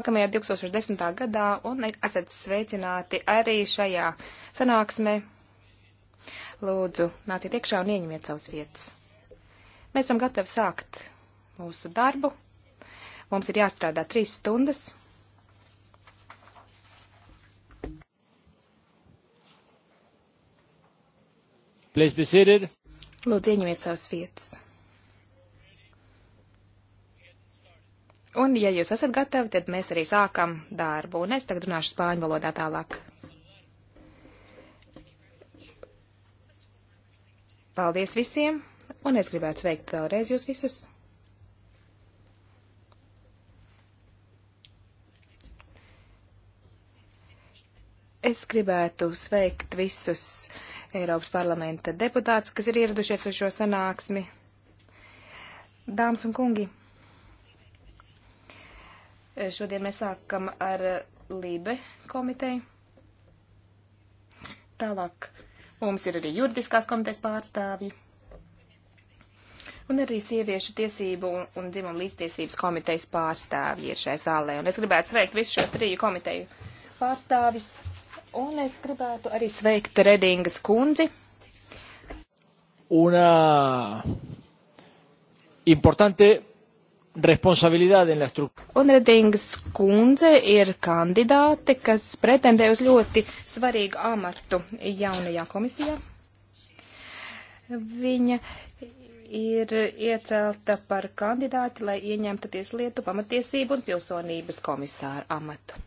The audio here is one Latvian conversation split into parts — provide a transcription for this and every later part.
nākamajā 2010. gadā un esat sveicināti arī šajā sanāksmē. Lūdzu, nāciet iekšā un ieņemiet savas vietas. Mēs esam gatavi sākt mūsu darbu. Mums ir jāstrādā trīs stundas. Lūdzu, ieņemiet savas vietas. Un, ja jūs esat gatavi, tad mēs arī sākam darbu. Un es tagad runāšu spāņu valodā tālāk. Paldies visiem, un es gribētu sveikt vēlreiz jūs visus. Es gribētu sveikt visus Eiropas parlamenta deputātus, kas ir ieradušies uz šo sanāksmi. Dāmas un kungi! Šodien mēs sākam ar Lībe komiteju. Tālāk mums ir arī juridiskās komitejas pārstāvji. Un arī sieviešu tiesību un, un dzimumu līdztiesības komitejas pārstāvji ir šai zālē. Un es gribētu sveikt visu šo triju komiteju pārstāvis. Un es gribētu arī sveikt Redingas kundzi. Una importante responsabilitāte en la struktūra. Un Redings kundze ir kandidāte, kas pretendē uz ļoti svarīgu amatu jaunajā komisijā. Viņa ir iecelta par kandidāti, lai ieņemtu tieslietu pamatiesību un pilsonības komisāru amatu.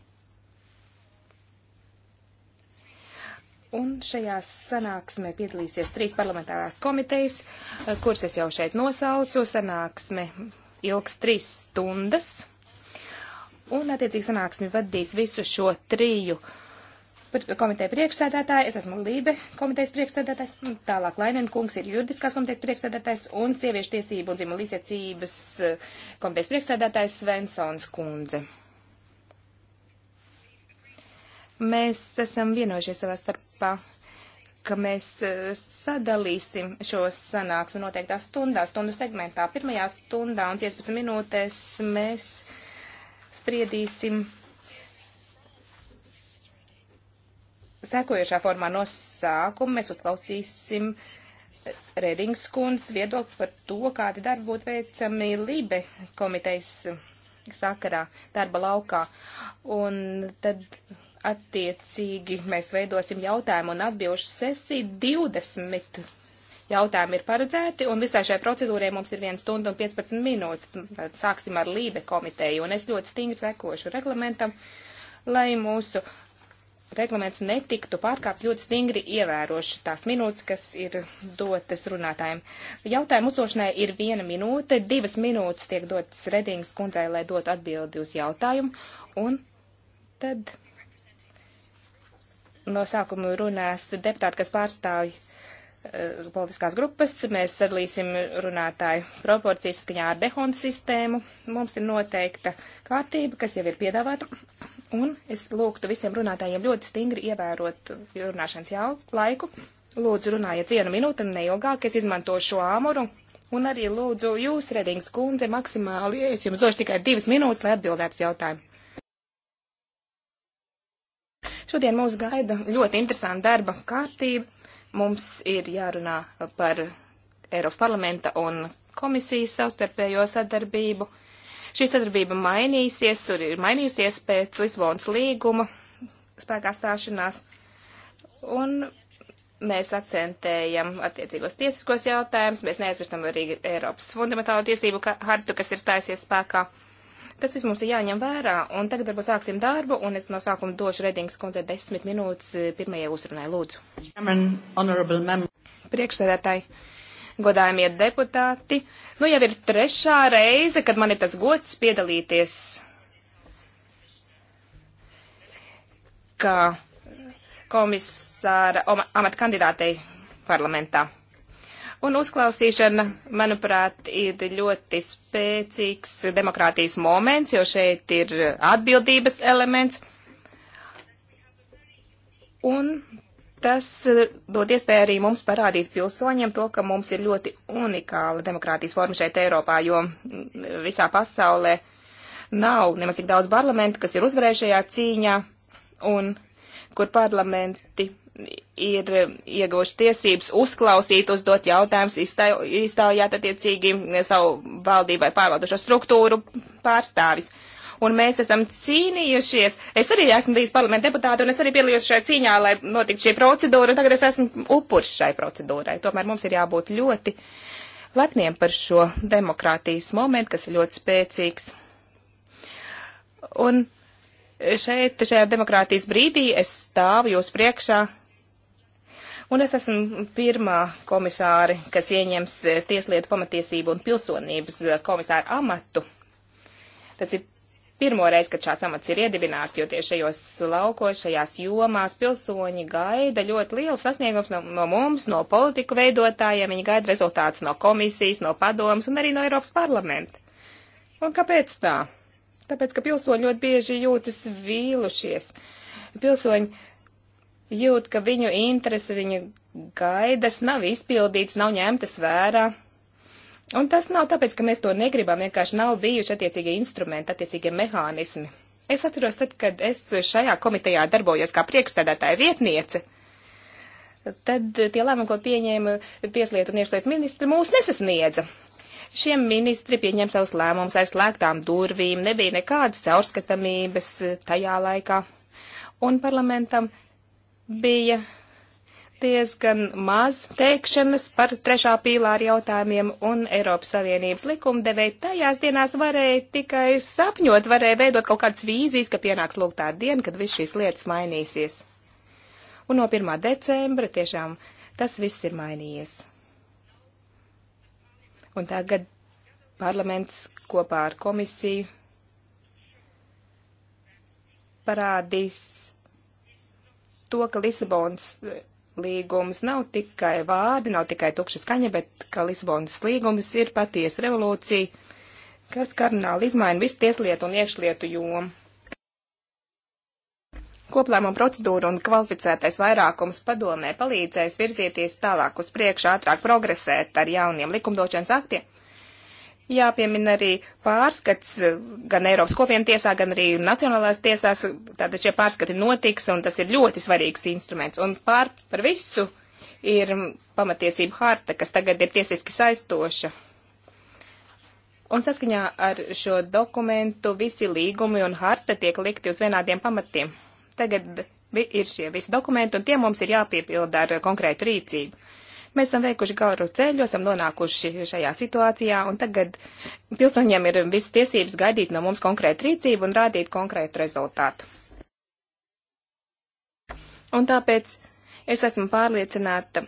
Un šajā sanāksmē piedalīsies trīs parlamentārās komitejas, kuras es jau šeit nosaucu. Sanāksme ilgs trīs stundas, un attiecīgi sanāksmi vadīs visu šo triju komiteja priekšsēdētāja, es esmu Lībe komitejas priekšsēdētājs, nu, tālāk Lainen kungs ir juridiskās komitejas priekšsēdētājs un sieviešu tiesību un dzimumu līdzjācības eh, komitejas priekšsēdētājs Svensons kundze. Mēs esam vienojušies savā starpā ka mēs e, sadalīsim šo sanāksmi noteiktā stundā, stundu segmentā. Pirmajā stundā un 15 minūtēs mēs spriedīsim sekojošā formā no sākuma. Mēs uzklausīsim Redings kundas viedokli par to, kādi darbi būtu veicami Libe komitejas sakarā, darba laukā. Un tad attiecīgi mēs veidosim jautājumu un atbilžu sesiju. 20 jautājumi ir paredzēti, un visai šai procedūrai mums ir 1 stunda un 15 minūtes. Sāksim ar Lībe komiteju, un es ļoti stingri sekošu reglamentam, lai mūsu reglaments netiktu pārkāpts ļoti stingri ievēroši tās minūtes, kas ir dotas runātājiem. Jautājumu uzdošanai ir viena minūte, divas minūtes tiek dotas Redingas kundzei, lai dotu atbildi uz jautājumu, un tad no sākuma runās deputāti, kas pārstāvj uh, eh, politiskās grupas. Mēs sadalīsim runātāju proporcijas skaņā ar dehonu sistēmu. Mums ir noteikta kārtība, kas jau ir piedāvāta. Un es lūgtu visiem runātājiem ļoti stingri ievērot runāšanas jau laiku. Lūdzu, runājiet vienu minūti un neilgāk. Es izmantošu šo āmuru. Un arī lūdzu jūs, Redings kundze, maksimāli, es jums došu tikai divas minūtes, lai atbildētu uz jautājumu. Šodien mūs gaida ļoti interesanta darba kārtība. Mums ir jārunā par Eiropas parlamenta un komisijas savstarpējo sadarbību. Šī sadarbība mainīsies, ir mainīsies pēc Lisbonas līguma spēkā stāšanās. Un mēs akcentējam attiecīgos tiesiskos jautājumus, mēs neaizmirstam arī Eiropas fundamentālo tiesību hartu, kas ir stājusies spēkā. Uh, Tas viss mums ir jāņem vērā, un tagad varbūt sāksim darbu, un es no sākuma došu Redings koncē desmit minūtes eh, pirmajai uzrunai, lūdzu. Priekšsēdētāji, godājumie deputāti, nu jau ir trešā reize, kad man ir tas gods piedalīties, kā komisāra amatkandidātei parlamentā. Un uzklausīšana, manuprāt, ir ļoti spēcīgs demokrātijas moments, jo šeit ir atbildības elements. Un tas e, dod iespēju arī mums parādīt pilsoņiem to, ka mums ir ļoti unikāla demokrātijas forma šeit Eiropā, jo mm, visā pasaulē nav nemaz tik daudz parlamentu, kas ir uzvarējušajā cīņā un kur parlamenti ir ieguvuši tiesības uzklausīt, uzdot jautājumus, iztaujāt attiecīgi savu valdību vai pārvaldušo struktūru pārstāvis. Un mēs esam cīnījušies. Es arī esmu bijis parlamenta deputāta, un es arī piedalījos šajā cīņā, lai notiktu šī procedūra, un tagad es esmu upurs šai procedūrai. Tomēr mums ir jābūt ļoti lepniem par šo demokrātijas momentu, kas ir ļoti spēcīgs. Un šeit, šajā demokrātijas brīdī, es stāvu jūs priekšā Un es esmu pirmā komisāri, kas ieņems eh, tieslietu pamatiesību un pilsonības eh, komisāru amatu. Tas ir pirmo reizi, kad šāds amats ir iedibināts, jo tieši šajos laukos, šajās jomās pilsoņi gaida ļoti lielu sasniegums no, no mums, no politiku veidotājiem, viņi gaida rezultātus no komisijas, no padomas un arī no Eiropas parlamenta. Un kāpēc tā? Tāpēc, ka pilsoņi ļoti bieži jūtas vīlušies. Pilsoņi jūt, ka viņu interesi, viņu gaidas nav izpildīts, nav ņemtas vērā. Un tas nav tāpēc, ka mēs to negribam, vienkārši nav bijuši attiecīgie instrumenti, attiecīgie mehānismi. Es atceros, tad, kad es šajā komitejā darbojos kā priekšstādātāja vietniece, tad tie lēmumi, ko pieņēma tieslietu un iekšlietu ministri, mūs nesasniedza. Šie ministri pieņēma savus lēmumus aiz slēgtām durvīm, nebija nekādas caurskatamības tajā laikā. Un parlamentam bija diezgan maz teikšanas par trešā pīlāra jautājumiem un Eiropas Savienības likumdevēji. Tajās dienās varēja tikai sapņot, varēja veidot kaut kādas vīzijas, ka pienāks lūk tā diena, kad viss šīs lietas mainīsies. Un no 1. decembra tiešām tas viss ir mainījies. Un tagad parlaments kopā ar komisiju parādīs to, ka Lisabonas līgums nav tikai vārdi, nav tikai tukša skaņa, bet ka Lisabonas līgums ir patiesa revolūcija, kas kardināli izmaina visu tieslietu un iekšlietu jomu. Koplēmuma procedūra un kvalificētais vairākums padomē palīdzēs virzīties tālāk uz priekšu, ātrāk progresēt ar jauniem likumdošanas aktiem Jāpiemina arī pārskats eh, gan Eiropas kopienu tiesā, gan arī nacionālās tiesās. Tātad šie pārskati notiks, un tas ir ļoti svarīgs instruments. Un pār par visu ir pamatiesība harta, kas tagad ir tiesiski saistoša. Un saskaņā ar šo dokumentu visi līgumi un harta tiek likti uz vienādiem pamatiem. Tagad ir šie visi dokumenti, un tie mums ir jāpiepilda ar konkrētu rīcību. Mēs esam veikuši garu ceļu, esam nonākuši šajā situācijā, un tagad pilsoņiem ir visas tiesības gaidīt no mums konkrētu rīcību un rādīt konkrētu rezultātu. Un tāpēc es esmu pārliecināta,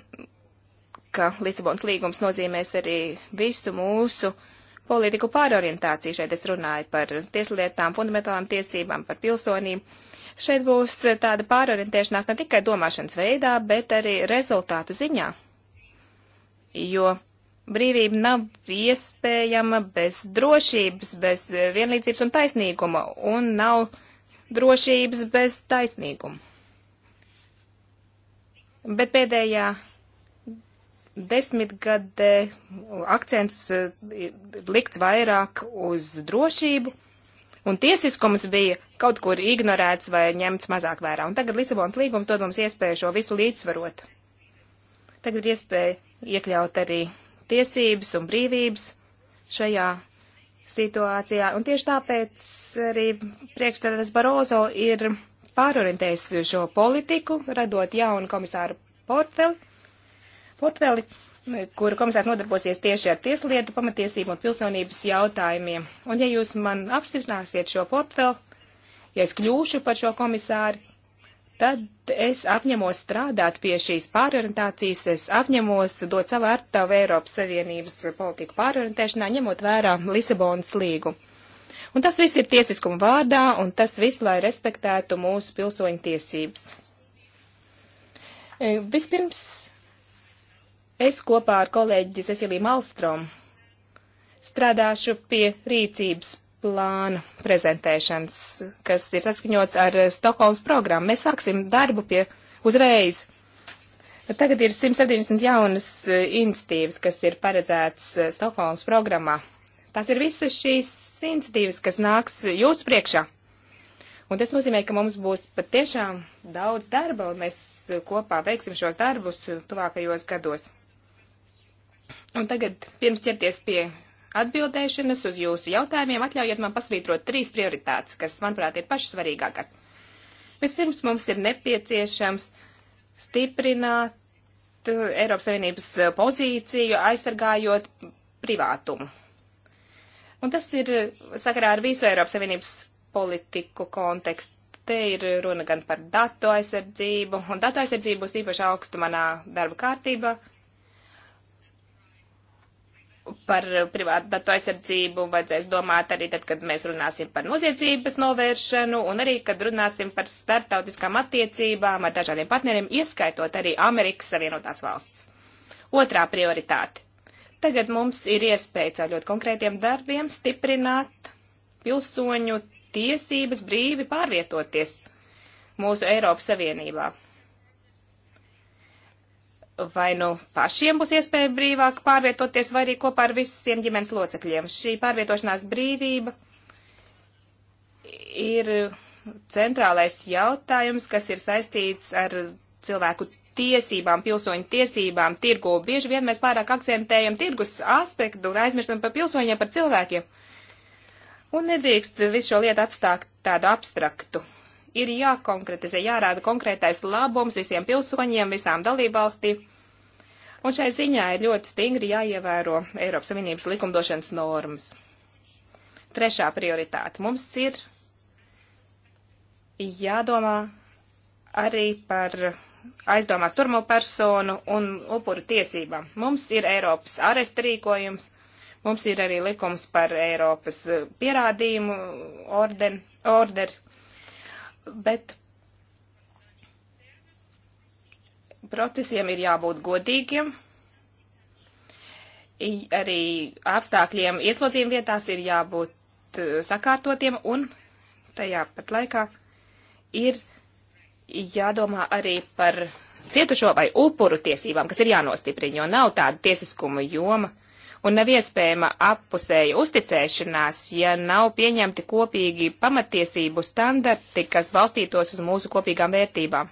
ka Lisabons līgums nozīmēs arī visu mūsu politiku pārorientāciju. Šeit es runāju par tieslietām, fundamentālām tiesībām, par pilsonību. Šeit būs tāda pārorientēšanās ne tikai domāšanas veidā, bet arī rezultātu ziņā jo brīvība nav iespējama bez drošības, bez vienlīdzības un taisnīguma, un nav drošības bez taisnīguma. Bet pēdējā desmitgadē akcents eh, likts vairāk uz drošību, un tiesiskums bija kaut kur ignorēts vai ņemts mazāk vērā. Un tagad Lisabonas līgums dod mums iespēju šo visu līdzsvarot. Tagad ir iespēja iekļaut arī tiesības un brīvības šajā situācijā. Un tieši tāpēc arī priekšstādātājs Barozo ir pārorientējis šo politiku, radot jaunu komisāru portfeli, portfeli kur komisārs nodarbosies tieši ar tieslietu, pamatiesību un pilsonības jautājumiem. Un ja jūs man apstiprināsiet šo portfeli, ja es kļūšu par šo komisāru, tad es apņemos strādāt pie šīs pārorientācijas, es apņemos dot savu ārtavu Eiropas Savienības politiku pārorientēšanā, ņemot vērā Lisabonas līgumu. Un tas viss ir tiesiskuma vārdā, un tas viss, lai respektētu mūsu pilsoņu tiesības. E, vispirms es kopā ar kolēģi Ceciliju Malstrom strādāšu pie rīcības plāna prezentēšanas, kas ir saskaņots ar Stokholmas programmu. Mēs sāksim darbu pie uzreiz. Tagad ir 170 jaunas e, iniciatīvas, kas ir paredzētas e, Stokholmas programmā. Tās ir visas šīs iniciatīvas, kas nāks jūsu priekšā. Un tas nozīmē, ka mums būs patiešām daudz darba, un mēs e, kopā veiksim šos darbus tuvākajos gados. Un tagad, pirms ķerties pie atbildēšanas uz jūsu jautājumiem. Atļaujiet man pasvītrot trīs prioritātes, kas, manuprāt, ir pašas svarīgākās. Vispirms mums ir nepieciešams stiprināt uh, Eiropas Savienības uh, pozīciju, aizsargājot privātumu. Un tas ir uh, sakarā ar visu Eiropas Savienības politiku kontekstu. Te ir runa gan par datu aizsardzību, un datu aizsardzību būs īpaši augstu manā darba kārtībā, par privātu datu aizsardzību vajadzēs domāt arī tad, kad mēs runāsim par noziedzības novēršanu un arī, kad runāsim par starptautiskām attiecībām ar dažādiem partneriem, ieskaitot arī Amerikas Savienotās valsts. Otrā prioritāte. Tagad mums ir iespēja caur ļoti konkrētiem darbiem stiprināt pilsoņu tiesības brīvi pārvietoties mūsu Eiropas Savienībā vai nu pašiem būs iespēja brīvāk pārvietoties, vai arī kopā ar visiem ģimenes locekļiem. Šī pārvietošanās brīvība ir centrālais jautājums, kas ir saistīts ar cilvēku tiesībām, pilsoņu tiesībām, tirgu. Bieži vien mēs pārāk akcentējam tirgus aspektu un aizmirstam par pilsoņiem, par cilvēkiem. Un nedrīkst visu šo lietu atstāt tādu abstraktu ir jākonkretizē, jārāda konkrētais labums visiem pilsoņiem, visām dalībvalstīm. Un šai ziņā ir ļoti stingri jāievēro Eiropas Savienības likumdošanas normas. Trešā prioritāte. Mums ir jādomā arī par aizdomās turmo personu un upuru tiesībām. Mums ir Eiropas aresta rīkojums, mums ir arī likums par Eiropas eh, pierādījumu ordeni, orderi, bet procesiem ir jābūt godīgiem. Arī apstākļiem ieslodzījuma vietās ir jābūt e, sakārtotiem un tajā pat laikā ir jādomā arī par cietušo vai upuru tiesībām, kas ir jānostiprina, jo nav tāda tiesiskuma joma un nav iespējama appusēja uzticēšanās, ja nav pieņemti kopīgi pamatiesību standarti, kas balstītos uz mūsu kopīgām vērtībām.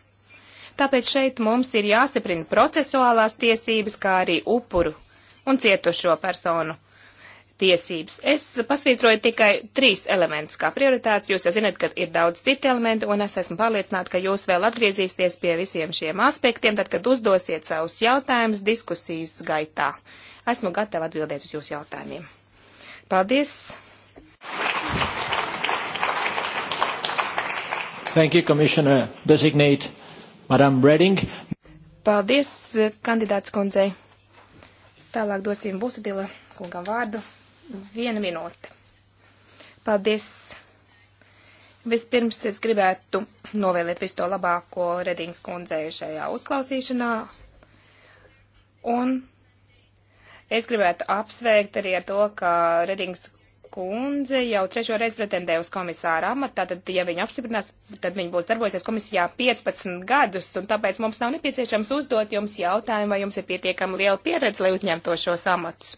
Tāpēc šeit mums ir jāstiprina procesuālās tiesības, kā arī upuru un cietušo personu tiesības. Es pasvītroju tikai trīs elementus kā prioritātes. Jūs jau zināt, ka ir daudz citu elementu, un es esmu pārliecināta, ka jūs vēl atgriezīsieties pie visiem šiem aspektiem, tad, kad uzdosiet savus jautājumus diskusijas gaitā. Esmu gatava atbildēt uz jūsu jautājumiem. Paldies! Thank you, Commissioner Designate. Madam Reding. Paldies, kandidāts kundzei. Tālāk dosim Busudila kungam vārdu. Viena minūte. Paldies. Vispirms es gribētu novēlēt visu to labāko Redings kundzei šajā uzklausīšanā. Un es gribētu apsveikt arī ar to, ka Redings kundze jau trešo reizi pretendē uz komisāra amatu, tātad, ja viņa apstiprinās, tad viņa būs darbojusies komisijā 15 gadus, un tāpēc mums nav nepieciešams uzdot jums jautājumu, vai jums ir pietiekami liela pieredze, lai uzņemto šos amatus.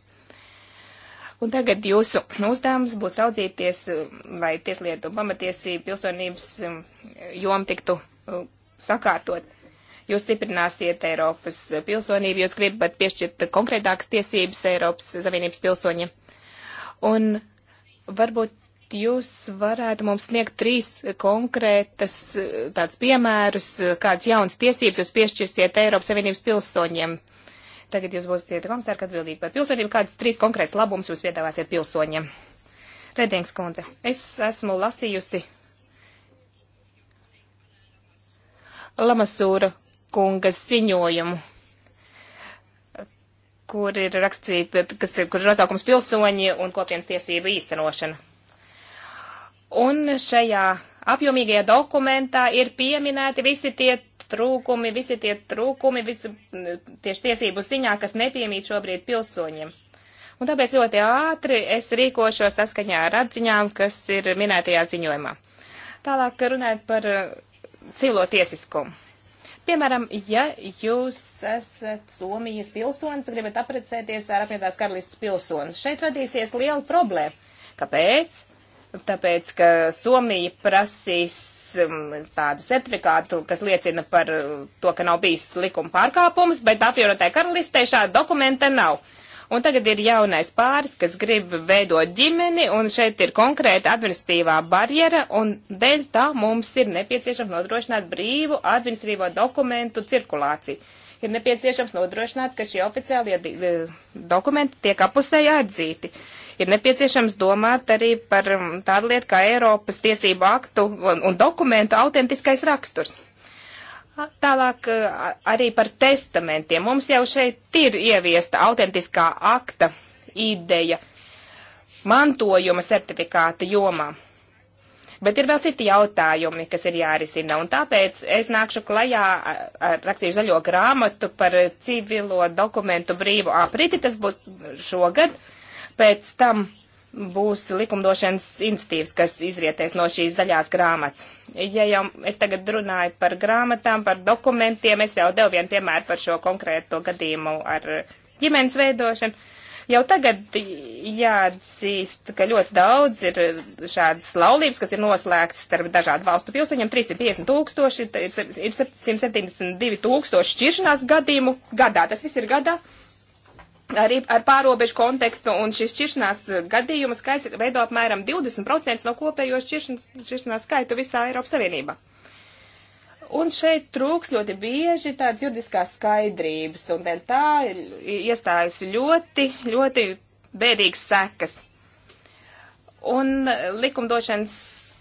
Un tagad jūsu uzdevums būs raudzīties, lai tieslietu un pamatiesību pilsonības um, jom tiktu um, sakārtot. Jūs stiprināsiet Eiropas pilsonību, jūs gribat piešķirt konkrētākas tiesības Eiropas Savienības pilsoņiem. Un Varbūt jūs varētu mums sniegt trīs konkrētas eh, tāds piemērus, eh, kādas jaunas tiesības jūs piešķirsiet Eiropas Savienības pilsoņiem. Tagad jūs būsiet komisāri atbildīgi par pilsoņiem. Kādas trīs konkrētas labumus jūs piedāvāsiet pilsoņiem? Redings kundze, es esmu lasījusi Lamasūra kungas ziņojumu kur ir rakstīts, kas ir, kur ir nosaukums pilsoņi un kopienas tiesība īstenošana. Un šajā apjomīgajā dokumentā ir pieminēti visi tie trūkumi, visi tie trūkumi, visi tieši tiesību ziņā, kas nepiemīt šobrīd pilsoņiem. Un tāpēc ļoti ātri es rīkošos saskaņā ar atziņām, kas ir minētajā ziņojumā. Tālāk runājot par uh, civilo tiesiskumu. Piemēram, ja jūs esat Somijas pilsonis, gribat aprecēties ar apvienotās karalistas pilsoni, šeit radīsies liela problēma. Kāpēc? Tāpēc, ka Somija prasīs um, tādu certifikātu, kas liecina par uh, to, ka nav bijis likuma pārkāpums, bet apvienotāja karalistē šāda dokumenta nav. Un tagad ir jaunais pāris, kas grib veidot ģimeni, un šeit ir konkrēta administratīvā barjera, un dēļ tā mums ir nepieciešams nodrošināt brīvu administratīvo dokumentu cirkulāciju. Ir nepieciešams nodrošināt, ka šie oficiālie e, dokumenti tiek apusēji atzīti ir nepieciešams domāt arī par tādu lietu kā Eiropas tiesību aktu un, un dokumentu autentiskais raksturs. Tālāk e, arī par testamentiem. Mums jau šeit ir ieviesta autentiskā akta ideja mantojuma certifikāta jomā. Bet ir vēl citi jautājumi, kas ir jārisina, un tāpēc es nākšu klajā, rakstīšu zaļo grāmatu par civilo dokumentu brīvu apriti, tas būs šogad, pēc tam būs likumdošanas institīvas, kas izrietēs no šīs zaļās grāmatas. Ja jau es tagad runāju par grāmatām, par dokumentiem, es jau devu vienu piemēru par šo konkrēto gadījumu ar ģimenes veidošanu. Jau tagad jāatzīst, ka ļoti daudz ir šādas laulības, kas ir noslēgts starp dažādu valstu pilsoņiem. 350 tūkstoši, ir 172 tūkstoši šķiršanās gadījumu gadā. Tas viss ir gadā. Uh, arī ar pārobežu kontekstu, un šis šķiršanās gadījumu skaits veido apmēram 20% no kopējo šķiršanās, šķiršanās skaitu visā Eiropas Savienībā. Un šeit trūks ļoti bieži tādas juridiskās skaidrības, un dēļ tā iestājas ļoti, ļoti bēdīgas sekas. Un likumdošanas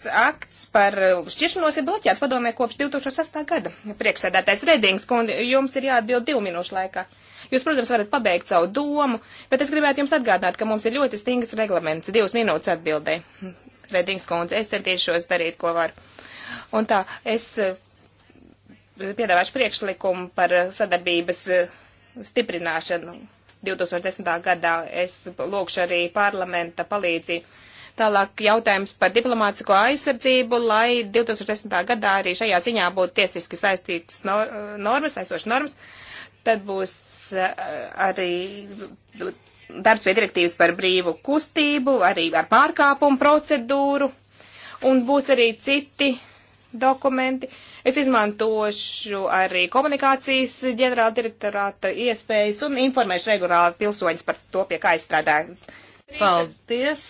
akts par šķiršanos ir bloķēts padomē kopš 2008. gada. Priekšsēdētais Redings, jums ir jāatbild divu minūšu laikā. Jūs, protams, varat pabeigt savu domu, bet es gribētu jums atgādināt, ka mums ir ļoti stingrs reglaments divas minūtes atbildē. Redings kundze, es centīšos darīt, ko varu. Un tā, es eh, piedāvāšu priekšlikumu par sadarbības eh, stiprināšanu 2010. gadā. Es lūkšu arī parlamenta palīdzību Tālāk jautājums par diplomātisko aizsardzību, lai 2010. gadā arī šajā ziņā būtu tiesiski saistītas normas, aizsošas normas. Tad būs eh, arī darbs pie direktīvas par brīvu kustību, arī ar pārkāpumu procedūru, un būs arī citi dokumenti. Es izmantošu arī komunikācijas ģenerāla direktorāta iespējas un informēšu regulāri pilsoņus par to, pie kā es strādāju. Paldies!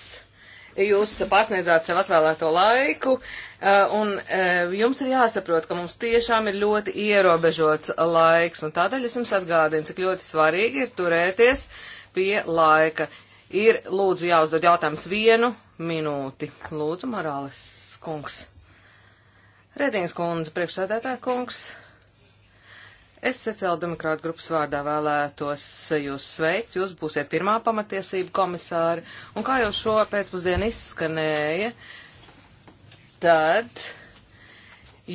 jūs pārsniedzāt sev atvēlēto laiku, eh, un eh, jums ir jāsaprot, ka mums tiešām ir ļoti ierobežots laiks, un tādēļ es jums atgādinu, cik ļoti svarīgi ir turēties pie laika. Ir lūdzu jāuzdod jautājums vienu minūti. Lūdzu, Morāles kungs. Redīns kundze, priekšsēdētāja kungs. Es sociāldemokrāta grupas vārdā vēlētos jūs sveikt. Jūs būsiet pirmā pamatiesība komisāra. Un kā jau šo pēcpusdienu izskanēja, tad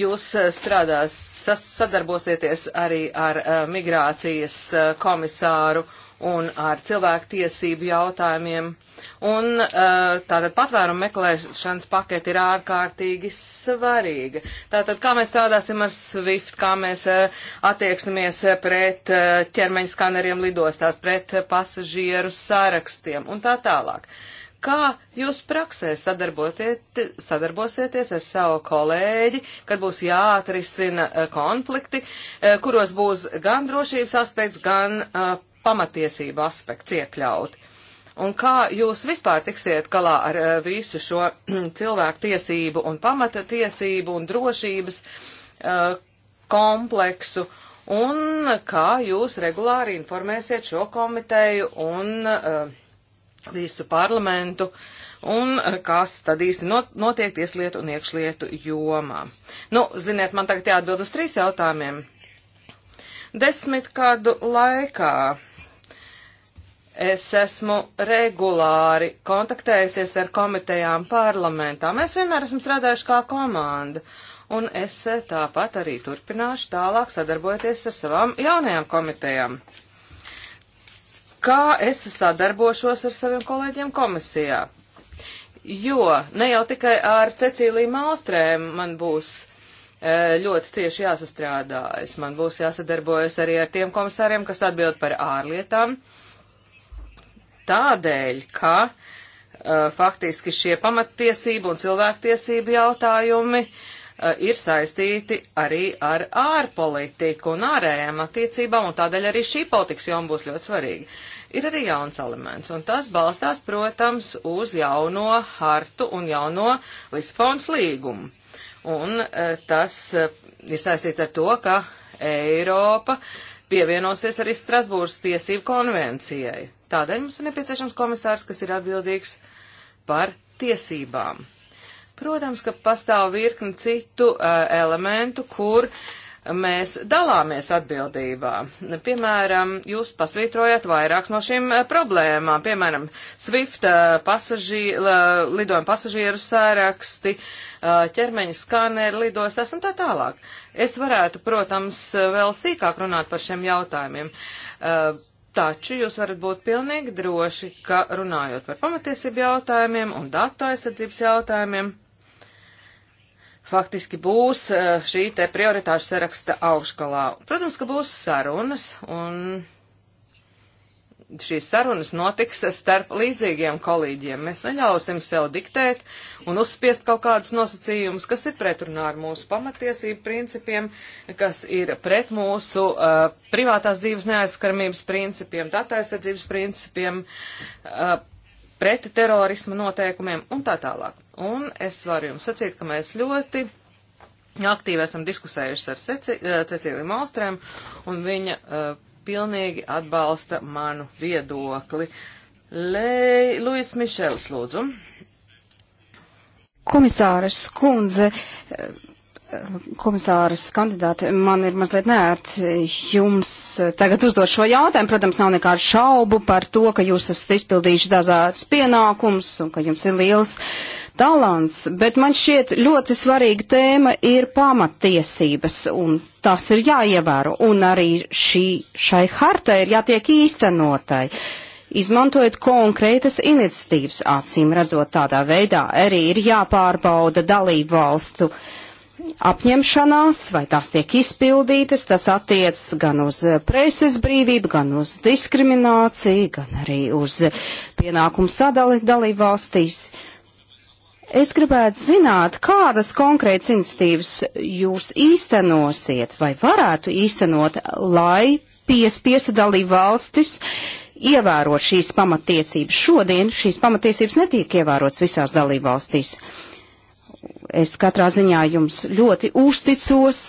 jūs eh, strādās, sadarbosieties arī ar eh, migrācijas eh, komisāru un ar cilvēku tiesību jautājumiem. Un eh, tātad patvērumu meklēšanas paketi ir ārkārtīgi svarīga. Tātad, kā mēs strādāsim ar SWIFT, kā mēs eh, attieksimies eh, pret ķermeņa skaneriem lidostās, pret pasažieru sarakstiem un tā tālāk. Kā jūs praksē sadarbosieties ar savu kolēģi, kad būs jāatrisina konflikti, kuros būs gan drošības aspekts, gan uh, pamatiesību aspekts iekļauti. Un kā jūs vispār tiksiet galā ar eh, visu šo cilvēku tiesību un pamata tiesību un drošības uh, kompleksu? Un kā jūs regulāri informēsiet šo komiteju un uh, visu parlamentu? Un uh, kas tad īsti not notiek tieslietu un iekšlietu jomā? Nu, ziniet, man tagad jāatbild uz trīs jautājumiem. Desmit kādu laikā Es esmu regulāri kontaktējusies ar komitejām parlamentā. Mēs vienmēr esam strādājuši kā komanda. Un es tāpat arī turpināšu tālāk sadarboties ar savām jaunajām komitejām. Kā es sadarbošos ar saviem kolēģiem komisijā? Jo ne jau tikai ar Cecīliju Malstrēm man būs e, ļoti cieši jāsastrādājas. Man būs jāsadarbojas arī ar tiem komisāriem, kas atbild par ārlietām. Uh, tādēļ, ka uh, faktiski šie pamattiesību un cilvēktiesību jautājumi uh, ir saistīti arī ar ārpolitiku un ārējām attiecībām, un tādēļ arī šī politikas joma būs ļoti svarīga. Ir arī jauns elements, un tas balstās, protams, uz jauno hartu un jauno Lisbonas līgumu. Un uh, tas uh, ir saistīts ar to, ka Eiropa pievienosies arī Strasbūras tiesību konvencijai. Tādēļ mums ir nepieciešams komisārs, kas ir atbildīgs par tiesībām. Protams, ka pastāv virkni citu uh, elementu, kur mēs dalāmies atbildībā. Piemēram, jūs pasvītrojat vairākas no šīm uh, problēmām, piemēram, Swift uh, pasažī, uh, lidojuma pasažieru sēraksti, uh, ķermeņa skaneri lidostās un tā tālāk. Es varētu, protams, vēl sīkāk runāt par šiem jautājumiem. Uh, Taču jūs varat būt pilnīgi droši, ka runājot par pamatiesību jautājumiem un datu aizsardzības jautājumiem, faktiski būs eh, šī te prioritāšu saraksta augškalā. Protams, ka būs sarunas, un šīs sarunas notiks starp līdzīgiem kolīģiem. Mēs neļausim sev diktēt un uzspiest kaut kādus nosacījumus, kas ir pretrunā ar mūsu pamatiesību principiem, kas ir pret mūsu uh, privātās dzīves neaizskaramības principiem, datu aizsardzības principiem, uh, pret terorisma noteikumiem un tā tālāk. Un es varu jums sacīt, ka mēs ļoti aktīvi esam diskusējuši ar Ceciliju uh, Malstrēm un viņa uh, pilnīgi atbalsta manu viedokli. Lei, Luis Mišels, lūdzu. Komisāres kundze, uh, komisāras kandidāti, man ir mazliet neērti jums tagad uzdot šo jautājumu. Protams, nav nekādu šaubu par to, ka jūs esat izpildījuši dažādas pienākums un ka jums ir liels talants, bet man šķiet ļoti svarīga tēma ir pamattiesības un tās ir jāievēro un arī šī, šai hartai ir jātiek īstenotai. Izmantojot konkrētas iniciatīvas, acīm redzot tādā veidā, arī ir jāpārbauda dalību valstu uh, apņemšanās, vai tās tiek izpildītas, tas attiec gan uz eh, preses brīvību, gan uz diskrimināciju, gan arī uz eh, pienākumu sadali dalību valstīs. Es gribētu zināt, kādas konkrētas iniciatīvas jūs īstenosiet vai varētu īstenot, lai piespiestu dalību valstis ievērot šīs pamatiesības. Šodien šīs pamatiesības netiek ievērotas visās dalību valstīs. Uh, Es katrā ziņā jums ļoti uzticos,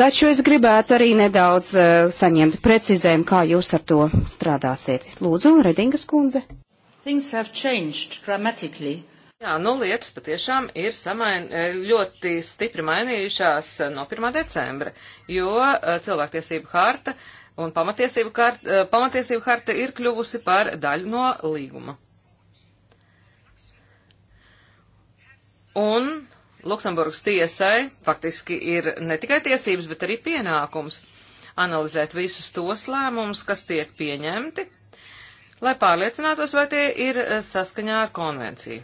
taču es gribētu arī nedaudz uh, saņemt precizējumu, kā jūs ar to strādāsiet. Lūdzu, Redingas kundze. Jā, nu lietas patiešām ir samain, eh, ļoti stipri mainījušās eh, no 1. decembra, jo uh, cilvēktiesība harta un pamatiesība harta, uh, pamatiesība harta ir kļuvusi par daļu no līguma. Un Luksemburgas tiesai faktiski ir ne tikai tiesības, bet arī pienākums analizēt visus tos lēmumus, kas tiek pieņemti, lai pārliecinātos, vai tie ir eh, saskaņā ar konvenciju.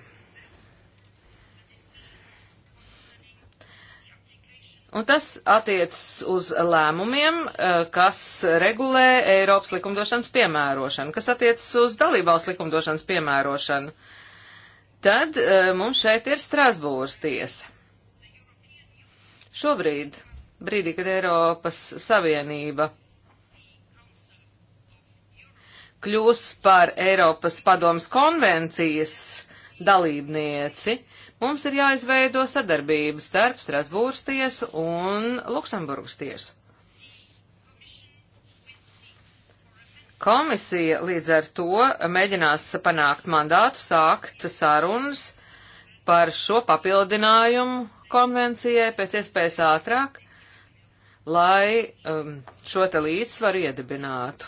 Un tas attiecas uz lēmumiem, eh, kas regulē Eiropas likumdošanas piemērošanu, kas attiecas uz dalībvalsts likumdošanas piemērošanu. Tad e, mums šeit ir Strasbūras tiesa. Šobrīd, brīdī, kad Eiropas Savienība kļūs par Eiropas padomas konvencijas dalībnieci, mums ir jāizveido sadarbības starp Strasbūras tiesu un Luksemburgas tiesu. Komisija līdz ar to mēģinās panākt mandātu sākt sarunas par šo papildinājumu konvencijai pēc iespējas ātrāk, lai um, šo te līdzsvaru iedibinātu.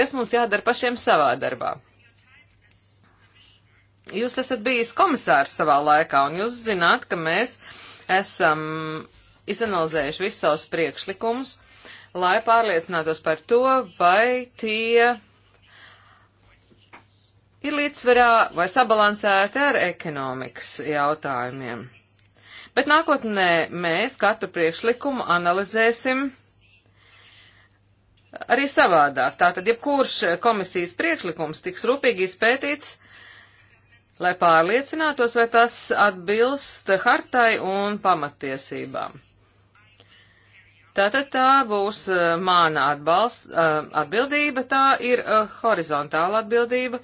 Kas mums jādara pašiem savā darbā? Jūs esat bijis komisārs savā laikā, un jūs zināt, ka mēs esam izanalizējuši visus savus priekšlikumus, lai pārliecinātos par to, vai tie ir līdzsverā vai sabalansēti ar ekonomikas jautājumiem. Bet nākotnē mēs katru priekšlikumu analizēsim arī savādāk. Tātad, jebkurš komisijas priekšlikums tiks rūpīgi izpētīts, lai pārliecinātos, vai tas atbilst hartai un pamatiesībām. Tātad tā būs uh, mana atbalst, uh, eh, atbildība, tā ir uh, horizontāla atbildība,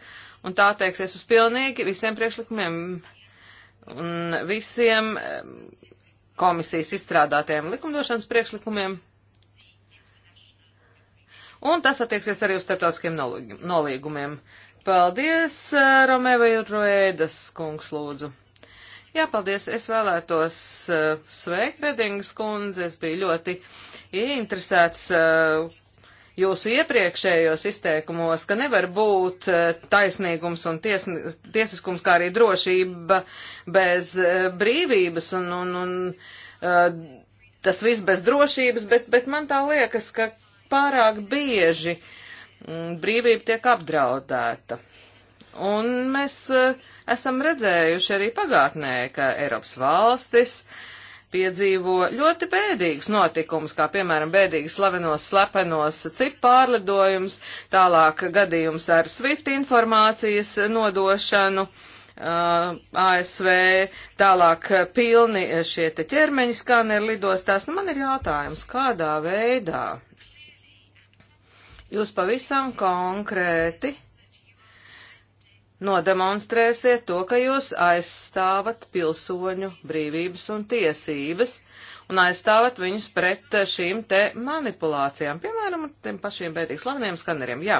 un tā teiksies uz pilnīgi visiem priekšlikumiem un visiem komisijas izstrādātiem likumdošanas priekšlikumiem. Un tas attieksies arī uz starptautiskiem nolīgumiem. Paldies, Romēva Jurroēdas kungs, lūdzu. Jā, paldies. Es vēlētos uh, sveikt Redingas kundzi. Es biju ļoti ieinteresēts uh, eh, jūsu iepriekšējos izteikumos, ka nevar būt uh, taisnīgums un ties, tiesiskums, kā arī drošība bez uh, brīvības un, un, un uh, tas viss bez drošības, bet, bet man tā liekas, ka pārāk bieži mm, brīvība tiek apdraudēta. Un mēs. Uh, Esam redzējuši arī pagātnē, ka Eiropas valstis piedzīvo ļoti bēdīgus notikumus, kā piemēram bēdīgas slavenos slepenos cip pārlidojums, tālāk gadījums ar SWIFT informācijas nodošanu. Uh, ASV, tālāk pilni šie te ķermeņi skaneri lidostās. Nu, man ir jautājums, kādā veidā jūs pavisam konkrēti Nodemonstrēsiet to, ka jūs aizstāvat pilsoņu brīvības un tiesības un aizstāvat viņus pret šīm te manipulācijām, piemēram, ar tiem pašiem bētīgi slaveniem skaneriem. Jā.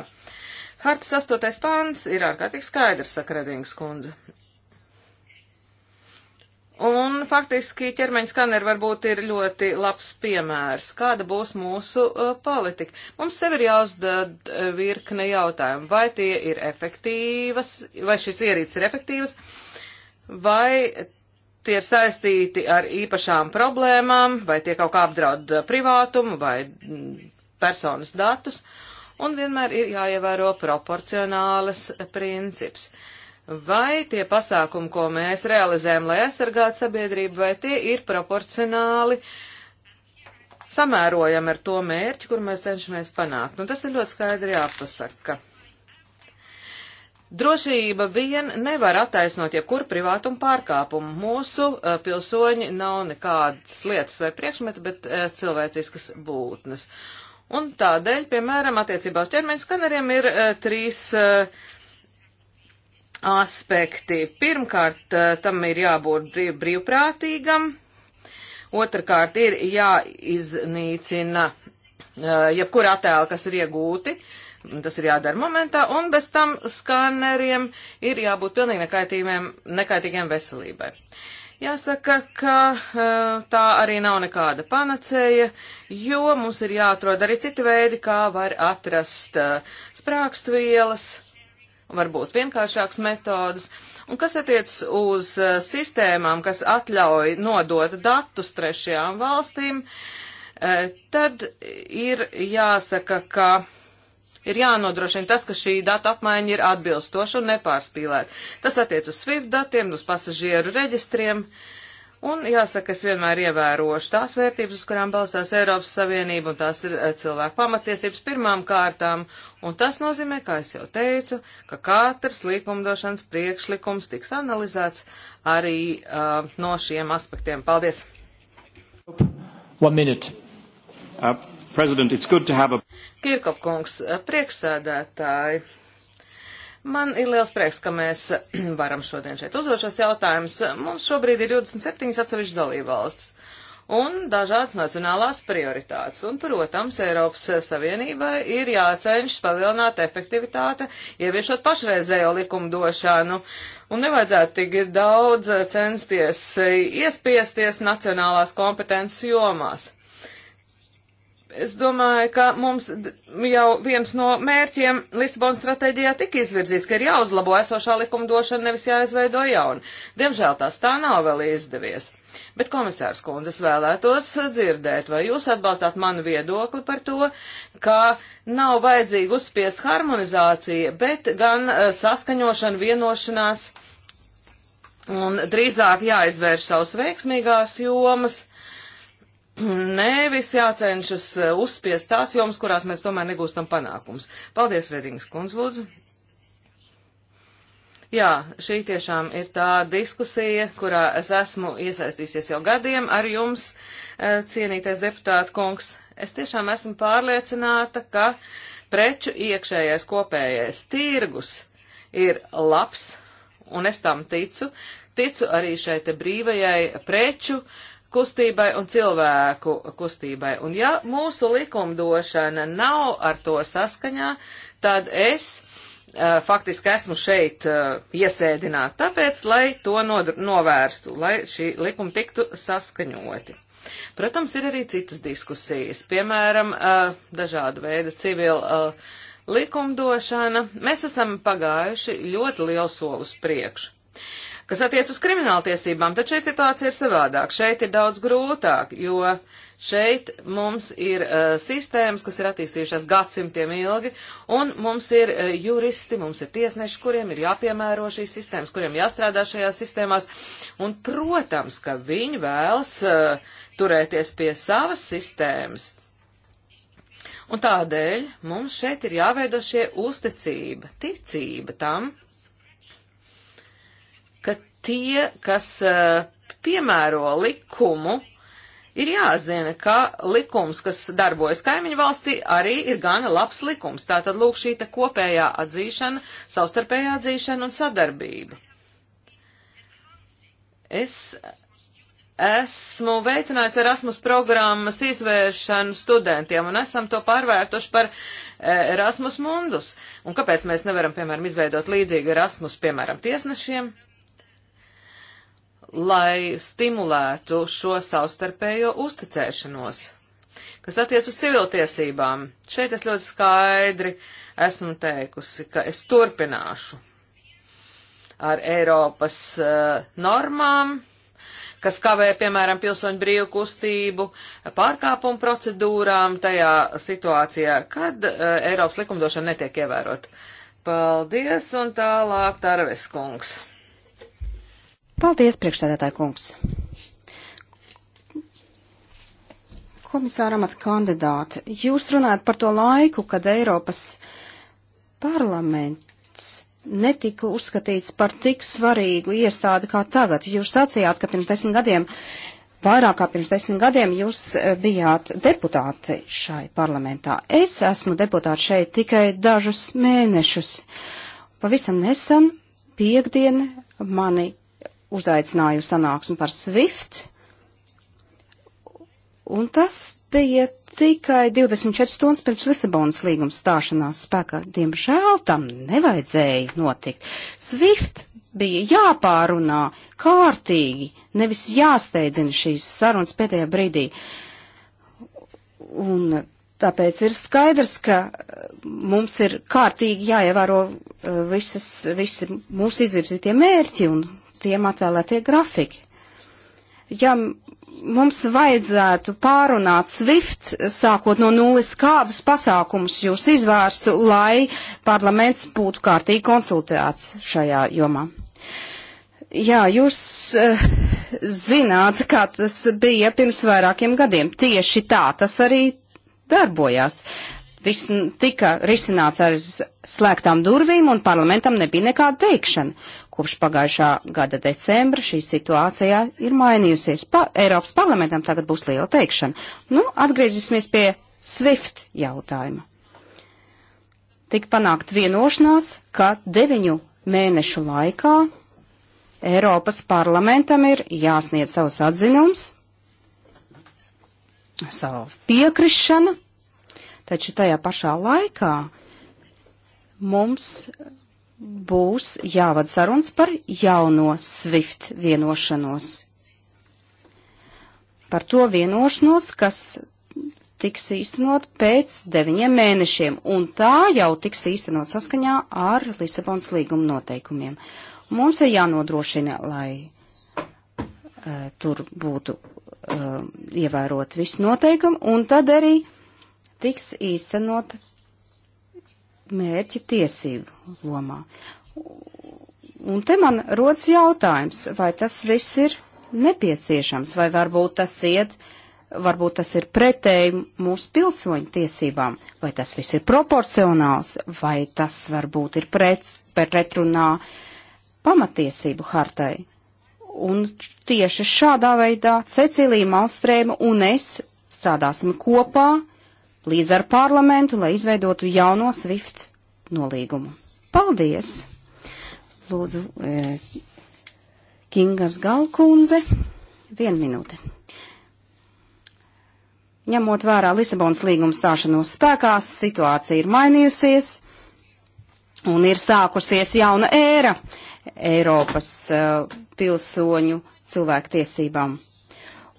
Hartas 8. pāns ir ārkārtīgi skaidrs, saka Redings kundze. Un faktiski ķermeņa skaneri varbūt ir ļoti labs piemērs, kāda būs mūsu uh, politika. Mums sev ir jāuzdod uh, virkne jautājumu, vai tie ir efektīvas, vai šis ierīts ir efektīvs, vai tie ir saistīti ar īpašām problēmām, vai tie kaut kā apdraud uh, privātumu vai mm, personas datus, un vienmēr ir jāievēro proporcionālas princips. Uh, vai tie pasākumi, ko mēs realizējam, lai aizsargātu sabiedrību, vai tie ir proporcionāli samērojam ar to mērķi, kur mēs cenšamies panākt. Un nu, tas ir ļoti skaidri jāpasaka. Drošība vien nevar attaisnot jebkuru privātumu pārkāpumu. Mūsu uh, pilsoņi nav nekādas lietas vai priekšmeti, bet uh, cilvēciskas būtnes. Un tādēļ, piemēram, attiecībā uz ķermeņa skaneriem ir uh, trīs uh, aspekti. Pirmkārt, eh, tam ir jābūt brīvprātīgam, otrkārt ir jāiznīcina eh, jebkura attēla, kas ir iegūti, tas ir jādara momentā, un bez tam skaneriem ir jābūt pilnīgi nekaitīgiem, nekaitīgiem veselībai. Jāsaka, ka eh, tā arī nav nekāda panacēja, jo mums ir jāatrod arī citi veidi, kā var atrast sprākstvielas, varbūt vienkāršākas metodas. Un kas attiec uz eh, sistēmām, kas atļauj nodot datus trešajām valstīm, eh, tad ir jāsaka, ka ir jānodrošina tas, ka šī datu apmaiņa ir atbilstoša un nepārspīlēta. Tas attiec uz SWIFT datiem, uz pasažieru reģistriem. Uh, Un jāsaka, es vienmēr ievērošu tās vērtības, uz kurām balstās Eiropas Savienība, un tās ir eh, cilvēku pamatiesības pirmām kārtām. Un tas nozīmē, kā es jau teicu, ka katrs likumdošanas priekšlikums tiks analizēts arī uh, no šiem aspektiem. Paldies! One minute. Uh, President, it's good to have a... Kirkopkungs, eh, priekšsēdētāji. Man ir liels prieks, ka mēs varam šodien šeit uzdot šos jautājumus. Mums šobrīd ir 27 atsevišķi dalībvalstis un dažādas nacionālās prioritātes. Un, protams, Eiropas Savienībai ir jācenšas palielināt efektivitāte, ieviešot pašreizējo likumdošanu, un nevajadzētu tik daudz censties iespiesties nacionālās kompetences jomās. Es domāju, ka mums jau viens no mērķiem Lisabonas stratēģijā tika izvirzīts, ka ir jāuzlabo esošā likumdošana, nevis jāizveido jauna. Diemžēl tās tā nav vēl izdevies. Bet, komisārs kundze, es vēlētos dzirdēt, vai jūs atbalstāt manu viedokli par to, ka nav vajadzīga uzspiest harmonizācija, bet gan eh, saskaņošana, vienošanās un drīzāk jāizvērš savus veiksmīgās jomas nevis jācenšas eh, uzspiest tās jomas, kurās mēs tomēr negūstam panākums. Paldies, Redings kundz, lūdzu. Jā, šī tiešām ir tā diskusija, kurā es esmu iesaistīsies jau gadiem ar jums, eh, cienītais deputāta kungs. Es tiešām esmu pārliecināta, ka preču iekšējais kopējais tirgus ir labs, un es tam ticu. Ticu arī šai te brīvajai preču uh, kustībai un cilvēku kustībai. Un ja mūsu likumdošana nav ar to saskaņā, tad es uh, faktiski esmu šeit uh, iesēdināta tāpēc, lai to novērstu, lai šī likuma tiktu saskaņoti. Protams, ir arī citas diskusijas, piemēram, uh, dažāda veida civila likumdošana. Mēs esam pagājuši ļoti lielu solus priekšu. Kas attiec uz krimināltiesībām, tad šeit situācija ir savādāk. Šeit ir daudz grūtāk, jo šeit mums ir uh, sistēmas, kas ir attīstījušās gadsimtiem ilgi, un mums ir uh, juristi, mums ir tiesneši, kuriem ir jāpiemēro šīs sistēmas, kuriem jāstrādā šajās sistēmās, un, protams, ka viņi vēlas uh, turēties pie savas sistēmas. Un tādēļ mums šeit ir jāveido šie uzticība, ticība tam, tie, kas eh, piemēro likumu, ir jāzina, ka likums, kas darbojas kaimiņu valstī, arī ir gana labs likums. Tātad lūk šī kopējā atzīšana, savstarpējā atzīšana un sadarbība. Es esmu veicinājusi Erasmus programmas izvēršanu studentiem un esam to pārvērtuši par eh, Erasmus mundus. Un kāpēc mēs nevaram, piemēram, izveidot līdzīgu Erasmus, piemēram, tiesnešiem? lai stimulētu šo savstarpējo uzticēšanos. Kas attiec uz civiltiesībām, šeit es ļoti skaidri esmu teikusi, ka es turpināšu ar Eiropas uh, normām, kas kavē, piemēram, pilsoņu brīvu kustību, pārkāpumu procedūrām tajā situācijā, kad uh, Eiropas likumdošana netiek ievērot. Paldies un tālāk Tarves kungs. Paldies, priekšstādātāja kungs. Komisāra amata kandidāte, jūs runājat par to laiku, kad Eiropas parlaments netika uzskatīts par tik svarīgu iestādi kā tagad. Jūs sacījāt, ka pirms desmit gadiem, vairāk kā pirms desmit gadiem, jūs eh, bijāt deputāti šai parlamentā. Es esmu deputāti šeit tikai dažus mēnešus. Pavisam nesen piekdien mani uzaicināju sanāksmi par SWIFT, un tas bija tikai 24 stundas pirms Lisabonas līguma stāšanās spēkā. Diemžēl tam nevajadzēja notikt. SWIFT bija jāpārunā kārtīgi, nevis jāsteidzina šīs sarunas pēdējā brīdī. Un tāpēc ir skaidrs, ka uh, mums ir kārtīgi jāievēro uh, visas, visi mūsu izvirzītie mērķi un tiem atvēlētie grafiki. Ja mums vajadzētu pārunāt SWIFT, sākot no nulles, kādus pasākumus jūs izvērstu, lai parlaments būtu kārtīgi konsultēts šajā jomā? Jā, jūs uh, zināt, kā tas bija pirms vairākiem gadiem. Tieši tā tas arī darbojās. Viss tika risināts ar slēgtām durvīm, un parlamentam nebija nekāda teikšana. Kopš pagājušā gada decembra šī situācijā ir mainījusies. Pa, Eiropas parlamentam tagad būs liela teikšana. Nu, atgriezīsimies pie SWIFT jautājuma. Tik panākt vienošanās, ka deviņu mēnešu laikā Eiropas parlamentam ir jāsniedz savus atzinums, savu piekrišanu, taču tajā pašā laikā mums būs jāvada sarunas par jauno SWIFT vienošanos. Par to vienošanos, kas tiks īstenot pēc deviņiem mēnešiem, un tā jau tiks īstenot saskaņā ar Lisabons līguma noteikumiem. Mums ir jānodrošina, lai uh, tur būtu uh, ievērot visi noteikumi, un tad arī tiks īstenot mērķa tiesību lomā. Un te man rodas jautājums, vai tas viss ir nepieciešams, vai varbūt tas iet, varbūt tas ir pretēji mūsu pilsoņu tiesībām, vai tas viss ir proporcionāls, vai tas varbūt ir pret, pretrunā pamatiesību hartai. Un tieši šādā veidā Cecilija Malstrēma un es strādāsim kopā līdz ar parlamentu, lai izveidotu jauno SWIFT nolīgumu. Paldies! Lūdzu, eh, Kingas Galkundze, viena minūte. Ņemot vērā Lisabonas līguma stāšanos spēkās, situācija ir mainījusies un ir sākusies jauna ēra Eiropas eh, pilsoņu cilvēktiesībām.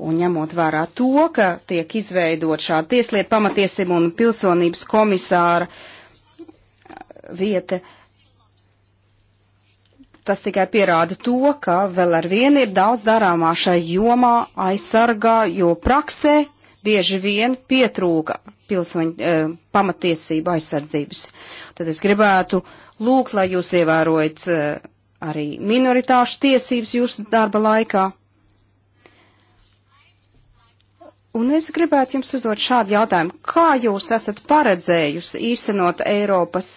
Un ņemot vērā to, ka tiek izveidot šāda tieslietu pamatiesība un pilsonības komisāra vieta, tas tikai pierāda to, ka vēl ar vienu ir daudz darāmā šai jomā aizsargā, jo praksē bieži vien pietrūka pilsoņu e, pamatiesību aizsardzības. Tad es gribētu lūgt, lai jūs ievērojat e, arī minoritāšu tiesības jūsu darba laikā. Un es gribētu jums uzdot šādu jautājumu. Kā jūs esat paredzējusi īstenot Eiropas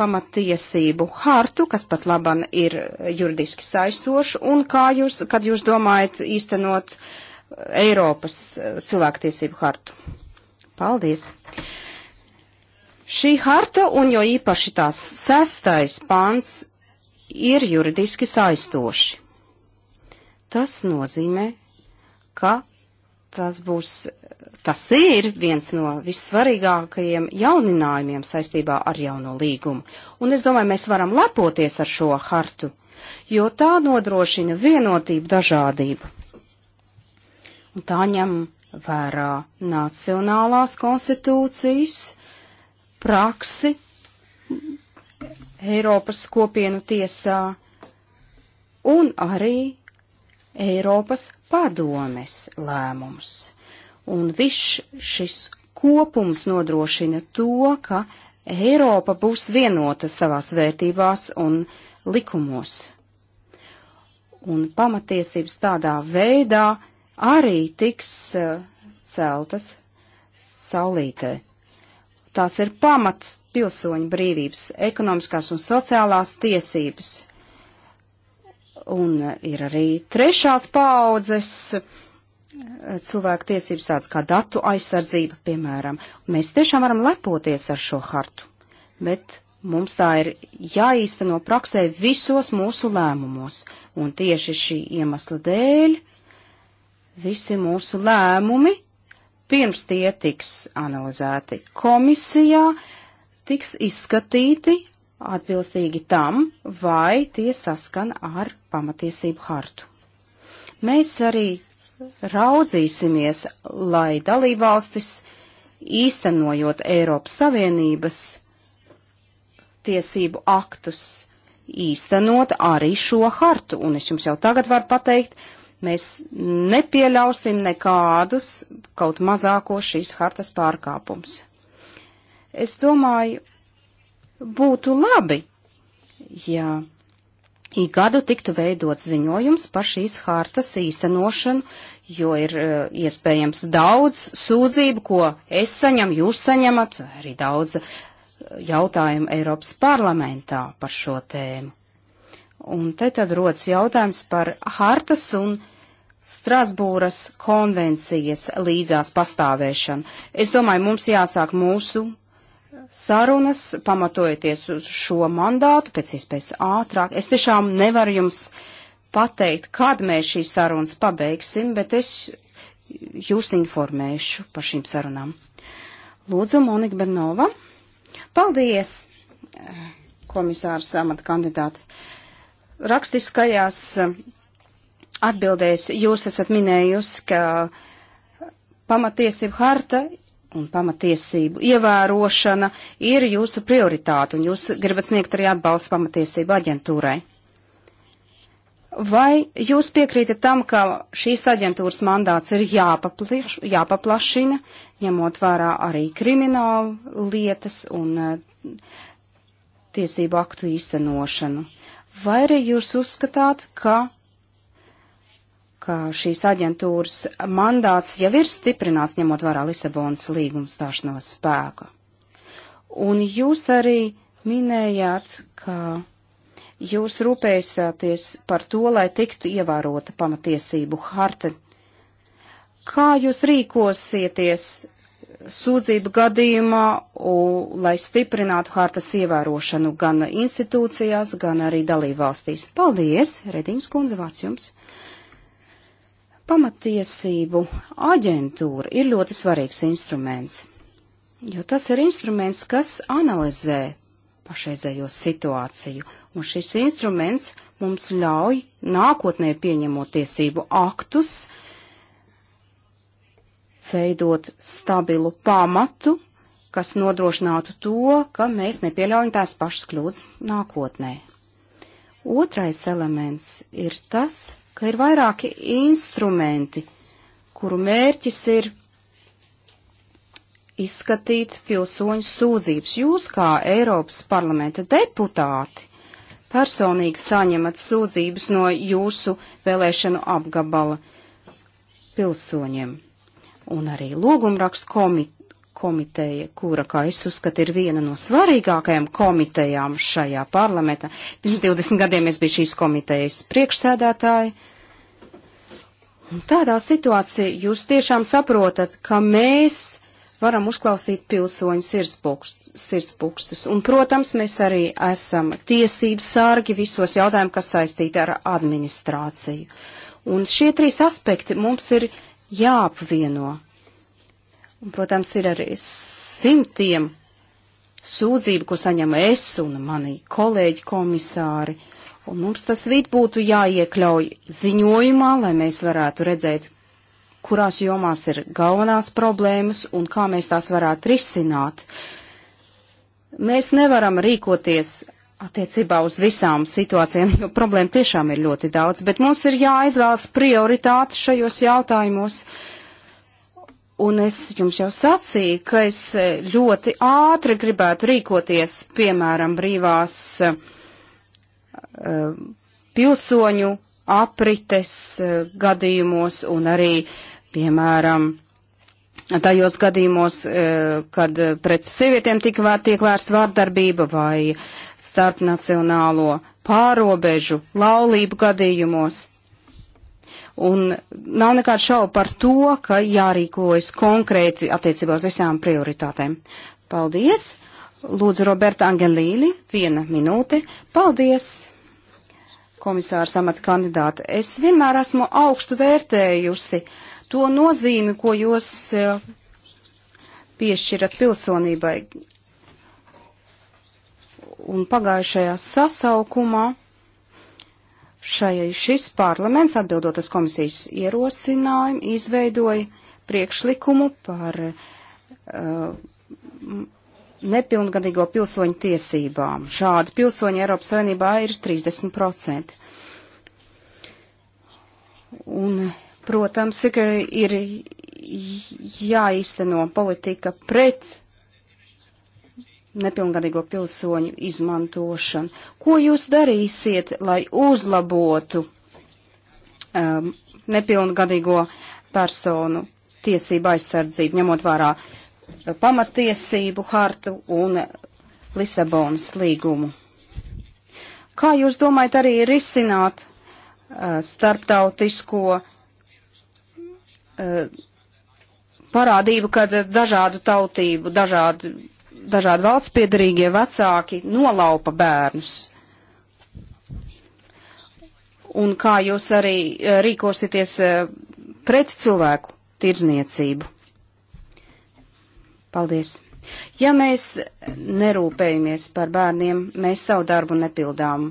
pamatiesību hartu, kas pat laban ir juridiski saistoša, un kā jūs, kad jūs domājat īstenot eh, Eiropas eh, cilvēktiesību hartu? Paldies! Šī harta, un jo īpaši tās sestais pāns, ir juridiski saistoši. Tas nozīmē, ka Tas būs, tas ir viens no vissvarīgākajiem jauninājumiem saistībā ar jauno līgumu. Un es domāju, mēs varam lepoties ar šo hartu, jo tā nodrošina vienotību dažādību. Un tā ņem vērā nacionālās konstitūcijas, praksi Eiropas kopienu tiesā un arī Eiropas padomes lēmums. Un viss šis kopums nodrošina to, ka Eiropa būs vienota savās vērtībās un likumos. Un pamatiesības tādā veidā arī tiks uh, celtas saulītē. Tās ir pamat pilsoņu brīvības, ekonomiskās un sociālās tiesības, Un ir arī trešās paudzes cilvēku tiesības tāds kā datu aizsardzība, piemēram. Mēs tiešām varam lepoties ar šo hartu, bet mums tā ir jāīsteno praksē visos mūsu lēmumos. Un tieši šī iemesla dēļ visi mūsu lēmumi, pirms tie tiks analizēti komisijā, tiks izskatīti atbilstīgi tam, vai tie saskan ar pamatiesību hartu. Mēs arī raudzīsimies, lai dalībvalstis, īstenojot Eiropas Savienības tiesību aktus, īstenot arī šo hartu. Un es jums jau tagad varu pateikt, mēs nepieļausim nekādus kaut mazāko šīs hartas pārkāpums. Es domāju, būtu labi, ja ik gadu tiktu veidots ziņojums par šīs hartas īstenošanu, jo ir eh, iespējams daudz sūdzību, ko es saņemu, jūs saņemat, arī daudz eh, jautājumu Eiropas parlamentā par šo tēmu. Un te tad rodas jautājums par hartas un Strasbūras konvencijas līdzās pastāvēšanu. Es domāju, mums jāsāk mūsu sarunas, pamatojoties uz šo mandātu, pēc iespējas ātrāk. Es tiešām nevaru jums pateikt, kad mēs šīs sarunas pabeigsim, bet es jūs informēšu par šīm sarunām. Lūdzu, Monika Benova. Paldies, komisārs amata kandidāti. Rakstiskajās eh, atbildēs jūs esat minējusi, ka pamatiesība harta un pamatiesību ievērošana ir jūsu prioritāte, un jūs gribat sniegt arī atbalstu pamatiesību aģentūrai. Vai jūs piekrītat tam, ka šīs aģentūras mandāts ir jāpapliš, jāpaplašina, ņemot vērā arī kriminālu lietas un uh, tiesību aktu īstenošanu? Vai arī jūs uzskatāt, ka ka šīs aģentūras mandāts jau ir stiprināts, ņemot vērā Lisabonas līguma stāšanos spēku. Un jūs arī minējāt, ka jūs rūpēsieties par to, lai tiktu ievērota pamatiesību harta. Kā jūs rīkosieties sūdzību gadījumā, u, lai stiprinātu hartas ievērošanu gan institūcijās, gan arī dalībvalstīs? Paldies, Redings kundze, vārds jums! Uh, Pamatiesību aģentūra ir ļoti svarīgs instruments, jo tas ir instruments, kas analizē pašreizējo situāciju, un šis instruments mums ļauj nākotnē pieņemot tiesību aktus, veidot stabilu pamatu, kas nodrošinātu to, ka mēs nepieļaujam tās pašas kļūdas nākotnē. Otrais elements ir tas, ka ir vairāki instrumenti, kuru mērķis ir izskatīt pilsoņu sūdzības. Jūs, kā Eiropas parlamenta deputāti, personīgi saņemat sūdzības no jūsu vēlēšanu apgabala pilsoņiem. Un arī lūgumrakstu komi komiteja, kura, kā es uzskatu, ir viena no svarīgākajām komitejām šajā parlamentā. Pirms 20 gadiem es biju šīs komitejas priekšsēdētāja Un tādā situācijā jūs tiešām saprotat, ka mēs varam uzklausīt pilsoņu sirdspukstus. Un, protams, mēs arī esam tiesības sārgi visos jautājumos, kas saistīti ar administrāciju. Un šie trīs aspekti mums ir jāapvieno. Un, protams, ir arī simtiem sūdzību, ko saņem es un mani kolēģi komisāri. Uh, Un mums tas vīt būtu jāiekļauj ziņojumā, lai mēs varētu redzēt, kurās jomās ir galvenās problēmas un kā mēs tās varētu risināt. Mēs nevaram rīkoties attiecībā uz visām situācijām, jo problēma tiešām ir ļoti daudz, bet mums ir jāizvēlas prioritāti šajos jautājumos. Un es jums jau sacīju, ka es ļoti ātri gribētu rīkoties, piemēram, brīvās uh, Eh, pilsoņu aprites eh, gadījumos un arī, piemēram, tajos gadījumos, eh, kad pret sievietēm tiek vērsta vārdarbība vai starpnacionālo pārobežu laulību gadījumos. Un nav nekāda šauba par to, ka jārīkojas konkrēti attiecībā uz visām prioritātēm. Paldies! Lūdzu, Roberta Angelīli, viena minūte. Paldies! komisāra samata kandidāti. Es vienmēr esmu augstu vērtējusi to nozīmi, ko jūs eh, piešķirat pilsonībai. Un pagājušajā sasaukumā šai, šis parlaments, atbildot uz komisijas ierosinājumu, izveidoja priekšlikumu par uh, nepilngadīgo pilsoņu tiesībām. Šādi pilsoņi Eiropas Savienībā ir 30%. Un, protams, ir jāīsteno politika pret nepilngadīgo pilsoņu izmantošanu. Ko jūs darīsiet, lai uzlabotu um, nepilngadīgo personu tiesību aizsardzību, ņemot vērā Eh, pamatiesību hartu un Lisabonas līgumu. Kā jūs domājat arī risināt uh, starptautisko uh, parādību, kad dažādu tautību, dažādu, dažādu valsts piedarīgie vecāki nolaupa bērnus? Un kā jūs arī rīkosieties uh, pret cilvēku tirdzniecību? Paldies! Ja mēs nerūpējamies par bērniem, mēs savu darbu nepildām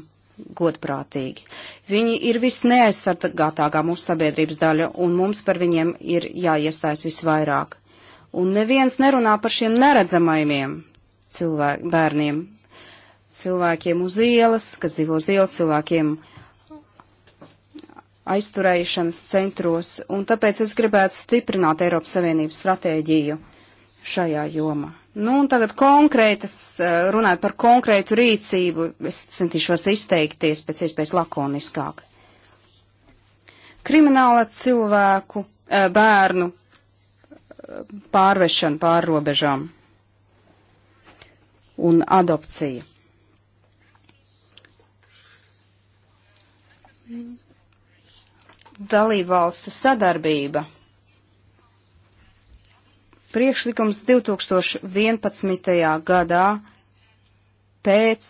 godprātīgi. Viņi ir visneaizsargātākā mūsu sabiedrības daļa, un mums par viņiem ir jāiestājas visvairāk. Un neviens nerunā par šiem neredzamajiem cilvēk, bērniem, cilvēkiem uz ielas, kas dzīvo uz ielas, cilvēkiem aizturēšanas centros, un tāpēc es gribētu stiprināt Eiropas Savienības stratēģiju šajā jomā. Nu, un tagad konkrētas, eh, runāt par konkrētu rīcību, es centīšos izteikties pēc iespējas lakoniskāk. Krimināla cilvēku eh, bērnu eh, pārvešana pārrobežām un adopcija. Dalībvalstu sadarbība Priekšlikums 2011. gadā pēc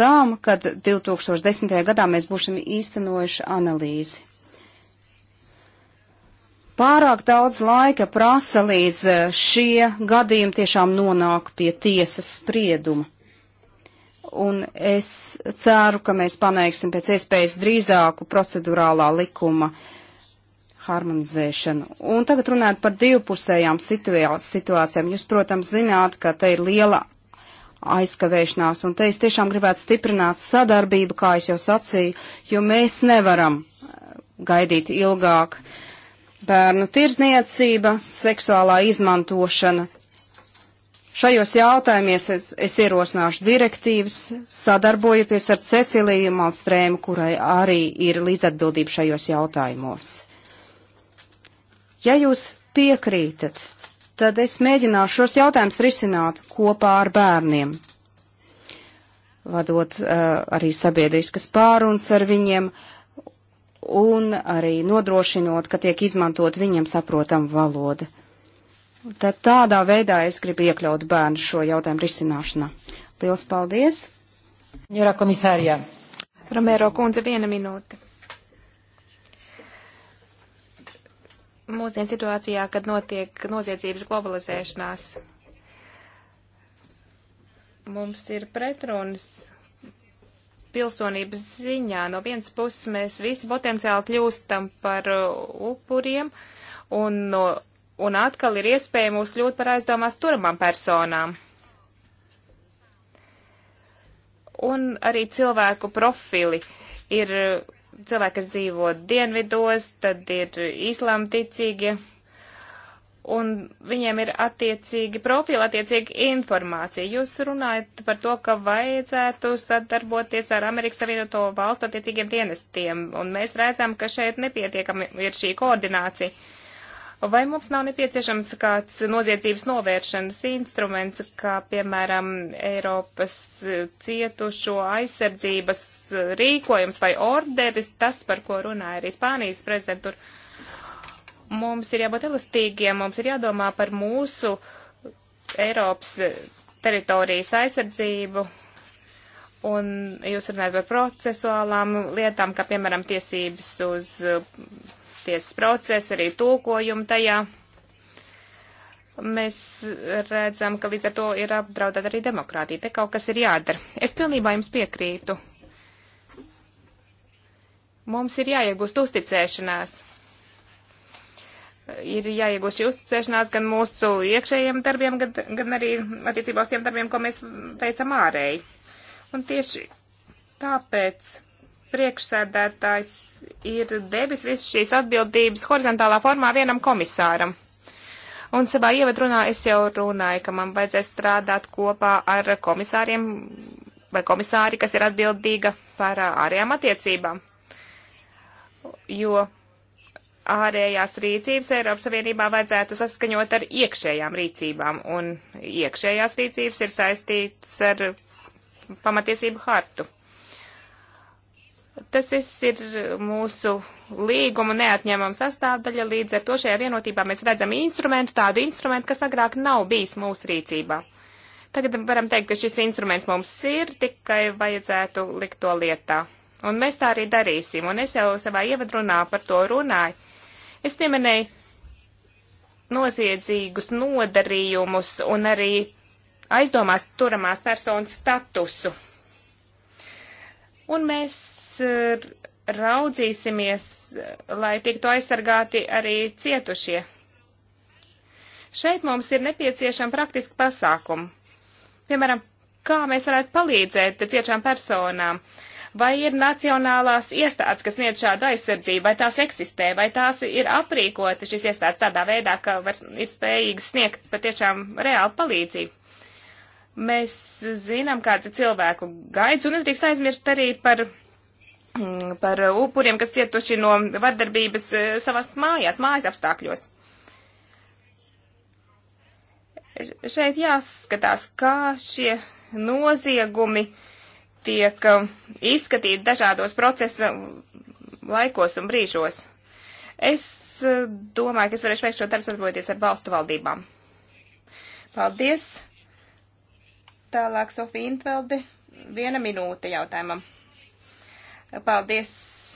tam, kad 2010. gadā mēs būsim īstenojuši analīzi. Pārāk daudz laika prasa, līdz e, šie gadījumi tiešām nonāk pie tiesas sprieduma. Un es ceru, ka mēs paneiksim pēc iespējas drīzāku procedurālā likuma uh, harmonizēšanu. Un tagad runājot par divpusējām situācijām, jūs, protams, zināt, ka te ir liela aizkavēšanās, un te es tiešām gribētu stiprināt sadarbību, kā es jau sacīju, jo mēs nevaram eh, gaidīt ilgāk. Bērnu tirzniecība, seksuālā izmantošana. Šajos jautājumies es, es ierosināšu direktīvas, sadarbojoties ar Ceciliju Malstrēmu, kurai arī ir līdzatbildība šajos jautājumos. Ja jūs piekrītat, tad es mēģināšu šos jautājumus risināt kopā ar bērniem, vadot uh, arī sabiedriskas pārunas ar viņiem un arī nodrošinot, ka tiek izmantot viņiem saprotama valoda. Tad tādā veidā es gribu iekļaut bērnu šo jautājumu risināšanā. Liels paldies! Jūrā komisārijā. Romēro kundze, viena minūte. mūsdienu situācijā, kad notiek noziedzības globalizēšanās. Mums ir pretrunas pilsonības ziņā. No vienas puses mēs visi potenciāli kļūstam par uh, upuriem, un, no, un atkal ir iespēja mūs kļūt par aizdomās turamām personām. Un arī cilvēku profili ir uh, cilvēki, kas dzīvo dienvidos, tad ir islāma ticīgie, un viņiem ir attiecīgi profili, attiecīgi informācija. Jūs runājat par to, ka vajadzētu sadarboties ar Amerikas Savienoto valstu attiecīgiem dienestiem, un mēs redzam, ka šeit nepietiekami ir šī koordinācija. Vai mums nav nepieciešams kāds noziedzības novēršanas instruments, kā piemēram Eiropas eh, cietušo aizsardzības eh, rīkojums vai orderis, tas, par ko runāja arī Spānijas prezidentūra? Mums ir jābūt elastīgiem, mums ir jādomā par mūsu Eiropas eh, teritorijas aizsardzību. Un jūs runājat par procesuālām lietām, kā piemēram tiesības uz tiesas process, arī tulkojumu tajā. Mēs redzam, ka līdz ar to ir apdraudēta arī demokrātija. Te kaut kas ir jādara. Es pilnībā jums piekrītu. Mums ir jāiegūst uzticēšanās ir jāiegūst šī uzticēšanās gan mūsu iekšējiem darbiem, gan, gan arī attiecībā uz tiem darbiem, ko mēs veicam ārēji. Un tieši tāpēc priekšsēdētājs ir debis visu šīs atbildības horizontālā formā vienam komisāram. Un savā ievadrunā es jau runāju, ka man vajadzēs strādāt kopā ar komisāriem vai komisāri, kas ir atbildīga par ārējām attiecībām. Jo ārējās rīcības Eiropas Savienībā vajadzētu saskaņot ar iekšējām rīcībām, un iekšējās rīcības ir saistīts ar pamatiesību hartu. Tas viss ir mūsu līguma neatņemama sastāvdaļa, līdz ar to šajā vienotībā mēs redzam instrumentu, tādu instrumentu, kas agrāk nav bijis mūsu rīcībā. Tagad varam teikt, ka šis instruments mums ir, tikai vajadzētu likt to lietā. Un mēs tā arī darīsim, un es jau savā ievadrunā par to runāju. Es pieminēju noziedzīgus nodarījumus un arī aizdomās turamās personas statusu. Un mēs Eh, raudzīsimies, eh, lai tiktu aizsargāti arī cietušie. Šeit mums ir nepieciešama praktiska pasākuma. Piemēram, kā mēs varētu palīdzēt ciešām personām? Vai ir nacionālās iestādes, kas sniedz šādu aizsardzību, vai tās eksistē, vai tās ir aprīkoti šīs iestādes tādā veidā, ka var, ir spējīgas sniegt patiešām reāli palīdzību? Mēs zinām, kāds ir cilvēku gaids, un nedrīkst aizmirst arī par Mm, par upuriem, kas cietuši no vardarbības eh, savās mājās, mājas apstākļos. Šeit jāskatās, kā šie noziegumi tiek eh, izskatīti dažādos procesa laikos un brīžos. Es eh, domāju, ka es varēšu veikt šo darbu sadarbojoties ar valstu valdībām. Paldies! Tālāk Sofija Intvelde, viena minūte jautājumam. Paldies!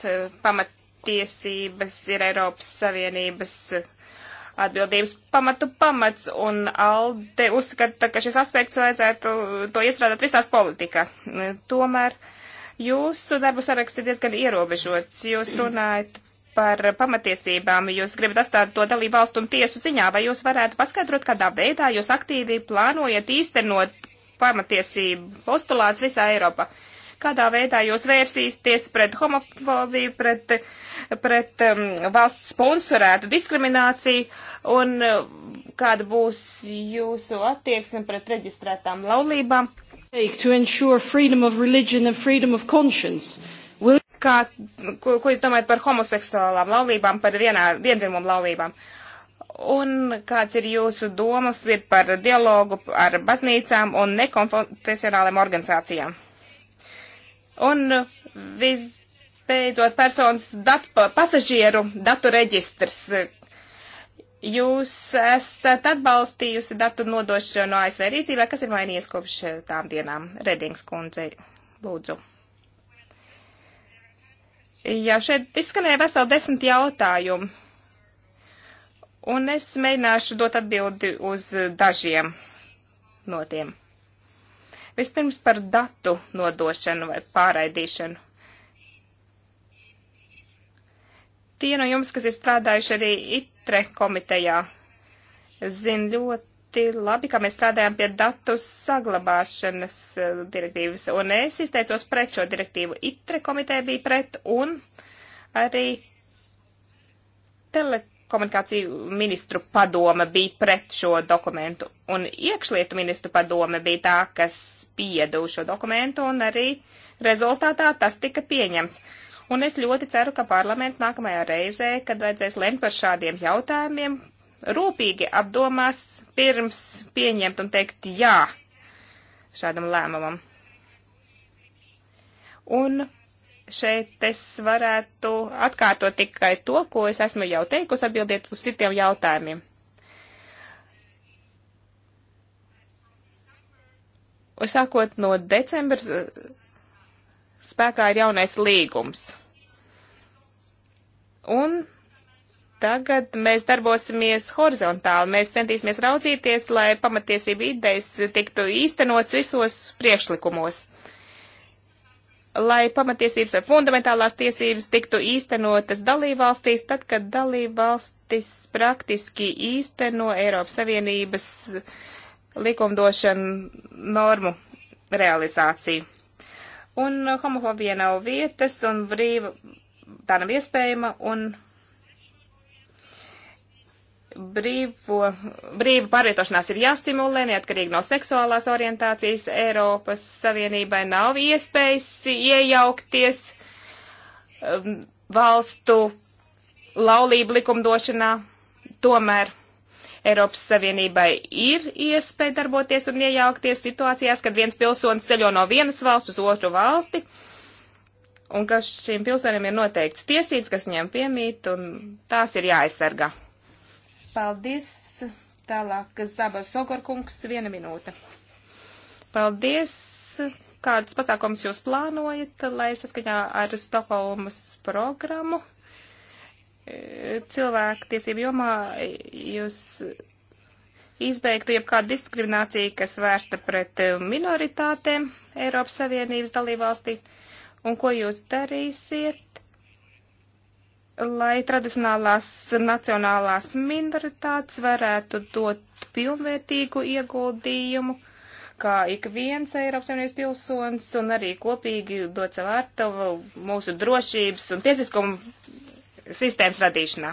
Eh, pamatiesības ir Eiropas Savienības atbildības pamatu pamats, un Alde uzskata, ka šis aspekts vajadzētu to iestrādāt visās politikās. Eh, tomēr jūsu darbu saraksts ir diezgan ierobežots. Jūs runājat par pamatiesībām, jūs gribat atstāt to dalību valstu un tiesu ziņā, vai jūs varētu paskaidrot, kādā veidā jūs aktīvi plānojat īstenot pamatiesību postulāts visā Eiropā? Uh, kādā veidā jūs vērsīsties pret homofobiju, pret, pret um, valsts sponsorētu diskrimināciju un uh, kāda būs jūsu attieksme pret reģistrētām laulībām. To ensure freedom of religion and freedom of conscience kā, ko, ko jūs domājat par homoseksuālām laulībām, par vienā, viendzimumu laulībām? Un kāds ir jūsu domas ir par dialogu ar baznīcām un nekonfesionāliem organizācijām? Un visbeidzot personas dat, pasažieru datu reģistrs. Jūs esat atbalstījusi datu nodošanu no ASV rīcībā, kas ir mainījies kopš tām dienām. Redings kundze, lūdzu. Jā, šeit izskanēja veseli desmit jautājumu, un es mēģināšu dot atbildi uz dažiem no tiem. Vispirms par datu nodošanu vai pārraidīšanu. Tie no jums, kas ir strādājuši arī ITRE komitejā, zina ļoti labi, kā mēs strādājam pie datu saglabāšanas eh, direktīvas, un es izteicos pret šo direktīvu. ITRE komiteja bija pret, un arī telekomunikāciju ministru padome bija pret šo dokumentu, un iekšlietu ministru padome bija tā, kas piedevu šo dokumentu, un arī rezultātā tas tika pieņemts. Un es ļoti ceru, ka parlaments nākamajā reizē, kad vajadzēs lemt par šādiem jautājumiem, rūpīgi apdomās pirms pieņemt un teikt jā šādam lēmumam. Un šeit es varētu atkārtot tikai to, ko es esmu jau teikusi, atbildiet uz citiem jautājumiem. Sākot no decembras spēkā ir jaunais līgums. Un tagad mēs darbosimies horizontāli. Mēs centīsimies raudzīties, lai pamatiesība idejas tiktu īstenots visos priekšlikumos. Lai pamatiesības vai fundamentālās tiesības tiktu īstenotas dalībvalstīs, tad, kad dalībvalstis praktiski īsteno Eiropas Savienības uh, likumdošanu normu realizāciju. Un homofobija nav vietas un brīva, tā nav iespējama un brīvo, brīva pārvietošanās ir jāstimulē, neatkarīgi no seksuālās orientācijas. Eiropas Savienībai nav iespējas iejaukties um, valstu laulību likumdošanā. Tomēr Eiropas Savienībai ir iespēja darboties un iejaukties situācijās, kad viens pilsonis ceļo no vienas valsts uz otru valsti, un ka šiem pilsonim ir noteikts tiesības, kas viņam piemīt, un tās ir jāaizsargā. Paldies! Tālāk Zabas Sogorkungs, viena minūte. Paldies! Kādus pasākumus jūs plānojat, lai saskaņā ar Stokholmas programmu? cilvēku tiesību jomā jūs izbeigtu jebkādu diskrimināciju, kas vērsta pret eh, minoritātēm Eiropas Savienības dalībvalstīs, un ko jūs darīsiet, lai tradicionālās nacionālās minoritātes varētu dot pilnvērtīgu ieguldījumu kā ik viens Eiropas Savienības pilsonis un arī kopīgi dot savu vērtu mūsu drošības un tiesiskuma sistēmas radīšanā.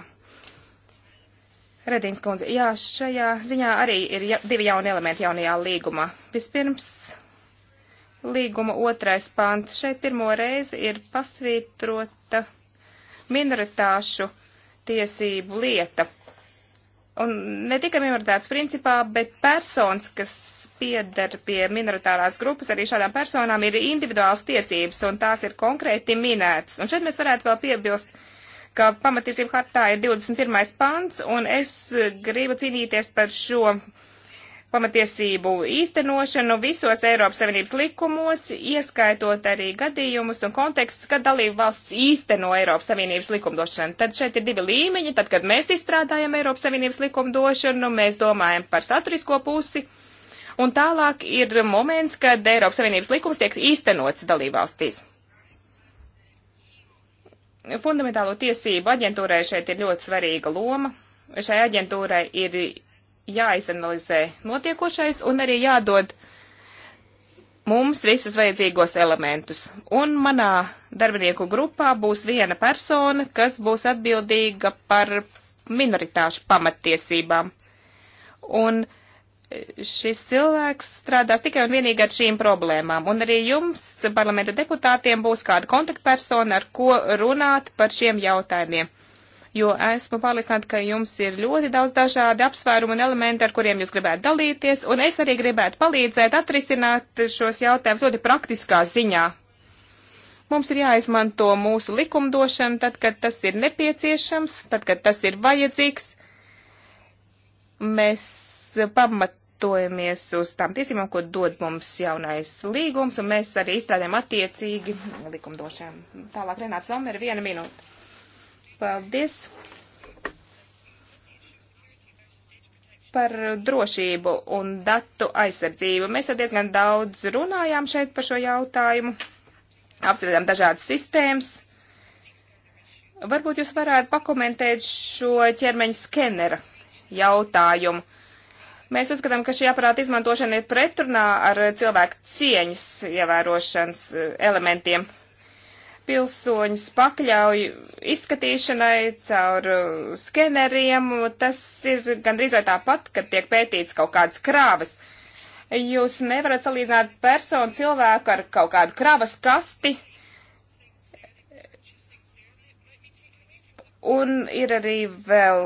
Redīns kundze, jā, šajā ziņā arī ir ja, divi jauni elementi jaunajā līgumā. Vispirms līguma otrais pants. Šeit pirmo reizi ir pasvītrota minoritāšu tiesību lieta. Un ne tikai minoritātes principā, bet personas, kas pieder pie minoritārās grupas, arī šādām personām ir individuāls tiesības, un tās ir konkrēti minētas. Un šeit mēs varētu vēl piebilst, uh, ka pamatiesību hartā ir 21. pants, un es gribu cīnīties par šo pamatiesību īstenošanu visos Eiropas Savienības likumos, ieskaitot arī gadījumus un kontekstus, kad dalību valsts īsteno Eiropas Savienības likumdošanu. Tad šeit ir divi līmeņi. Tad, kad mēs izstrādājam Eiropas Savienības likumdošanu, mēs domājam par saturisko pusi. Un tālāk ir moments, kad Eiropas Savienības likums tiek īstenots dalībvalstīs. valstīs. Fundamentālo tiesību aģentūrai šeit ir ļoti svarīga loma. Šai aģentūrai ir jāizanalizē notiekošais un arī jādod mums visus vajadzīgos elementus. Un manā darbinieku grupā būs viena persona, kas būs atbildīga par minoritāšu pamattiesībām. Un uh, šis cilvēks strādās tikai un vienīgi ar šīm problēmām. Un arī jums, parlamenta deputātiem, būs kāda kontaktpersona, ar ko runāt par šiem jautājumiem. Jo esmu pārliecināta, ka jums ir ļoti daudz dažādi apsvērumi un elementi, ar kuriem jūs gribētu dalīties, un es arī gribētu palīdzēt atrisināt šos jautājumus ļoti praktiskā ziņā. Mums ir jāizmanto mūsu likumdošana tad, kad tas ir nepieciešams, tad, kad tas ir vajadzīgs. Mēs pamatojamies uz tām tiesībām, ko dod mums jaunais līgums, un mēs arī izstrādājam attiecīgi likumdošanu. Tālāk Renāts Omer, viena minūte. Paldies. par drošību un datu aizsardzību. Mēs jau diezgan daudz runājām šeit par šo jautājumu, apspriedām dažādas sistēmas. Varbūt jūs varētu pakomentēt šo ķermeņa skenera jautājumu. Mēs uzskatām, ka šī aparāta izmantošana ir pretrunā ar cilvēku cieņas ievērošanas eh, elementiem. Pilsoņus pakļauj izskatīšanai caur eh, skeneriem. Tas ir gandrīz vai tāpat, kad tiek pētīts kaut kādas krāvas. Jūs nevarat salīdzināt personu cilvēku ar kaut kādu krāvas kasti. Un ir arī vēl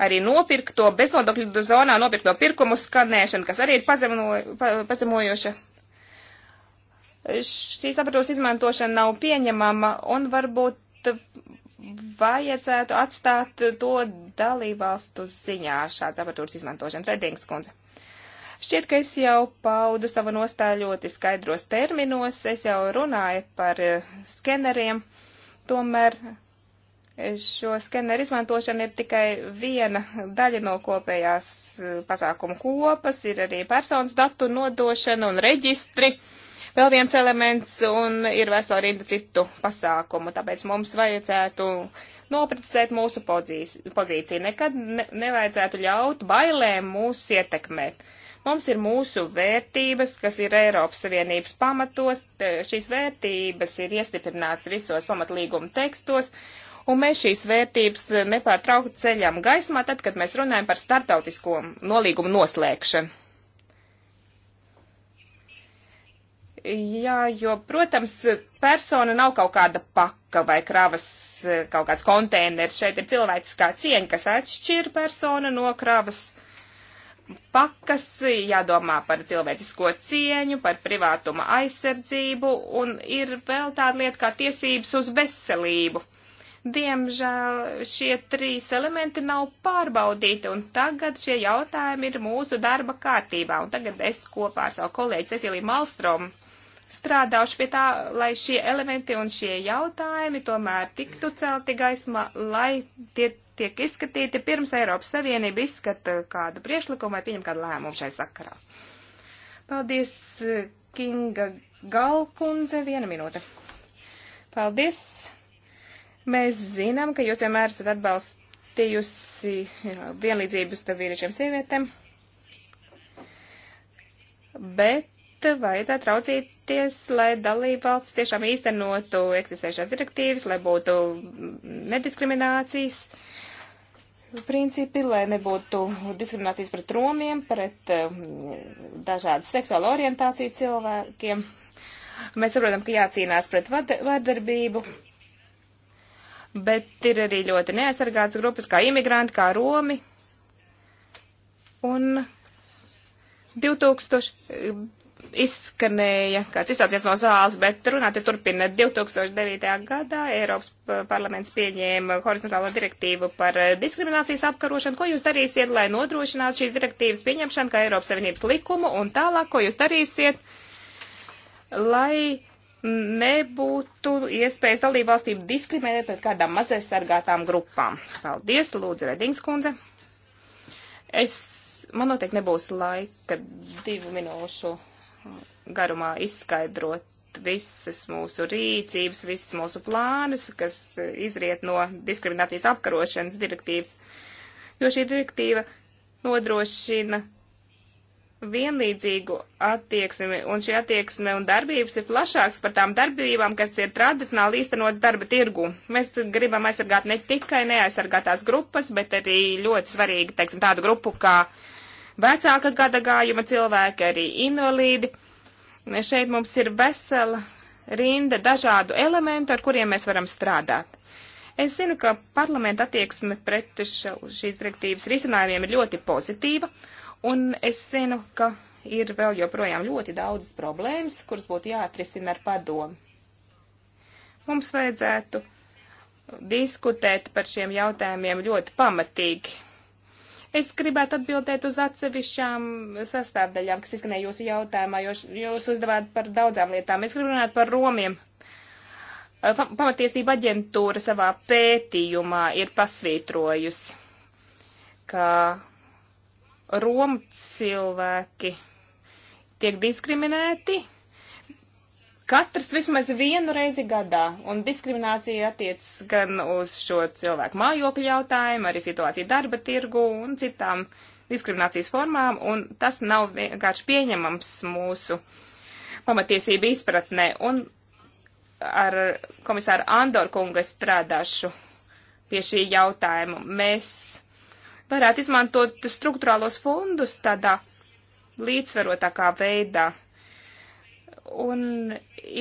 arī nopirkto beznodokļu zonā nopirkto pirkumu skanēšanu, kas arī ir pazemo, pa, pazemojoša. Šīs apatūras izmantošana nav pieņemama un varbūt vajadzētu atstāt to dalībvalstu ziņā šāds apatūras izmantošanas. Redings kundze. Šķiet, ka es jau paudu savu nostāju ļoti skaidros terminos, es jau runāju par eh, skeneriem, tomēr Šo skeneru izmantošana ir tikai viena daļa no kopējās eh, pasākumu kopas, ir arī personas datu nodošana un reģistri. Vēl viens elements un ir vesela rinda citu pasākumu, tāpēc mums vajadzētu noprecizēt mūsu pozīciju. Nekad ne, nevajadzētu ļaut bailēm mūs ietekmēt. Mums ir mūsu vērtības, kas ir Eiropas Savienības pamatos. Šīs vērtības ir iestiprināts visos pamatlīguma tekstos un mēs šīs vērtības eh, nepārtraukti ceļām gaismā, tad, kad mēs runājam par startautisko nolīgumu noslēgšanu. Jā, jo, protams, persona nav kaut kāda paka vai kravas eh, kaut kāds konteiners. Šeit ir cilvēciskā cieņa, kas atšķir personu no kravas pakas, jādomā par cilvēcisko cieņu, par privātuma aizsardzību, un ir vēl tāda lieta kā tiesības uz veselību. Diemžēl šie trīs elementi nav pārbaudīti, un tagad šie jautājumi ir mūsu darba kārtībā. Un tagad es kopā ar savu kolēģi Ceciliju Malstromu strādājuši pie tā, lai šie elementi un šie jautājumi tomēr tiktu celti gaismā, lai tie tiek izskatīti pirms Eiropas Savienība izskata kādu priešlikumu vai pieņem kādu lēmumu šai sakarā. Paldies, Kinga Galkundze, viena minūte. Paldies, Mēs zinām, ka jūs vienmēr esat atbalstījusi vienlīdzības starp vīriešiem sievietēm, bet vajadzētu raucīties, lai dalībvalsts tiešām īstenotu eksistējušās direktīvas, lai būtu nediskriminācijas principi, lai nebūtu diskriminācijas pret romiem, pret um, dažādas seksuāla orientācija cilvēkiem. Mēs saprotam, ka jācīnās pret vardarbību. Vad bet ir arī ļoti neaizsargātas grupas, kā imigranti, kā romi. Un 2000 eh, izskanēja, kāds izsaucies no zāles, bet runāti turpina. 2009. gadā Eiropas eh, parlaments pieņēma horizontālo direktīvu par eh, diskriminācijas apkarošanu. Ko jūs darīsiet, lai nodrošinātu šīs direktīvas pieņemšanu kā Eiropas Savienības likumu un tālāk, ko jūs darīsiet, lai nebūtu iespējas dalībvalstīm diskriminēt pret kādām mazais sargātām grupām. Paldies, lūdzu, Redings kundze. Es, man noteikti nebūs laika divu minūšu garumā izskaidrot visas mūsu rīcības, visas mūsu plānus, kas izriet no diskriminācijas apkarošanas direktīvas, jo šī direktīva nodrošina vienlīdzīgu attieksmi, un šī attieksme un darbības ir plašāks par tām darbībām, kas ir tradicionāli īstenotas darba tirgu. Mēs gribam aizsargāt ne tikai neaizsargātās grupas, bet arī ļoti svarīgi, teiksim, tādu grupu kā vecāka gada gājuma cilvēki, arī invalīdi. Šeit mums ir vesela rinda dažādu elementu, ar kuriem mēs varam strādāt. Es zinu, ka parlamenta attieksme pret šo, šīs direktīvas risinājumiem ir ļoti pozitīva, Un es zinu, ka ir vēl joprojām ļoti daudzas problēmas, kuras būtu jāatrisina ar padomu. Mums vajadzētu diskutēt par šiem jautājumiem ļoti pamatīgi. Es gribētu atbildēt uz atsevišķām sastāvdaļām, kas izskanēja jūsu jautājumā, jo jūs uzdevāt par daudzām lietām. Es gribu runāt par romiem. Pamatiesība aģentūra savā pētījumā ir pasvītrojusi, ka Roma cilvēki tiek diskriminēti katrs vismaz vienu reizi gadā, un diskriminācija attiecas gan uz šo cilvēku mājokļu jautājumu, arī situāciju darba tirgu un citām diskriminācijas formām, un tas nav vienkārši pieņemams mūsu pamatiesību izpratnē. Un ar komisāru Andoru kungu es strādāšu pie šī jautājuma. Mēs varētu izmantot struktūrālos fondus tādā līdzsvarotākā veidā. Un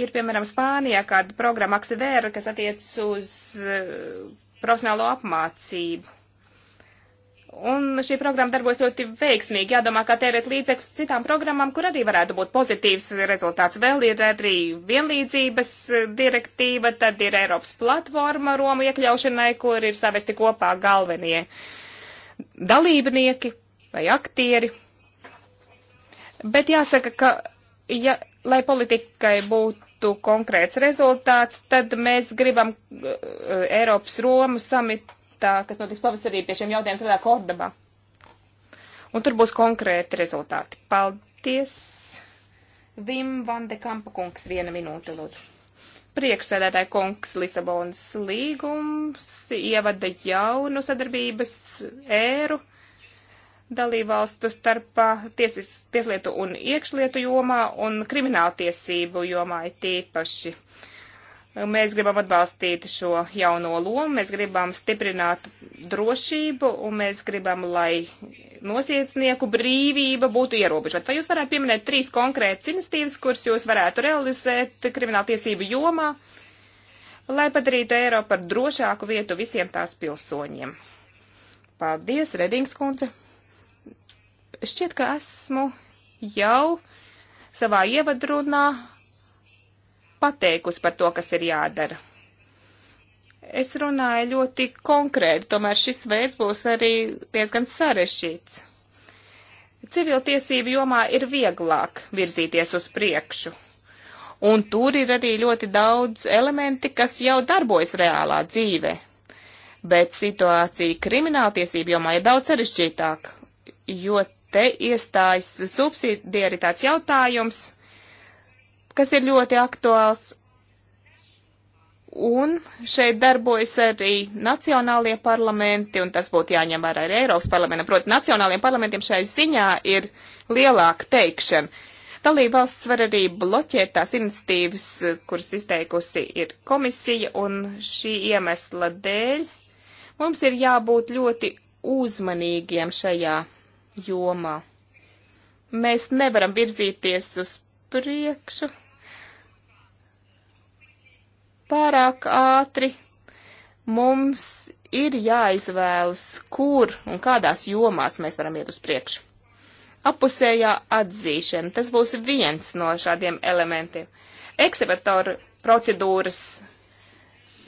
ir, piemēram, Spānijā kāda programma Aksidēra, kas attiec uz eh, profesionālo apmācību. Un šī programma darbojas ļoti veiksmīgi. Jādomā, kā tērēt līdzekļus citām programmām, kur arī varētu būt pozitīvs rezultāts. Vēl ir arī vienlīdzības eh, direktīva, tad ir Eiropas platforma Romu iekļaušanai, kur ir savesti kopā galvenie uh, dalībnieki vai aktieri. Bet jāsaka, ka, ja, lai politikai būtu konkrēts rezultāts, tad mēs gribam uh, Eiropas Romu samitā, kas notiks pavasarī pie šiem jautājumiem, strādāt Kordabā. Un tur būs konkrēti rezultāti. Paldies! Vim Vande Kampa kungs, viena minūte, lūdzu. Priekšsēdētāja kungs Lisabonas līgums ievada jaunu sadarbības ēru dalībvalstu starpā tiesis, tieslietu un iekšlietu jomā un krimināltiesību jomā ir tīpaši. Mēs gribam atbalstīt šo jauno lomu, mēs gribam stiprināt drošību un mēs gribam, lai nosiedznieku brīvība būtu ierobežota. Vai jūs varētu pieminēt trīs konkrētas iniciatīvas, kuras jūs varētu realizēt krimināltiesību jomā, lai padarītu Eiropu par drošāku vietu visiem tās pilsoņiem? Paldies, Redings kundze. Šķiet, ka esmu jau savā ievadrunā pateikusi par to, kas ir jādara. Es runāju ļoti konkrēti, tomēr šis veids būs arī diezgan sarežģīts. Civiltiesību jomā ir vieglāk virzīties uz priekšu, un tur ir arī ļoti daudz elementi, kas jau darbojas reālā dzīvē. Bet situācija krimināltiesību jomā ir daudz sarežģītāka, jo te iestājas subsidiaritāts jautājums, kas ir ļoti aktuāls Un šeit darbojas arī nacionālie parlamenti, un tas būtu jāņem vērā arī Eiropas parlamentam. Proti, nacionāliem parlamentiem šai ziņā ir lielāka teikšana. Dalība valsts var arī bloķēt tās iniciatīvas, kuras izteikusi ir komisija, un šī iemesla dēļ mums ir jābūt ļoti uzmanīgiem šajā jomā. Mēs nevaram virzīties uz priekšu, pārāk ātri. Mums ir jāizvēlas, kur un kādās jomās mēs varam iet uz priekšu. Apusējā atzīšana, tas būs viens no šādiem elementiem. Eksekvatoru procedūras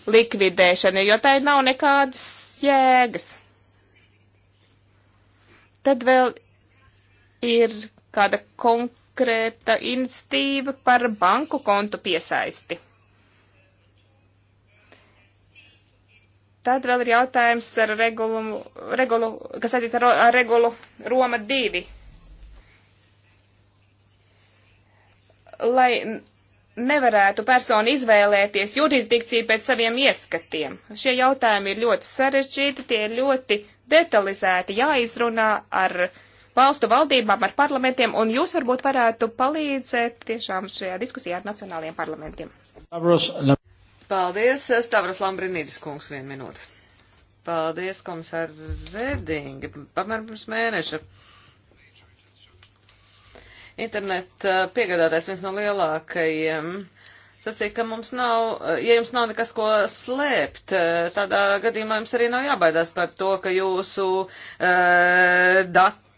likvidēšana, jo tai nav nekādas jēgas. Tad vēl ir kāda konkrēta inicitīva par banku kontu piesaisti. Tad vēl ir jautājums ar regulu, regulu kas saistīts ar, ar regulu Roma 2. Lai nevarētu persona izvēlēties jurisdikciju pēc saviem ieskatiem. Šie jautājumi ir ļoti sarežģīti, tie ir ļoti detalizēti jāizrunā ar valstu valdībām, ar parlamentiem, un jūs varbūt varētu palīdzēt tiešām šajā diskusijā ar nacionālajiem parlamentiem. Lavros, la... Paldies, eh, Stavras Lambrinīdis kungs, vienu minūti. Paldies, komisār Redingi, pamēram pirms mēneša. Internet eh, piegādātais viens no lielākajiem. Sacīja, ka mums nav, eh, ja jums nav nekas, ko slēpt, tādā gadījumā jums arī nav jābaidās par to, ka jūsu uh, dati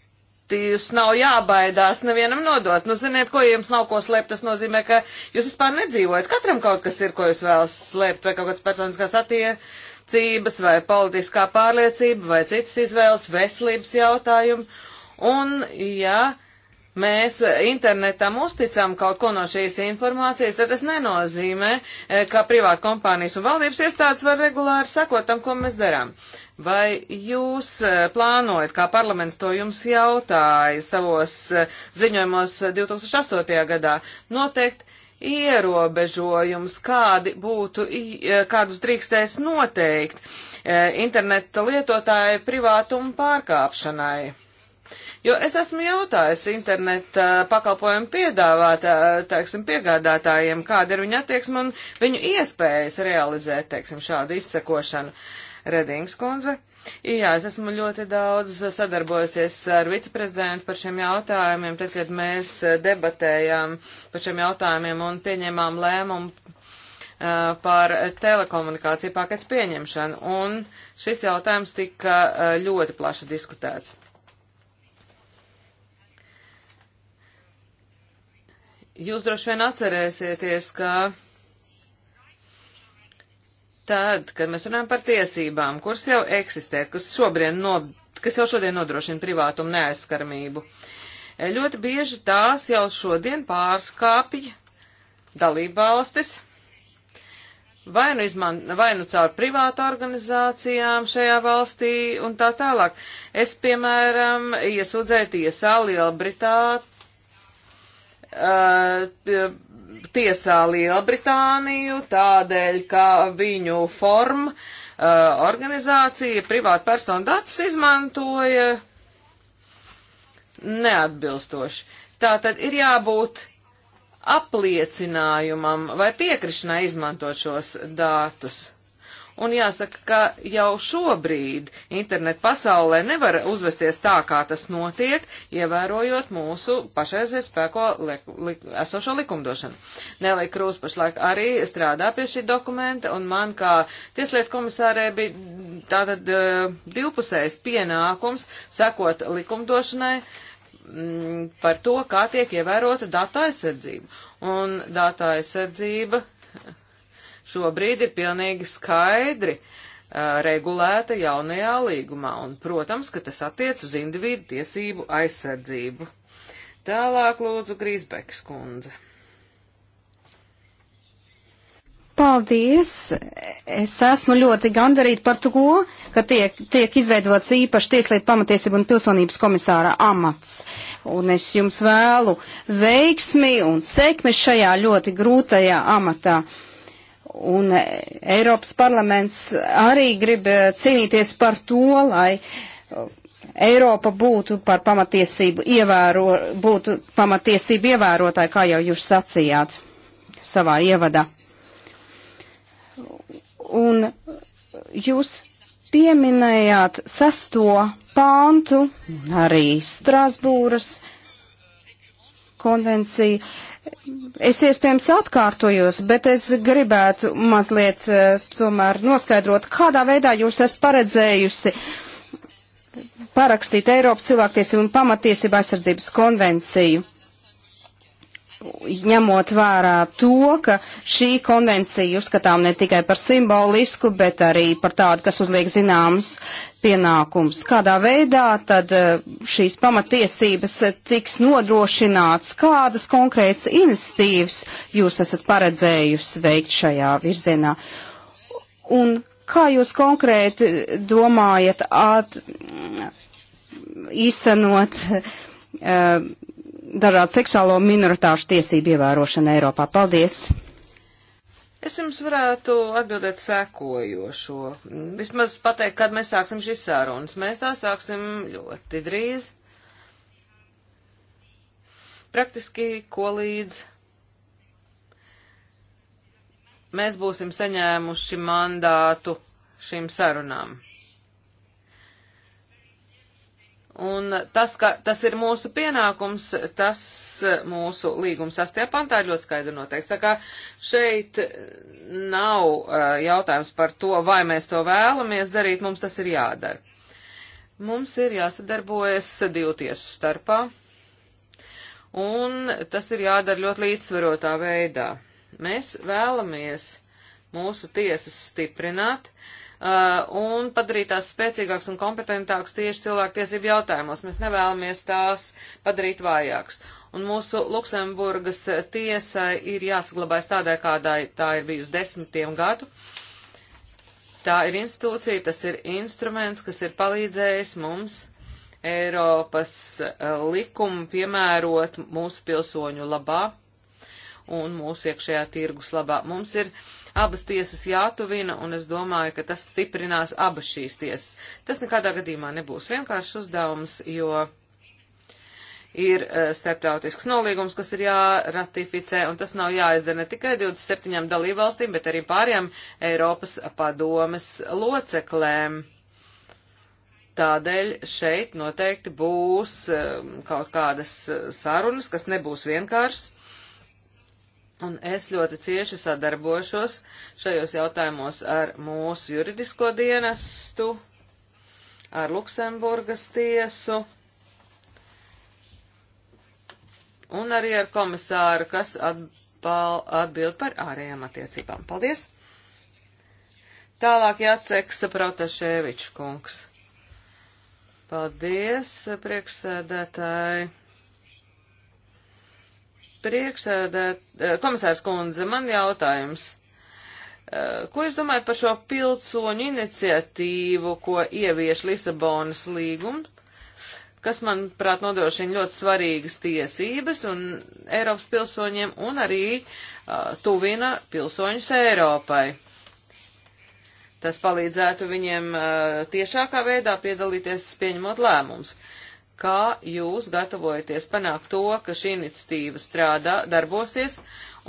jūs nav jābaidās nevienam nodot. Nu, ziniet, ko jums nav ko slēpt, tas nozīmē, ka jūs vispār nedzīvojat. Katram kaut kas ir, ko jūs vēlas slēpt, vai kaut kāds personiskās attiecības, vai politiskā pārliecība, vai citas izvēles, veselības jautājumi. Un, ja mēs internetam uzticam kaut ko no šīs informācijas, tad tas nenozīmē, e, ka privāta kompānijas un valdības iestādes var regulāri sakot tam, ko mēs darām. Vai jūs e, plānojat, kā parlaments to jums jautāja savos e, ziņojumos 2008. gadā, noteikt ierobežojums, kādi būtu, kādus drīkstēs noteikt interneta lietotāju privātumu pārkāpšanai? Jo es esmu jautājis interneta pakalpojumu piedāvātā, teiksim, piegādātājiem, kāda ir viņa attieksme un viņu iespējas realizēt, teiksim, šādu izsekošanu. Redings kundze. Jā, es esmu ļoti daudz sadarbojusies ar viceprezidentu par šiem jautājumiem, tad, kad mēs debatējām par šiem jautājumiem un pieņēmām lēmumu par telekomunikāciju pakets pieņemšanu, un šis jautājums tika ļoti plaši diskutēts. Jūs droši vien atcerēsieties, ka tad, kad mēs runājam par tiesībām, kuras jau eksistē, kas, no, kas jau šodien nodrošina privātumu neaizskaramību, ļoti bieži tās jau šodien pārkāpja dalībvalstis, vai nu, izman, vai nu caur privātu organizācijām šajā valstī un tā tālāk. Es, piemēram, iesūdzēju tiesā Lielbritāniju uh, tiesā Lielbritāniju tādēļ, ka viņu form uh, organizācija privāta persona datus izmantoja neatbilstoši. Tātad ir jābūt apliecinājumam vai piekrišanai izmantot šos datus un jāsaka, ka jau šobrīd internet pasaulē nevar uzvesties tā, kā tas notiek, ievērojot mūsu pašreizies spēko li li esošo likumdošanu. Nelī Krūs pašlaik arī strādā pie šī dokumenta, un man kā tieslietu komisārē bija tātad uh, divpusējs pienākums sekot likumdošanai mm, par to, kā tiek ievērota datu aizsardzība. Un datu aizsardzība šobrīd ir pilnīgi skaidri uh, regulēta jaunajā līgumā, un, protams, ka tas attiec uz individu tiesību aizsardzību. Tālāk lūdzu Grīsbekas kundze. Paldies! Es esmu ļoti gandarīta par to, ka tiek, tiek izveidots īpaši Tieslietu pamatiesību un pilsonības komisāra amats. Un es jums vēlu veiksmi un sekmi šajā ļoti grūtajā amatā. Uh, Un Eiropas parlaments arī grib eh, cīnīties par to, lai eh, Eiropa būtu par pamatiesību, ievēro, būtu pamatiesību ievērotāji, kā jau jūs sacījāt savā ievadā. Un jūs pieminējāt sesto pāntu, arī Strasbūras konvenciju. Uh, Es iespējams atkārtojos, bet es gribētu mazliet eh, tomēr noskaidrot, kādā veidā jūs esat paredzējusi parakstīt Eiropas cilvēktiesību un pamatiesību aizsardzības konvenciju ņemot vērā to, ka šī konvencija uzskatām ne tikai par simbolisku, bet arī par tādu, kas uzliek zināmus pienākums. Kādā veidā tad eh, šīs pamatiesības eh, tiks nodrošināts, kādas konkrētas inicitīvas jūs esat paredzējusi veikt šajā virzienā? Un kā jūs konkrēti domājat at, īstenot uh, dažādu seksuālo minoritāšu tiesību ievērošana Eiropā. Paldies! Es jums varētu atbildēt sekojošo. Vismaz pateikt, kad mēs sāksim šīs sarunas. Mēs tā sāksim ļoti drīz. Praktiski, ko līdz mēs būsim saņēmuši mandātu šīm sarunām. Un tas, ka tas ir mūsu pienākums, tas e, mūsu līgums sastajā pantā ir ļoti skaidri noteikts. Tā kā šeit nav uh, jautājums par to, vai mēs to vēlamies darīt, mums tas ir jādara. Mums ir jāsadarbojas divu tiesu starpā, un tas ir jādara ļoti līdzsvarotā veidā. Mēs vēlamies mūsu tiesas stiprināt, uh, Uh, un padarīt tās spēcīgākas un kompetentākas tieši cilvēktiesību jautājumos. Mēs nevēlamies tās padarīt vājākas. Un mūsu Luksemburgas tiesa ir jāsaglabājas tādai, kādā tā ir bijusi desmitiem gadu. Tā ir institūcija, tas ir instruments, kas ir palīdzējis mums Eiropas uh, likumu piemērot mūsu pilsoņu labā un mūsu iekšējā tirgus labā. Mums ir uh, abas tiesas jātuvina, un es domāju, ka tas stiprinās abas šīs tiesas. Tas nekādā gadījumā nebūs vienkāršs uzdevums, jo ir e, starptautisks nolīgums, kas ir jāratificē, un tas nav jāizdara ne tikai 27 dalībvalstīm, bet arī pārējām Eiropas padomes loceklēm. Tādēļ šeit noteikti būs e, kaut kādas e, sarunas, kas nebūs vienkāršas, Un es ļoti cieši sadarbošos šajos jautājumos ar mūsu juridisko dienestu, ar Luksemburgas tiesu un arī ar komisāru, kas atbal, atbild par ārējām attiecībām. Paldies! Tālāk jāceksa Protaševičs kungs. Paldies, priekšsēdētāji! Priekšsēdēt, eh, komisārs kundze, man jautājums. Eh, ko jūs domājat par šo pilsoņu iniciatīvu, ko ievieš Lisabonas līgums, kas, manuprāt, nodrošina ļoti svarīgas tiesības un Eiropas pilsoņiem un arī uh, tuvina pilsoņus Eiropai? Tas palīdzētu viņiem uh, tiešākā veidā piedalīties pieņemot lēmumus. Uh, kā jūs gatavojaties panākt to, ka šī iniciatīva strādā, darbosies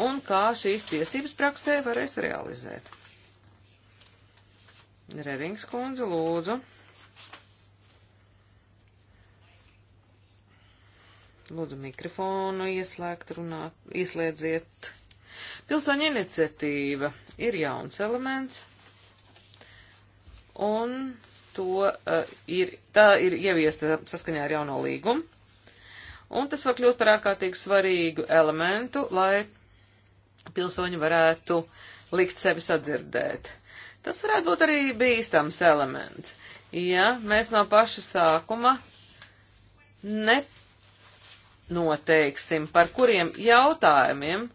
un kā šīs tiesības praksē varēs realizēt. Redings kundze, lūdzu. Lūdzu, mikrofonu ieslēgt, runāt, ieslēdziet. Pilsēņa iniciatīva ir jauns elements, un to uh, ir, tā ir ieviesta saskaņā ar jauno līgumu, un tas var kļūt par ārkārtīgi svarīgu elementu, lai pilsoņi varētu likt sevi sadzirdēt. Tas varētu būt arī bīstams elements, ja mēs no paša sākuma nenoteiksim, par kuriem jautājumiem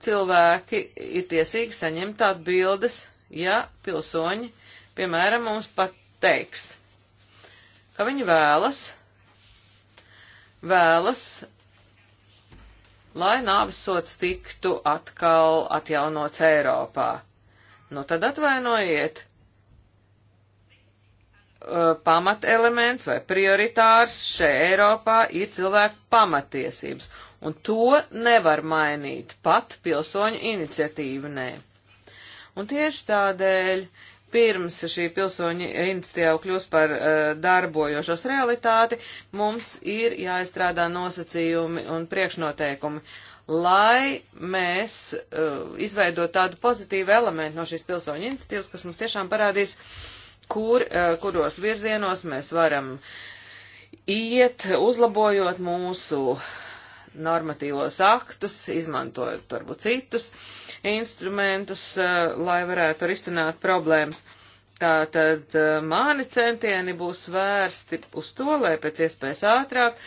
cilvēki ir tiesīgi saņemt atbildes, ja pilsoņi, piemēram, mums pat teiks, ka viņi vēlas, vēlas, lai nāvisots tiktu atkal atjaunots Eiropā. Nu tad atvainojiet, uh, pamatelements vai prioritārs šeit Eiropā ir cilvēku pamatiesības, un to nevar mainīt pat pilsoņu iniciatīvu nē. Un tieši tādēļ uh, pirms šī pilsoņa iniciatīva kļūst par uh, darbojošos realitāti, mums ir jāizstrādā nosacījumi un priekšnoteikumi, lai mēs uh, izveidot tādu pozitīvu elementu no šīs pilsoņa iniciatīvas, kas mums tiešām parādīs, kur, uh, kuros virzienos mēs varam iet, uzlabojot mūsu uh, normatīvos aktus, izmantojot varbūt citus instrumentus, eh, lai varētu arī izcināt problēmas. Tātad eh, mani centieni būs vērsti uz to, lai pēc iespējas ātrāk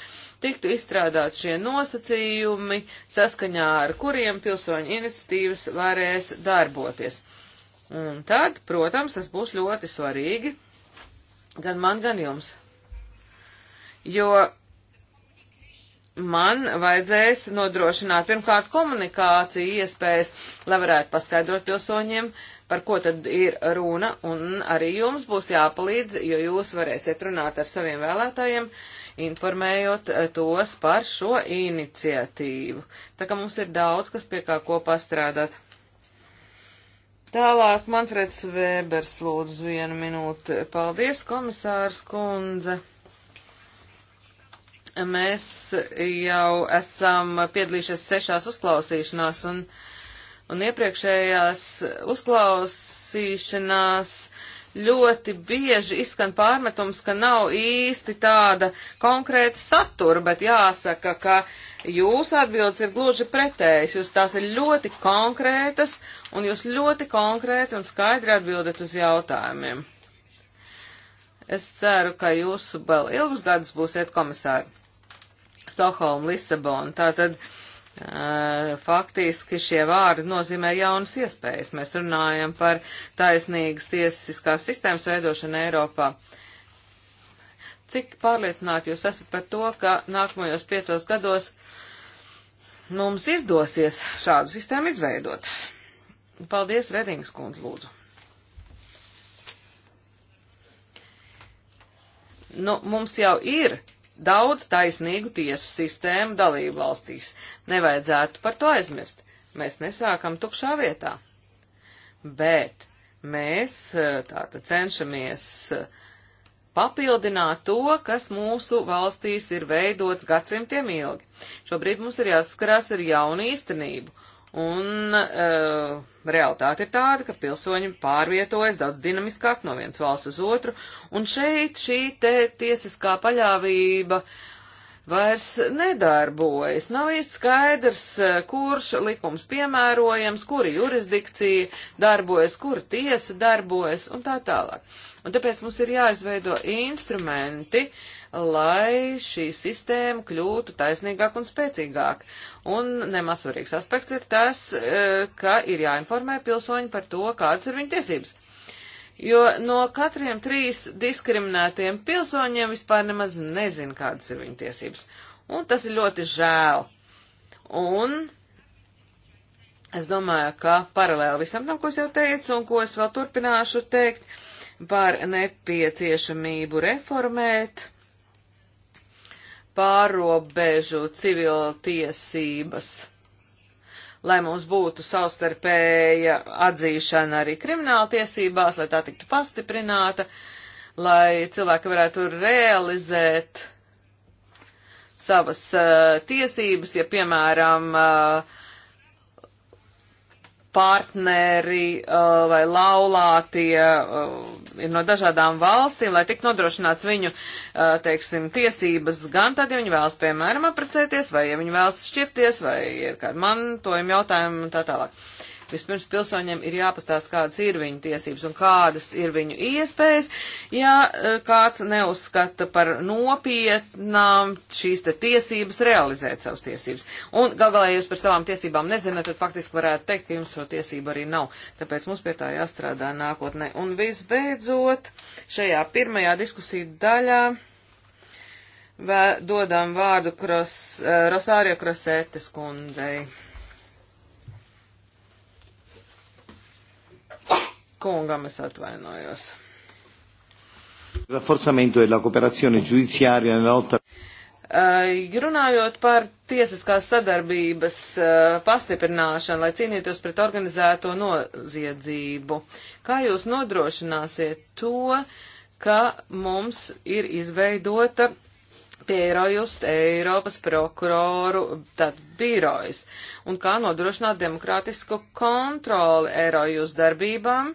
tiktu izstrādāt šie nosacījumi, saskaņā ar kuriem pilsoņu iniciatīvas varēs darboties. Un tad, protams, tas būs ļoti svarīgi gan man, gan jums. Jo man vajadzēs nodrošināt pirmkārt komunikāciju iespējas, lai varētu paskaidrot pilsoņiem, par ko tad ir runa, un arī jums būs jāpalīdz, jo jūs varēsiet runāt ar saviem vēlētājiem, informējot eh, tos par šo iniciatīvu. Tā kā mums ir daudz, kas pie kā kopā strādāt. Tālāk Manfreds Vēbers lūdzu vienu minūti. Paldies, komisārs kundze! Mēs jau esam piedalījušies sešās uzklausīšanās un, un iepriekšējās uzklausīšanās ļoti bieži izskan pārmetums, ka nav īsti tāda konkrēta satura, bet jāsaka, ka jūsu atbildes ir gluži pretējas. Jūs tās ir ļoti konkrētas un jūs ļoti konkrēti un skaidri atbildat uz jautājumiem. Es ceru, ka jūs vēl ilgus gadus būsiet komisāri. Stokholma, Lisabona. Tātad uh, faktiski šie vārdi nozīmē jaunas iespējas. Mēs runājam par taisnīgas tiesiskās sistēmas veidošanu Eiropā. Cik pārliecināti jūs esat par to, ka nākamajos piecos gados mums izdosies šādu sistēmu izveidot? Paldies, Redings kundze, lūdzu. Nu, mums jau ir daudz taisnīgu tiesu sistēmu dalību valstīs. Nevajadzētu par to aizmirst. Mēs nesākam tukšā vietā. Bet mēs eh, tātad cenšamies eh, papildināt to, kas mūsu valstīs ir veidots gadsimtiem ilgi. Šobrīd mums ir jāsaskarās ar jaunu īstenību Un uh, realitāte ir tāda, ka pilsoņi pārvietojas daudz dinamiskāk no vienas valsts uz otru, un šeit šī te tiesiskā paļāvība vairs nedarbojas. Nav īsti skaidrs, eh, kurš likums piemērojams, kura jurisdikcija darbojas, kura tiesa darbojas, un tā tālāk. Un tāpēc mums ir jāizveido instrumenti, uh, lai šī sistēma kļūtu taisnīgāk un spēcīgāk. Un nemaz svarīgs aspekts ir tas, e, ka ir jāinformē pilsoņi par to, kādas ir viņu tiesības. Jo no katriem trīs diskriminētiem pilsoņiem vispār nemaz nezin, kādas ir viņu tiesības. Un tas ir ļoti žēl. Un Es domāju, ka paralēli visam tam, ko es jau teicu un ko es vēl turpināšu teikt par nepieciešamību reformēt pārobežu civiltiesības, lai mums būtu savstarpēja atzīšana arī krimināltiesībās, lai tā tiktu pastiprināta, lai cilvēki varētu realizēt savas uh, tiesības, ja, piemēram, uh, partneri uh, vai laulātie uh, ir no dažādām valstīm, lai tik nodrošināts viņu, uh, teiksim, tiesības gan tad, ja viņi vēlas, piemēram, apprecēties, vai ja viņi vēlas šķirties, vai ir kādi mantojumi jautājumi un tā tālāk. Vispirms pilsoņiem ir jāpastāst, kādas ir viņu tiesības un kādas ir viņu iespējas. Ja e, kāds neuzskata par nopietnām šīs te tiesības realizēt savas tiesības. Un gal galā, ja jūs par savām tiesībām nezināt, tad faktiski varētu teikt, ka jums šo tiesību arī nav. Tāpēc mums pie tā jāstrādā nākotnē. Un visbeidzot, šajā pirmajā diskusiju daļā. Vē, dodam vārdu Kros, e, Rosārio Krosētes kundzei. kungam es atvainojos. Rafforzamento della cooperazione giudiziaria nella lotta. Eh, runājot par tiesiskās sadarbības eh, pastiprināšanu, lai cīnītos pret organizēto noziedzību, kā jūs nodrošināsiet to, ka mums ir izveidota pierojust Eiropas prokuroru tad birojas un kā nodrošināt demokrātisku kontroli Eirojust darbībām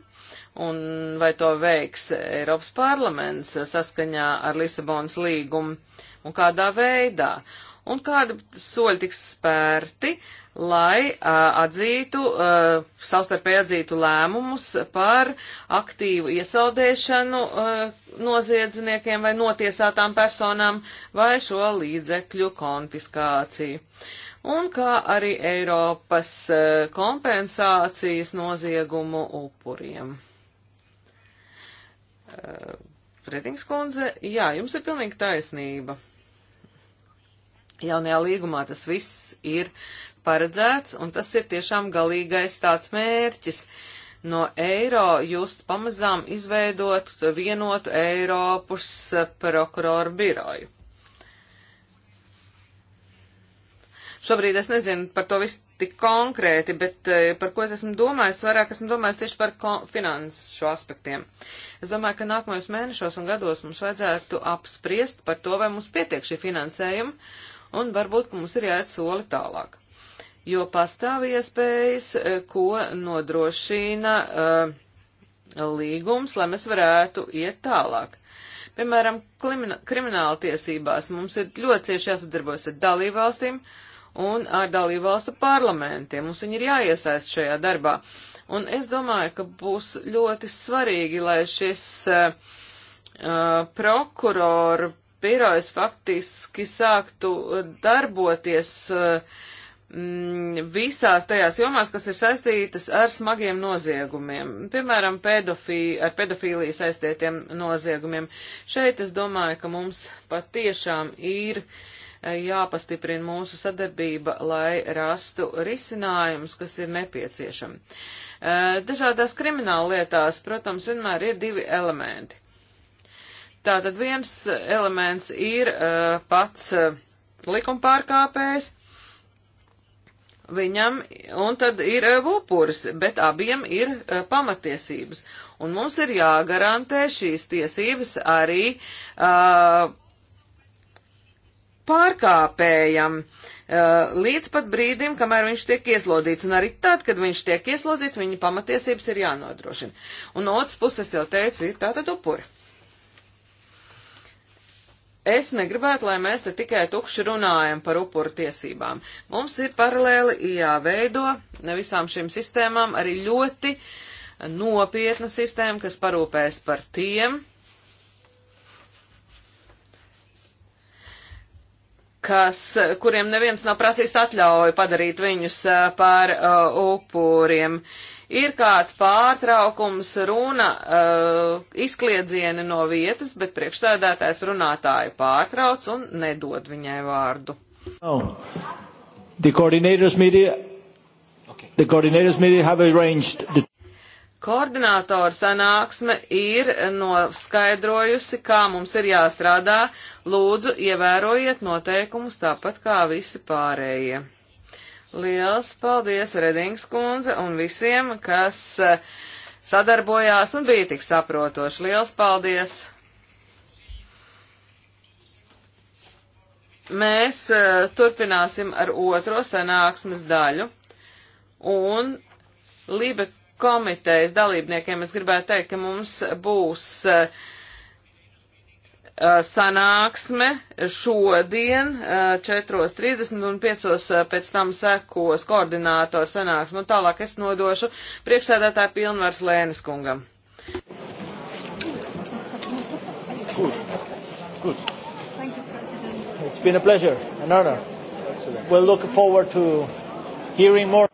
un vai to veiks Eiropas parlaments saskaņā ar Lisabonas līgumu un kādā veidā. Un kādi soļi tiks spērti, lai uh, atzītu, uh, savstarpēji atzītu lēmumus par aktīvu iesaldēšanu uh, noziedzniekiem vai notiesātām personām vai šo līdzekļu konfiskāciju. Un kā arī Eiropas uh, kompensācijas noziegumu upuriem. Pretingskundze, jā, jums ir pilnīgi taisnība. Jaunajā līgumā tas viss ir paredzēts, un tas ir tiešām galīgais tāds mērķis no eiro just pamazām izveidot vienotu Eiropas prokuroru biroju. Šobrīd es nezinu par to visu tik konkrēti, bet eh, par ko es esmu domājis, vairāk esmu domājis tieši par finanšu aspektiem. Es domāju, ka nākamajos mēnešos un gados mums vajadzētu apspriest par to, vai mums pietiek šī finansējuma, un varbūt, ka mums ir jāiet soli tālāk. Jo pastāv iespējas, eh, ko nodrošina uh, līgums, lai mēs varētu iet tālāk. Piemēram, krimināla tiesībās mums ir ļoti cieši jāsadarbojas ar dalībvalstīm, uh, un ar dalību valstu parlamentiem. Mums viņi ir jāiesaist šajā darbā. Un es domāju, ka būs ļoti svarīgi, lai šis uh, eh, eh, prokuroru birojas faktiski sāktu eh, darboties uh, visās tajās jomās, kas ir saistītas ar smagiem noziegumiem, piemēram, pedofī, ar pedofīliju saistītiem noziegumiem. Šeit es domāju, ka mums patiešām ir uh, Eh, jāpastiprina mūsu sadarbība, lai rastu risinājumus, kas ir nepieciešami. Eh, dažādās krimināla lietās, protams, vienmēr ir divi elementi. Tātad viens elements ir eh, pats likumpārkāpējs, viņam, un tad ir upuris, bet abiem ir uh, pamatiesības. Un mums ir jāgarantē šīs tiesības arī uh, pārkāpējam eh, līdz pat brīdim, kamēr viņš tiek ieslodzīts, un arī tad, kad viņš tiek ieslodzīts, viņa pamatiesības ir jānodrošina. Un no otras puses jau teicu, ir tātad upuri. Es negribētu, lai mēs te tikai tukši runājam par upuru tiesībām. Mums ir paralēli jāveido visām šīm sistēmām arī ļoti nopietna sistēma, kas parūpēs par tiem, kas, kuriem neviens nav prasījis atļauju padarīt viņus par uh, upuriem. Ir kāds pārtraukums, runa, uh, izkliedzieni no vietas, bet priekšsēdētājs runātāju pārtrauc un nedod viņai vārdu. Oh. The coordinators media, the coordinators media have arranged the Koordinātora sanāksme ir noskaidrojusi, kā mums ir jāstrādā. Lūdzu, ievērojiet noteikumus tāpat kā visi pārējie. Liels paldies Redings kundze un visiem, kas eh, sadarbojās un bija tik saprotoši. Liels paldies! Mēs eh, turpināsim ar otro sanāksmes daļu un Libe komitejas dalībniekiem es gribētu teikt, ka mums būs uh, sanāksme šodien 4.30 eh, un 5.00 pēc tam sekos koordinātoru sanāksme. Un tālāk es nodošu priekšsēdētāju pilnvars Lēnis kungam. Good. Good. Thank you, President. It's been a pleasure, an honor. Excellent. We'll look forward to hearing more.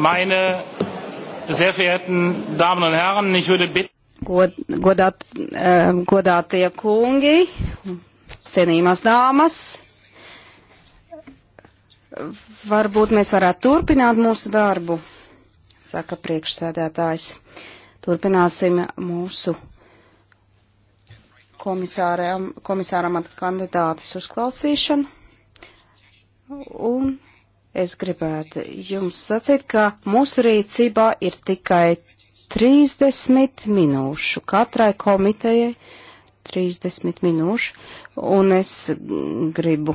Meine sehr verehrten Damen und Herren, ich würde bitten. God, godāt, eh, godātie kungi, cienījumās dāmas, varbūt mēs varētu turpināt mūsu darbu, saka priekšsēdētājs. Turpināsim mūsu komisāram, komisāram kandidātes uzklausīšanu. Un Es gribētu jums sacīt, ka mūsu rīcībā ir tikai 30 minūšu katrai komitejai. 30 minūšu, un es gribu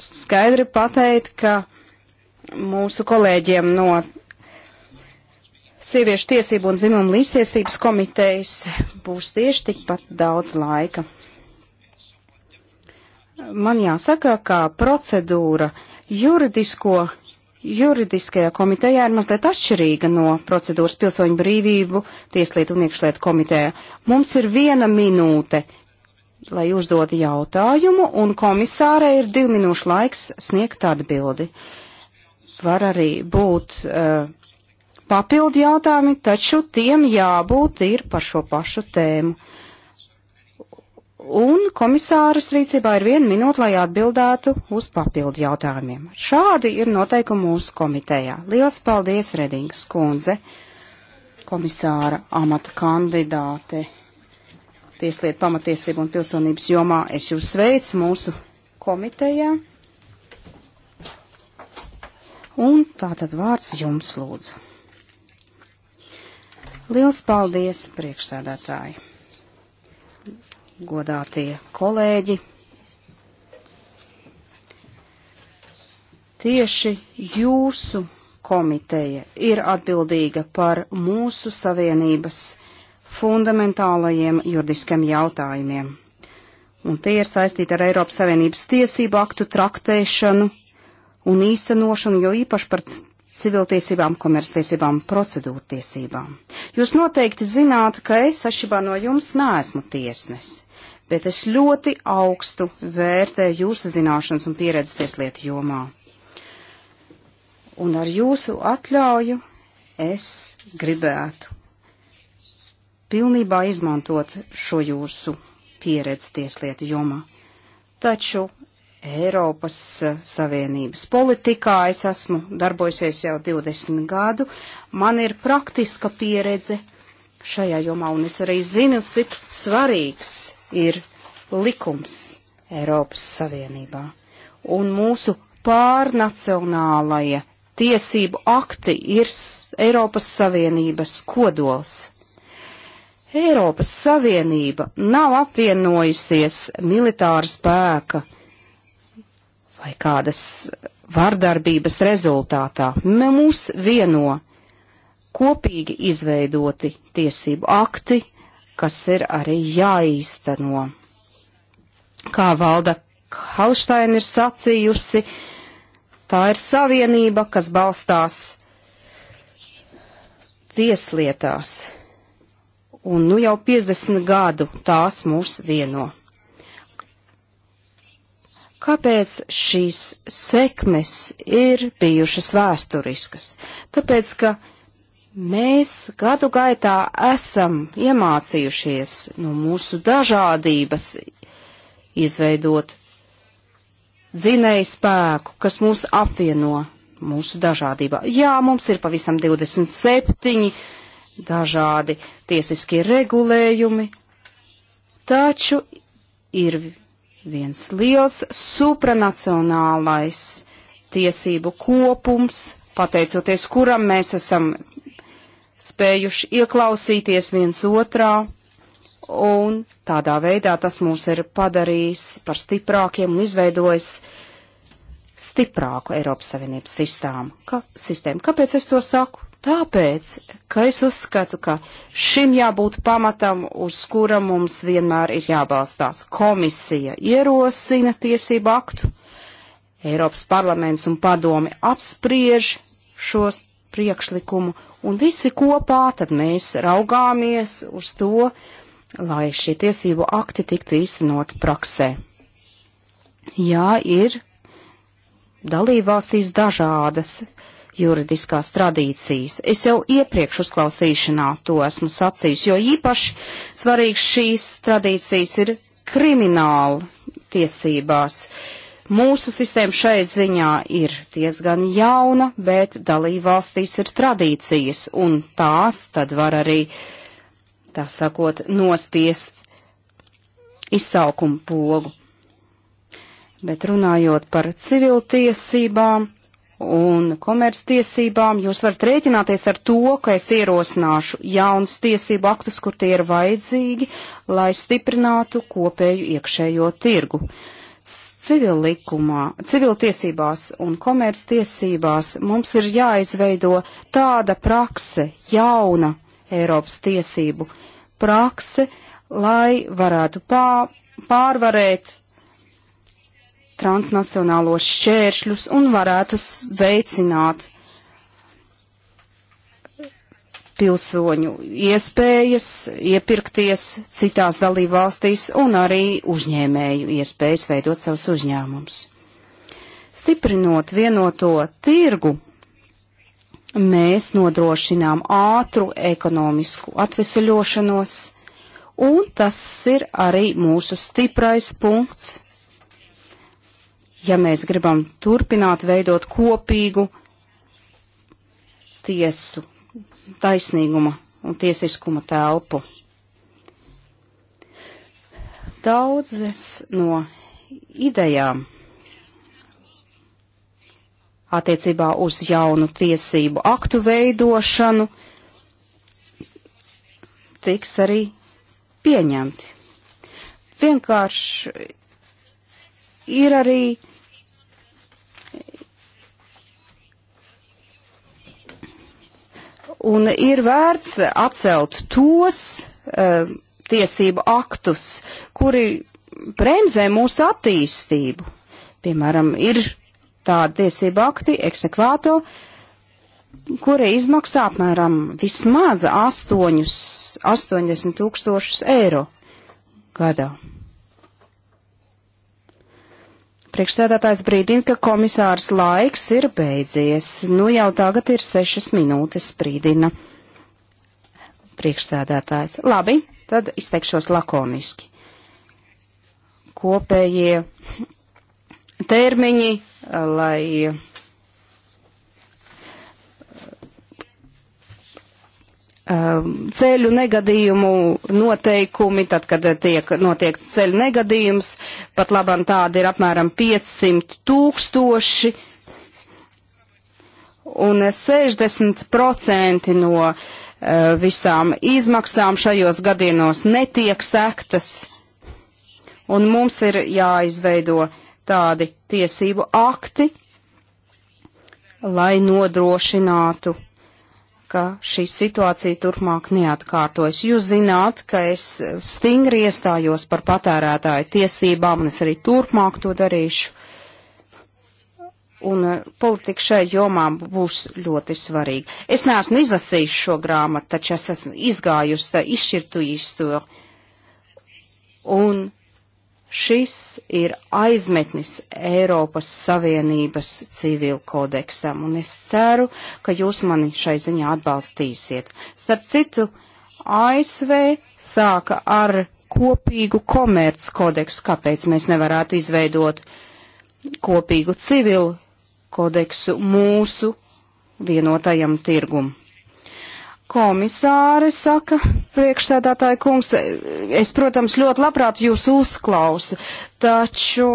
skaidri pateikt, ka mūsu kolēģiem no Sieviešu tiesību un dzimumu līdztiesības komitejas būs tieši tikpat daudz laika man jāsaka, ka procedūra juridisko, juridiskajā komitejā ir mazliet atšķirīga no procedūras pilsoņu brīvību tieslietu un iekšlietu komitejā. Mums ir viena minūte, lai uzdod jautājumu, un komisārai ir divu minūšu laiks sniegt atbildi. Var arī būt uh, papildu jautājumi, taču tiem jābūt ir par šo pašu tēmu. Uh, un komisāras rīcībā ir viena minūte, lai atbildētu uz papildu jautājumiem. Šādi ir noteikumi mūsu komitejā. Lielas paldies, Redingas kundze, komisāra amata kandidāte tieslietu pamatiesību un pilsonības jomā. Es jūs sveicu mūsu komitejā. Un tātad vārds jums lūdzu. Liels paldies, priekšsēdētāji! godātie kolēģi. Tieši jūsu komiteja ir atbildīga par mūsu savienības fundamentālajiem juridiskiem jautājumiem. Un tie ir saistīti ar Eiropas Savienības tiesību aktu traktēšanu un īstenošanu, jo īpaši par civiltiesībām, komerctiesībām, procedūru tiesībām. Jūs noteikti zināt, ka es, ašībā no jums, neesmu tiesnes bet es ļoti augstu vērtēju jūsu zināšanas un pieredzes tieslietu jomā. Un ar jūsu atļauju es gribētu pilnībā izmantot šo jūsu pieredzi tieslietu jomā. Taču Eiropas eh, Savienības politikā es esmu darbojusies jau 20 gadu, man ir praktiska pieredze šajā jomā, un es arī zinu, cik svarīgs ir likums Eiropas Savienībā. Un mūsu pārnacionālajie tiesību akti ir Eiropas Savienības kodols. Eiropas Savienība nav apvienojusies militāra spēka vai kādas vardarbības rezultātā. Mūs vieno kopīgi izveidoti tiesību akti, kas ir arī jāīsteno. Kā valda Halštaina ir sacījusi, tā ir savienība, kas balstās tieslietās. Un nu jau 50 gadu tās mūs vieno. Kāpēc šīs sekmes ir bijušas vēsturiskas? Tāpēc, ka Mēs gadu gaitā esam iemācījušies no mūsu dažādības izveidot dzinēju spēku, kas mūs apvieno mūsu dažādībā. Jā, mums ir pavisam 27 dažādi tiesiskie regulējumi, taču ir viens liels supranacionālais tiesību kopums, pateicoties kuram mēs esam spējuši ieklausīties viens otrā, un tādā veidā tas mūs ir padarījis par stiprākiem un izveidojis stiprāku Eiropas Savienības sistēmu. Ka, sistēmu. Kāpēc es to saku? Tāpēc, ka es uzskatu, ka šim jābūt pamatam, uz kura mums vienmēr ir jābalstās. Komisija ierosina tiesību aktu, Eiropas parlaments un padomi apspriež šos priekšlikumu, un visi kopā tad mēs raugāmies uz to, lai šī tiesību akti tiktu īstenot praksē. Jā, ir dalībvalstīs dažādas juridiskās tradīcijas. Es jau iepriekš uzklausīšanā to esmu sacījis, jo īpaši svarīgs šīs tradīcijas ir krimināla tiesībās. Uh, Mūsu sistēma šai ziņā ir diezgan jauna, bet dalībvalstīs ir tradīcijas, un tās tad var arī, tā sakot, nospiest izsaukumu pogu. Bet runājot par civiltiesībām un komerctiesībām, jūs varat rēķināties ar to, ka es ierosināšu jaunus tiesību aktus, kur tie ir vajadzīgi, lai stiprinātu kopēju iekšējo tirgu civil likumā, civil tiesībās un komerc tiesībās mums ir jāizveido tāda prakse, jauna Eiropas tiesību prakse, lai varētu pā, pārvarēt transnacionālos šķēršļus un varētu veicināt pilsoņu iespējas iepirkties citās dalību valstīs un arī uzņēmēju iespējas veidot savus uzņēmumus. Stiprinot vienoto tirgu, mēs nodrošinām ātru ekonomisku atveseļošanos, un tas ir arī mūsu stiprais punkts, ja mēs gribam turpināt veidot kopīgu tiesu taisnīguma un tiesiskuma telpu. Daudzas no idejām attiecībā uz jaunu tiesību aktu veidošanu tiks arī pieņemti. Vienkārši ir arī Un ir vērts atcelt tos uh, tiesību aktus, kuri bremzē mūsu attīstību. Piemēram, ir tādi tiesību akti, eksekvāto, kuri izmaksā apmēram vismaz 8, 80 tūkstošus eiro gadā. Priekšsēdētājs brīdina, ka komisārs laiks ir beidzies. Nu jau tagad ir sešas minūtes brīdina. Priekšsēdētājs. Labi, tad izteikšos lakoniski. Kopējie termiņi, lai Um, ceļu negadījumu noteikumi, tad, kad eh, tiek notiek ceļu negadījums, pat labam tādi ir apmēram 500 tūkstoši, un 60% eh, no uh, visām izmaksām šajos gadienos netiek sektas, un mums ir jāizveido tādi tiesību akti, lai nodrošinātu ka šī situācija turpmāk neatkārtojas. Jūs zināt, ka es stingri iestājos par patērētāju tiesībām, un es arī turpmāk to darīšu. Un eh, politika šai jomā būs ļoti svarīga. Es neesmu izlasījis šo grāmatu, taču es esmu izgājusi, izšķirtujusi to. Un Šis ir aizmetnis Eiropas Savienības civil kodeksam, un es ceru, ka jūs mani šai ziņā atbalstīsiet. Starp citu, ASV sāka ar kopīgu komerc kodeksu, kāpēc mēs nevarētu izveidot kopīgu civilu kodeksu mūsu vienotajam tirgum. Komisāre saka, priekšsēdātāja kungs, es, protams, ļoti labprāt jūs uzklausu, taču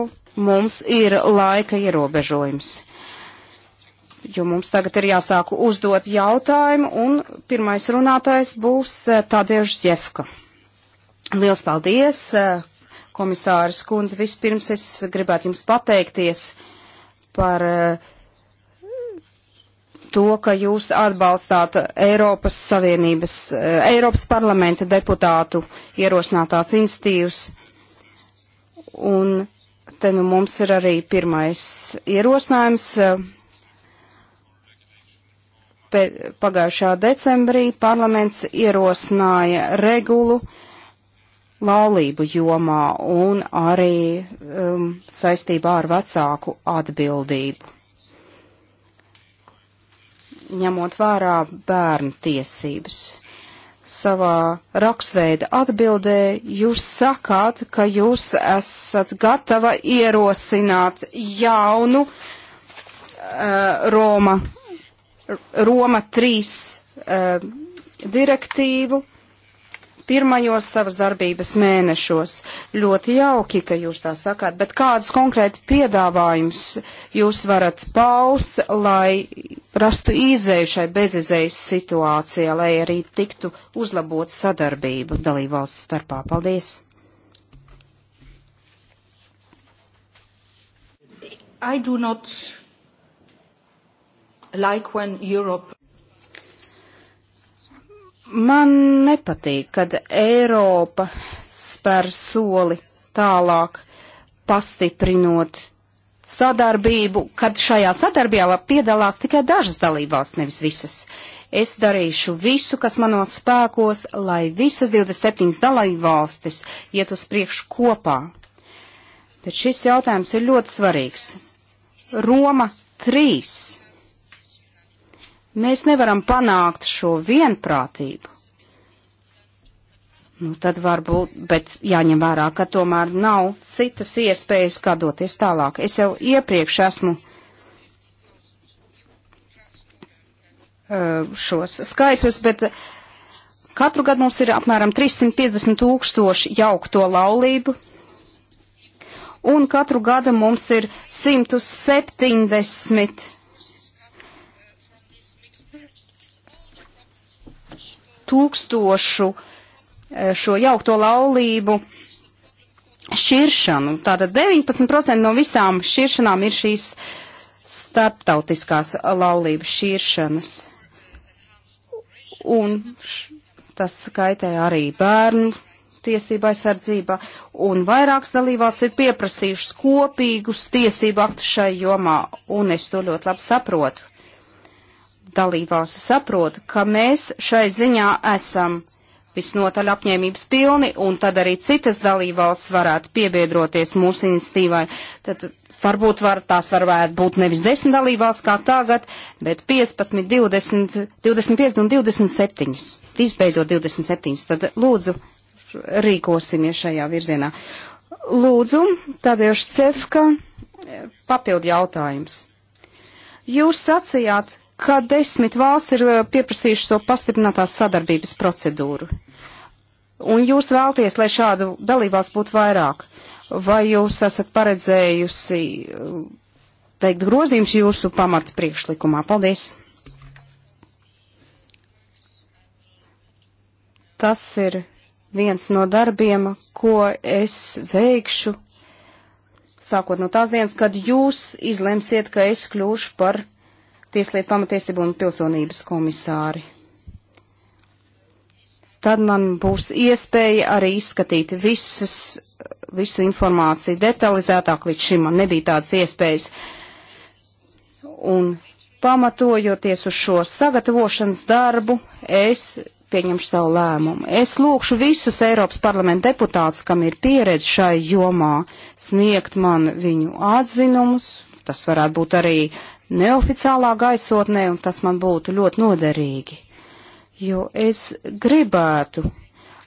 mums ir laika ierobežojums. Jo mums tagad ir jāsāk uzdot jautājumu, un pirmais runātājs būs eh, Tādiežs Jefka. Liels paldies, eh, komisāris kundze. Vispirms es gribētu jums pateikties par uh, to, ka jūs atbalstāt Eiropas Savienības, eh, Eiropas parlamenta deputātu ierosinātās institīvas. Un te nu mums ir arī pirmais ierosinājums. Eh, pagājušā decembrī parlaments ierosināja regulu laulību jomā un arī um, saistībā ar vecāku atbildību ņemot vērā bērnu tiesības. Savā rakstveida atbildē jūs sakāt, ka jūs esat gatava ierosināt jaunu uh, Roma, Roma 3 uh, direktīvu, pirmajos savas darbības mēnešos. Ļoti jauki, ka jūs tā sakāt, bet kādas konkrēti piedāvājums jūs varat paust, lai rastu izēju šai bezizējas situācijā, lai arī tiktu uzlabot sadarbību dalībvalsts starpā? Paldies! I do not like when Europe Man nepatīk, kad Eiropa spēr soli tālāk, pastiprinot sadarbību, kad šajā sadarbībā piedalās tikai dažas dalībvalsts, nevis visas. Es darīšu visu, kas manos spēkos, lai visas 27 dalībvalstis iet uz priekšu kopā. Bet šis jautājums ir ļoti svarīgs. Roma 3 mēs nevaram panākt šo vienprātību. Nu, tad varbūt, bet jāņem vērā, ka tomēr nav citas iespējas, kā doties tālāk. Es jau iepriekš esmu šos skaitļus, bet katru gadu mums ir apmēram 350 tūkstoši jaukto laulību, un katru gadu mums ir 170 tūkstošu eh, šo jaukto laulību šķiršanu. Tātad 19% no visām šķiršanām ir šīs starptautiskās laulības šķiršanas. Un tas skaitē arī bērnu tiesība aizsardzība, un vairākas dalībās ir pieprasījušas kopīgus tiesību aktu šai jomā, un es to ļoti labi saprotu dalībvalsti saprot, ka mēs šai ziņā esam visnotaļ apņēmības pilni, un tad arī citas dalībvalsts varētu piebiedroties mūsu iniciatīvai. Tad varbūt var, tās varētu būt nevis 10 dalībvalsts kā tagad, bet 15, 20, 25 un 27. Visbeidzot 27. Tad lūdzu rīkosimies šajā virzienā. Lūdzu, Tadeuš Cefka, papildu jautājums. Jūs sacījāt, ka desmit valsts ir eh, pieprasījušas to pastiprinātās sadarbības procedūru. Un jūs vēlties, lai šādu dalībvalsts būtu vairāk? Vai jūs esat paredzējusi eh, teikt grozījums jūsu pamata priekšlikumā? Paldies! Tas ir viens no darbiem, ko es veikšu, sākot no tās dienas, kad jūs izlemsiet, ka es kļūšu par tieslietu pamatiesību un pilsonības komisāri. Tad man būs iespēja arī izskatīt visus, visu informāciju detalizētāk, līdz šim man nebija tādas iespējas. Un pamatojoties uz šo sagatavošanas darbu, es pieņemšu savu lēmumu. Es lūkšu visus Eiropas parlamenta deputātus, kam ir pieredze šai jomā, sniegt man viņu atzinumus. Tas varētu būt arī neoficiālā gaisotnē, un tas man būtu ļoti noderīgi. Jo es gribētu,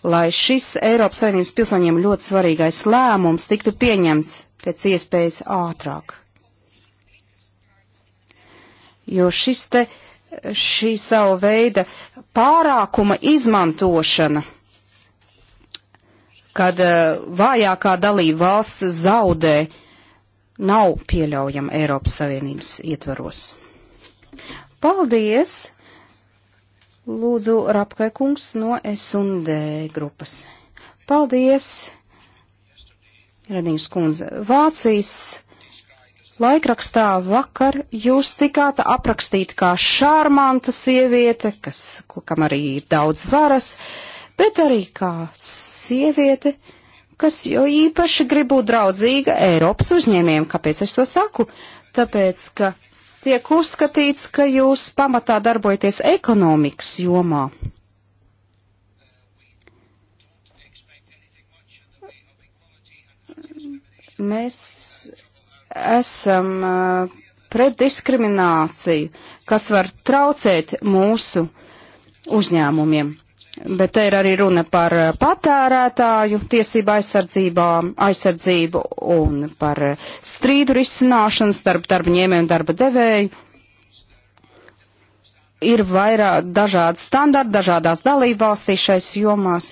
lai šis Eiropas Savienības pilsoņiem ļoti svarīgais lēmums tiktu pieņemts pēc iespējas ātrāk. Jo šis te, šī savu veida pārākuma izmantošana kad uh, vājākā dalība valsts zaudē nav pieļaujama Eiropas Savienības ietvaros. Paldies! Lūdzu, Rapkai kungs no S&D grupas. Paldies, Redīņas kundze. Vācijas laikrakstā vakar jūs tikāt aprakstīt kā šārmanta sieviete, kas, kam arī ir daudz varas, bet arī kā sieviete, uh, kas jo īpaši grib būt draudzīga Eiropas uzņēmiem. Kāpēc es to saku? Tāpēc, ka tiek uzskatīts, ka jūs pamatā darbojaties ekonomikas jomā. Mēs esam uh, pret diskrimināciju, kas var traucēt mūsu uzņēmumiem. Bet te ir arī runa par eh, patērētāju tiesību aizsardzību un par eh, strīdu risināšanu starp darba ņēmēju un darba devēju. Ir vairāk dažādi standarti dažādās dalību valstīs šais jomās.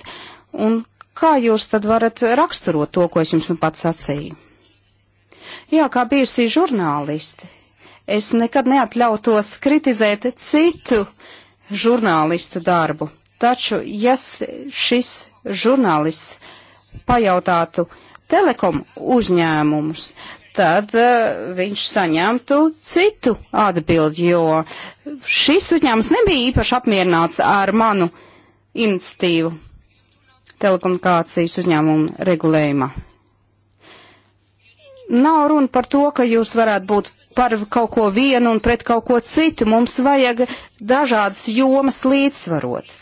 Un kā jūs tad varat raksturot to, ko es jums nu pats sacīju? Jā, kā bijusi žurnālisti, es nekad neatļautos kritizēt citu žurnālistu darbu Taču, ja šis žurnālists pajautātu telekom uzņēmumus, tad uh, viņš saņemtu citu atbildi, jo šis uzņēmums nebija īpaši apmierināts ar manu inicitīvu telekomunikācijas uzņēmumu regulējumā. Nav runa par to, ka jūs varētu būt par kaut ko vienu un pret kaut ko citu. Mums vajag dažādas jomas līdzsvarot. Uh,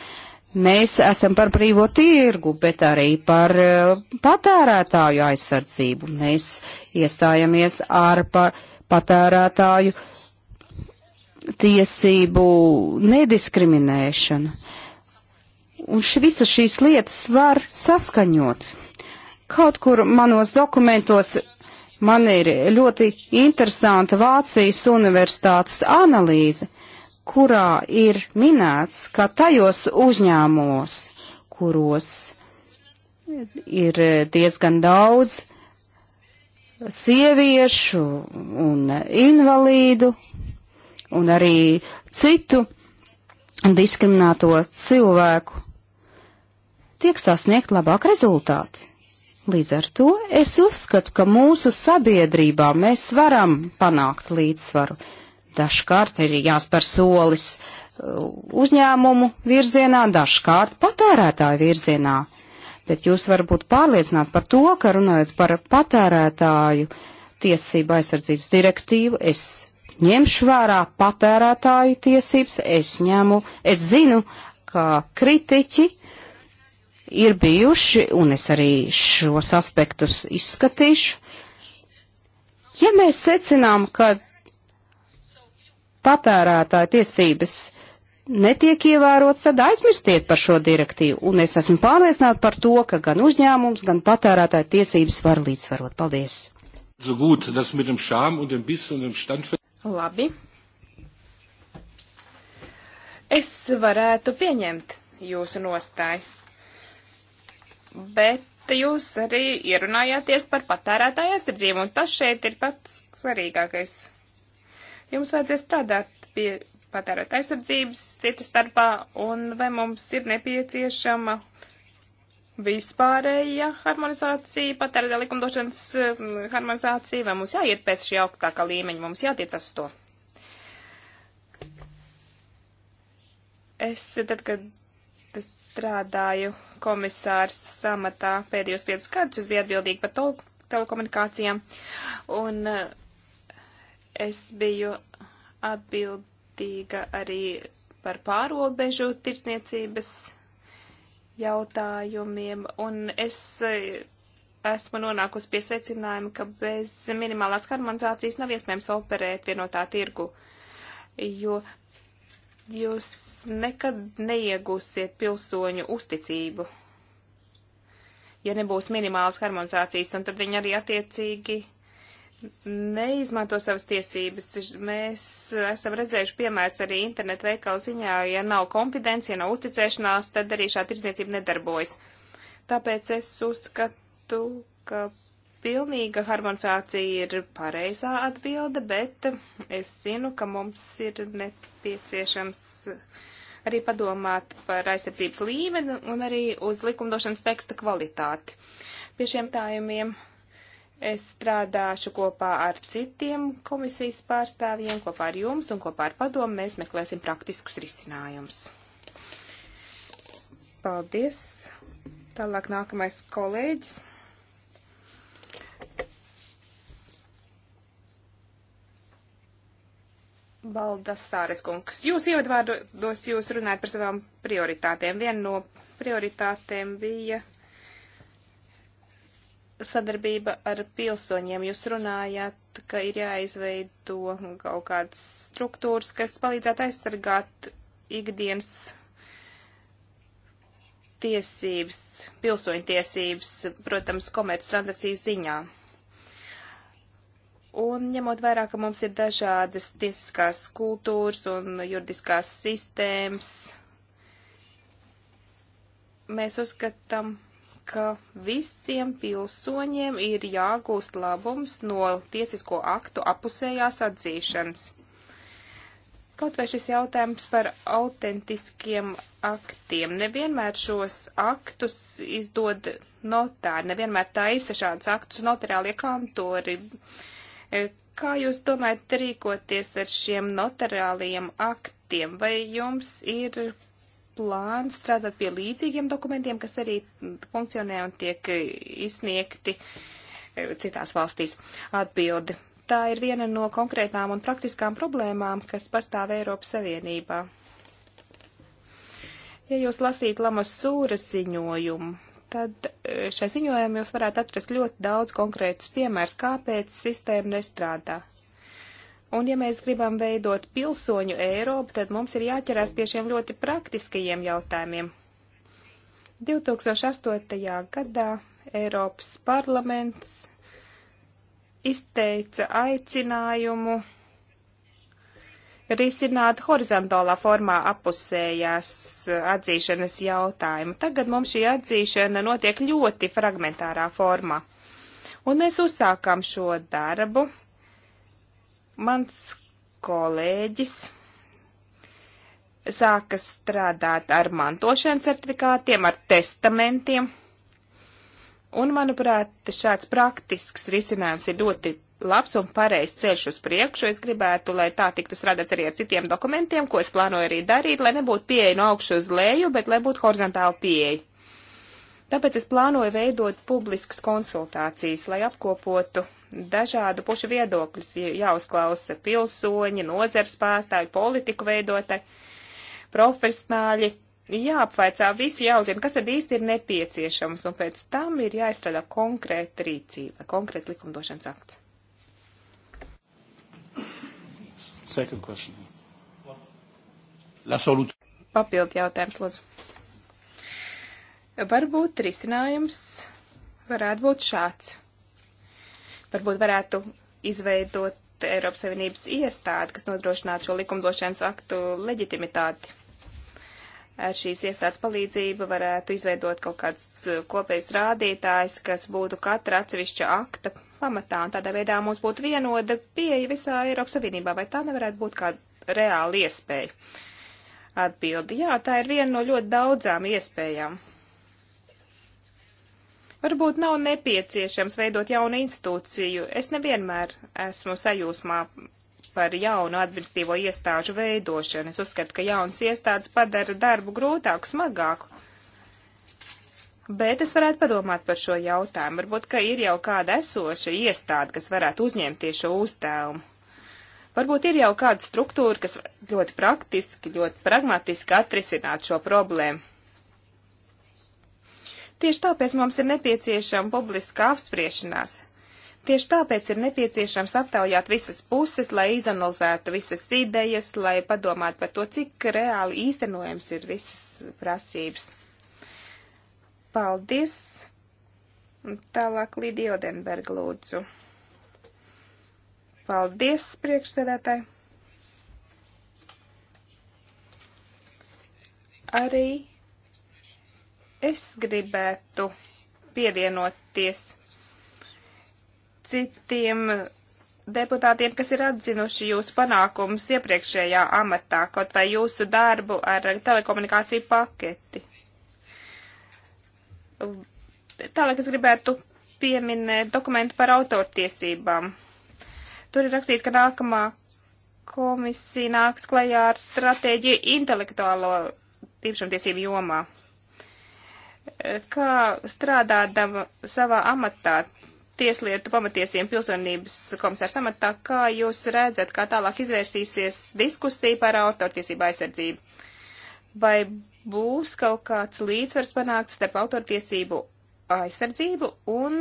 Mēs esam par brīvo tirgu, bet arī par eh, patērētāju aizsardzību. Mēs iestājamies ar par patērētāju tiesību nediskriminēšanu. Un š, visas šīs lietas var saskaņot. Kaut kur manos dokumentos man ir ļoti interesanta Vācijas universitātes analīze kurā ir minēts, ka tajos uzņēmumos, kuros ir diezgan daudz sieviešu un invalīdu un arī citu diskrimināto cilvēku, tiek sasniegt labāk rezultāti. Līdz ar to es uzskatu, ka mūsu sabiedrībā mēs varam panākt līdzsvaru Dažkārt ir jāspēr solis uh, uzņēmumu virzienā, dažkārt patērētāju virzienā. Bet jūs varat būt pārliecināti par to, ka runājot par patērētāju tiesību aizsardzības direktīvu, es ņemšu vērā patērētāju tiesības, es ņemu, es zinu, ka kritiķi ir bijuši, un es arī šos aspektus izskatīšu. Ja mēs secinām, ka patērētāja tiesības netiek ievērots, tad aizmirstiet par šo direktīvu. Un es esmu pārliecināta par to, ka gan uzņēmums, gan patērētāja tiesības var līdzsvarot. Paldies! So gut, das mit dem Charme und dem Biss und dem Stand. Labi. Es varētu pieņemt jūsu nostāju, bet jūs arī ierunājāties par patērētāju aizsardzību, un tas šeit ir pats svarīgākais. Jums vajadzēs strādāt pie patērēt aizsardzības citas starpā, un vai mums ir nepieciešama vispārēja harmonizācija, patērēt likumdošanas um, harmonizācija, vai mums jāiet pēc šī augstākā līmeņa, mums jātiecas uz to. es tad, kad strādāju komisārs samatā pēdējos piecus gadus, es biju atbildīgi par tol telekomunikācijām, un uh, Es biju atbildīga arī par pārobežu tirsniecības jautājumiem, un es e, esmu nonākusi pie secinājuma, ka bez minimālās harmonizācijas nav iespējams operēt vienotā tirgu, jo jūs nekad neiegūsiet pilsoņu uzticību, ja nebūs minimālas harmonizācijas, un tad viņi arī attiecīgi neizmanto savas tiesības. Mēs esam redzējuši piemērs arī internetu veikalu ziņā, ja nav konfidences, ja nav uzticēšanās, tad arī šā tirdzniecība nedarbojas. Tāpēc es uzskatu, ka pilnīga harmonizācija ir pareizā atbilde, bet es zinu, ka mums ir nepieciešams arī padomāt par aizsardzības līmeni un arī uz likumdošanas teksta kvalitāti. Pie šiem tājumiem Es strādāšu kopā ar citiem komisijas pārstāvjiem, kopā ar jums un kopā ar padomu mēs meklēsim praktiskus risinājumus. Paldies. Tālāk nākamais kolēģis. Baldasāres kungs, jūs ievadvārdos jūs runājat par savām prioritātēm. Viena no prioritātēm bija uh, sadarbība ar pilsoņiem. Jūs runājāt, ka ir jāizveido kaut kādas struktūras, kas palīdzētu aizsargāt ikdienas tiesības, pilsoņu tiesības, protams, komerces transakciju ziņā. Un ņemot vērā, ka mums ir dažādas tiesiskās kultūras un juridiskās sistēmas, mēs uzskatām, ka visiem pilsoņiem ir jāgūst labums no tiesisko aktu apusējās atzīšanas. Kaut vai šis jautājums par autentiskiem aktiem. Nevienmēr šos aktus izdod notāri, nevienmēr taisa šādus aktus notariālie kantori. Kā jūs domājat rīkoties ar šiem notariālajiem aktiem? Vai jums ir plāns strādāt pie līdzīgiem dokumentiem, kas arī funkcionē un tiek izsniegti eh, citās valstīs atbildi. Tā ir viena no konkrētām un praktiskām problēmām, kas pastāv Eiropas Savienībā. Ja jūs lasītu Lamas sūras ziņojumu, tad eh, šai ziņojumā jūs varētu atrast ļoti daudz konkrētus piemērus, kāpēc sistēma nestrādā. Un ja mēs gribam veidot pilsoņu Eiropu, tad mums ir jāķerās pie šiem ļoti praktiskajiem jautājumiem. 2008. gadā Eiropas parlaments izteica aicinājumu risināt horizontālā formā apusējās atzīšanas jautājumu. Tagad mums šī atzīšana notiek ļoti fragmentārā formā. Un mēs uzsākām šo darbu, Mans kolēģis sāka strādāt ar mantošanas certifikātiem, ar testamentiem. Un, manuprāt, šāds praktisks risinājums ir ļoti labs un pareizs ceļš uz priekšu. Es gribētu, lai tā tiktu strādāts arī ar citiem dokumentiem, ko es plānoju arī darīt, lai nebūtu pieeja no augšu uz leju, bet lai būtu horizontāla pieeja. Tāpēc es plānoju veidot publiskas konsultācijas, lai apkopotu dažādu pušu viedokļus, jāuzklausa pilsoņi, nozars pārstāvi, politiku veidotāji, profesionāļi, jāapvaicā visi, jāuzzina, kas tad īsti ir nepieciešams, un pēc tam ir jāizstrādā konkrēta rīcība, konkrēta likumdošanas akts. Second question. La solution. Papildu jautājums, lūdzu. Varbūt risinājums varētu būt šāds Varbūt varētu izveidot Eiropas Savienības iestādi, kas nodrošinātu šo likumdošanas aktu leģitimitāti. Ar šīs iestādes palīdzību varētu izveidot kaut kāds eh, kopējs rādītājs, kas būtu katra atsevišķa akta pamatā, un tādā veidā mums būtu vienoda pieeja visā Eiropas Savienībā, vai tā nevarētu būt kāda reāla iespēja? Atbildi, jā, tā ir viena no ļoti daudzām iespējām. Varbūt nav nepieciešams veidot jaunu institūciju. Es nevienmēr esmu sajūsmā par jaunu administratīvo iestāžu veidošanu. Es uzskatu, ka jaunas iestādes padara darbu grūtāku, smagāku. Bet es varētu padomāt par šo jautājumu. Varbūt, ka ir jau kāda esoša iestāde, kas varētu uzņemties šo uzdevumu. Varbūt ir jau kāda struktūra, kas ļoti praktiski, ļoti pragmatiski atrisināt šo problēmu. Tieši tāpēc mums ir nepieciešama publiska apspriešanās. Tieši tāpēc ir nepieciešams aptaujāt visas puses, lai izanalizētu visas idejas, lai padomātu par to, cik reāli īstenojams ir visas prasības. Paldies! Tālāk Līdija Odenberga lūdzu. Paldies, priekšsēdētāji! Arī Es gribētu pievienoties citiem deputātiem, kas ir atzinuši jūsu panākumus iepriekšējā amatā, kaut vai jūsu darbu ar telekomunikāciju paketi. Tālāk es gribētu pieminēt dokumentu par autortiesībām. Tur ir rakstīts, ka nākamā komisija nāks klajā ar stratēģiju intelektuālo tīpašumtiesību jomā kā strādādama savā amatā, tieslietu pamatiesiem pilsonības komisārs amatā, kā jūs redzat, kā tālāk izvērsīsies diskusija par autortiesību aizsardzību? Vai būs kaut kāds līdzsvars panākts starp autortiesību aizsardzību un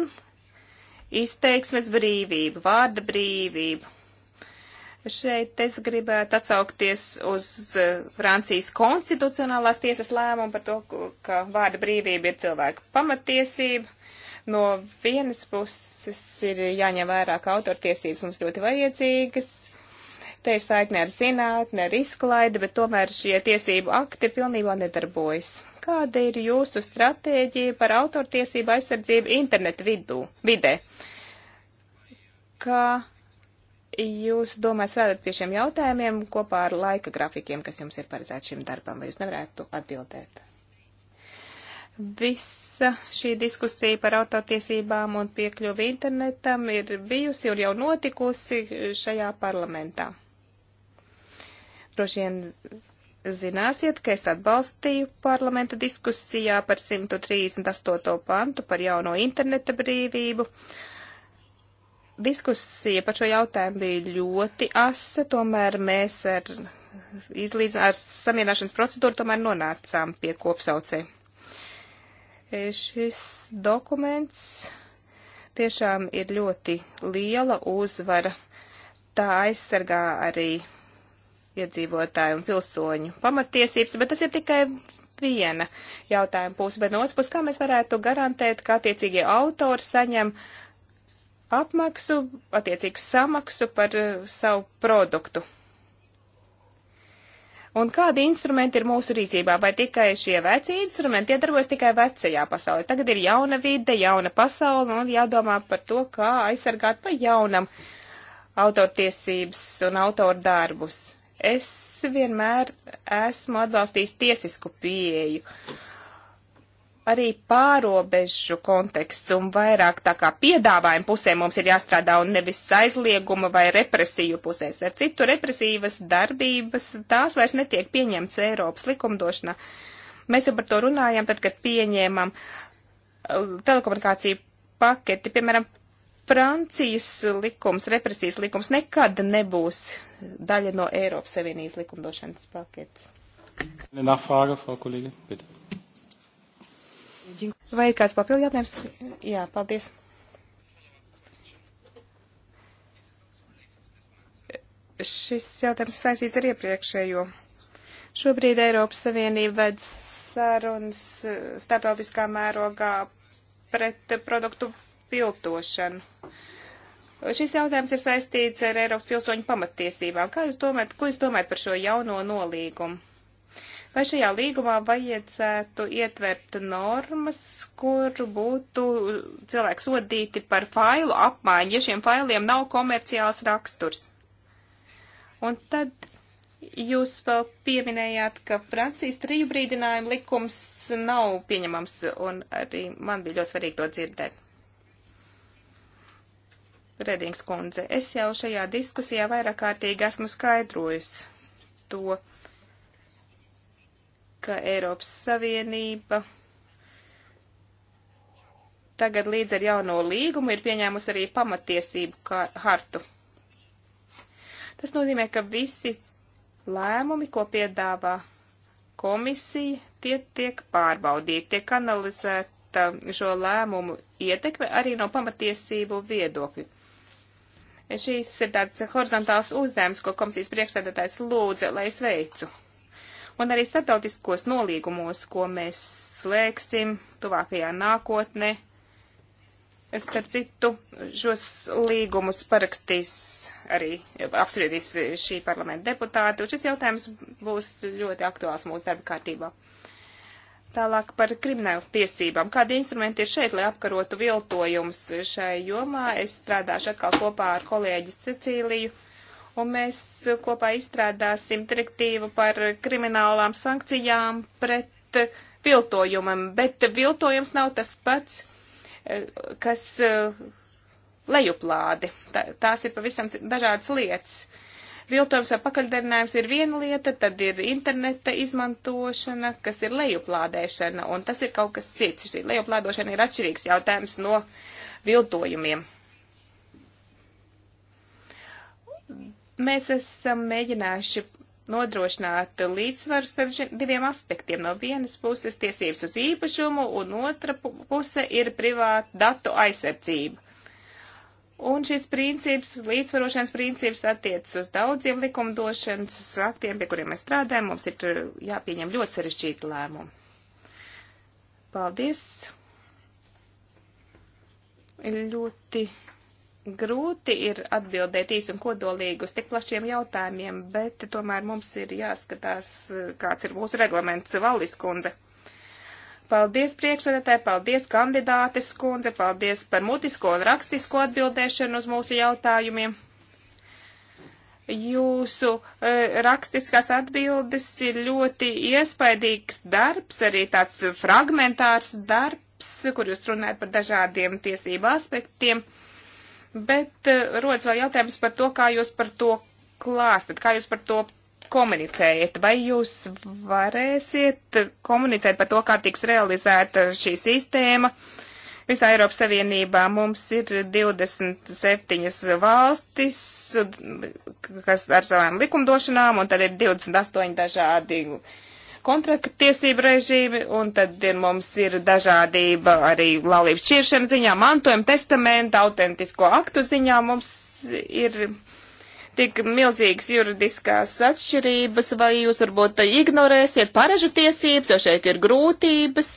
izteiksmes brīvību, vārda brīvību? Šeit es gribētu atsaukties uz eh, Francijas konstitucionālās tiesas lēmumu par to, ka vārda brīvība ir cilvēka pamatiesība. No vienas puses ir jāņem vērā, ka autortiesības mums ļoti vajadzīgas. Te ir saikne ar zinātni, ar izklaidi, bet tomēr šie tiesību akti pilnībā nedarbojas. Kāda ir jūsu stratēģija par autortiesību aizsardzību internetu vidū, vidē? Kā jūs domājat strādāt pie šiem jautājumiem kopā ar laika grafikiem, kas jums ir paredzēts šim darbam, vai jūs nevarētu atbildēt? Visa šī diskusija par autotiesībām un piekļuvi internetam ir bijusi un jau notikusi šajā parlamentā. Droši vien zināsiet, ka es atbalstīju parlamentu diskusijā par 138. pantu par jauno interneta brīvību. Uh, Diskusija par šo jautājumu bija ļoti asa, tomēr mēs ar, izlīdz, ar samierināšanas procedūru tomēr nonācām pie kopsaucē. E, šis dokuments tiešām ir ļoti liela uzvara. Tā aizsargā arī iedzīvotāju un pilsoņu pamatiesības, bet tas ir tikai viena jautājuma puse, bet no otras puses, kā mēs varētu garantēt, ka attiecīgie autori saņem uh, apmaksu, attiecīgu samaksu par eh, savu produktu. Un kādi instrumenti ir mūsu rīcībā? Vai tikai šie veci instrumenti iedarbojas tikai vecajā pasaulē? Tagad ir jauna vide, jauna pasaule un jādomā par to, kā aizsargāt pa jaunam autortiesības un autoru darbus. Es vienmēr esmu atbalstījis tiesisku pieeju. Uh, arī pārobežu konteksts un vairāk tā kā piedāvājuma pusē mums ir jāstrādā un nevis aizlieguma vai represiju pusēs. Ar citu represīvas darbības tās vairs netiek pieņemts Eiropas likumdošanā. Mēs jau par to runājam, tad, kad pieņēmam uh, telekomunikāciju paketi, piemēram, Francijas likums, represijas likums nekad nebūs daļa no Eiropas Savienības likumdošanas paketes. Nachfrage, Frau Kollegin, bitte. Vai ir kāds papildu jautājums? Jā, paldies. Šis jautājums saistīts ar iepriekšējo. Šobrīd Eiropas Savienība ved sarunas eh, starptautiskā mērogā pret produktu viltošanu. Šis jautājums ir saistīts ar Eiropas pilsoņu pamattiesībām. Kā jūs domājat, ko jūs domājat par šo jauno nolīgumu? Vai šajā līgumā vajadzētu ietvert normas, kur būtu cilvēki sodīti par failu apmaiņu, ja šiem failiem nav komerciāls raksturs? Un tad jūs vēl pieminējāt, ka Francijas triju brīdinājumu likums nav pieņemams, un arī man bija ļoti svarīgi to dzirdēt. Redings kundze, es jau šajā diskusijā vairāk kārtīgi esmu skaidrojusi to, ka Eiropas Savienība tagad līdz ar jauno līgumu ir pieņēmusi arī pamatiesību hartu. Tas nozīmē, ka visi lēmumi, ko piedāvā komisija, tie tiek pārbaudīti, tiek analizēta šo lēmumu ietekme arī no pamatiesību viedokļa. Šīs ir tāds horizontāls uzdevums, ko komisijas priekšsēdētājs lūdza, lai es veicu un arī starptautiskos nolīgumos, ko mēs slēgsim tuvākajā nākotnē. Starp citu, šos līgumus parakstīs arī apspriedīs šī parlamenta deputāti, un šis jautājums būs ļoti aktuāls mūsu darba kārtībā. Tālāk par kriminālu tiesībām. Kādi instrumenti ir šeit, lai apkarotu viltojums šai jomā? Es strādāšu atkal kopā ar kolēģi Cecīliju. Uh, un mēs kopā izstrādāsim direktīvu par kriminālām sankcijām pret viltojumam, bet viltojums nav tas pats, eh, kas eh, lejuplādi. Tās ir pavisam dažādas lietas. Viltojums vai pakaļdarinājums ir viena lieta, tad ir interneta izmantošana, kas ir lejuplādēšana, un tas ir kaut kas cits. Šī lejuplādošana ir atšķirīgs jautājums no viltojumiem Mēs esam mēģinājuši nodrošināt līdzsvaru starp diviem aspektiem. No vienas puses tiesības uz īpašumu, un otra puse ir privāta datu aizsardzība. Un šis princips, līdzsvarošanas princips attiecas uz daudziem likumdošanas aktiem, pie kuriem mēs strādājam. Mums ir uh, jāpieņem ļoti sarežģīti lēmumi. Paldies! Ļoti Grūti ir atbildēt īsi un kodolīgi uz tik plašiem jautājumiem, bet tomēr mums ir jāskatās, kāds ir mūsu reglaments Vallis kundze. Paldies priekšsēdētāji, paldies kandidātes kundze, paldies par mutisko un rakstisko atbildēšanu uz mūsu jautājumiem. Jūsu e, rakstiskās atbildes ir ļoti iespaidīgs darbs, arī tāds fragmentārs darbs, kur jūs runājat par dažādiem tiesību aspektiem Bet eh, rodas vēl jautājums par to, kā jūs par to klāstat, kā jūs par to komunicējat, vai jūs varēsiet komunicēt par to, kā tiks realizēta šī sistēma. Visā Eiropas Savienībā mums ir 27 valstis, kas ar savām likumdošanām, un tad ir 28 dažādi uh, kontraktiesība režīmi, un tad ir, mums ir dažādība arī laulības šķiršana ziņā, mantojuma testamenta, autentisko aktu ziņā. Mums ir tik milzīgas juridiskās atšķirības, vai jūs varbūt ignorēsiet parežu tiesības, jo šeit ir grūtības,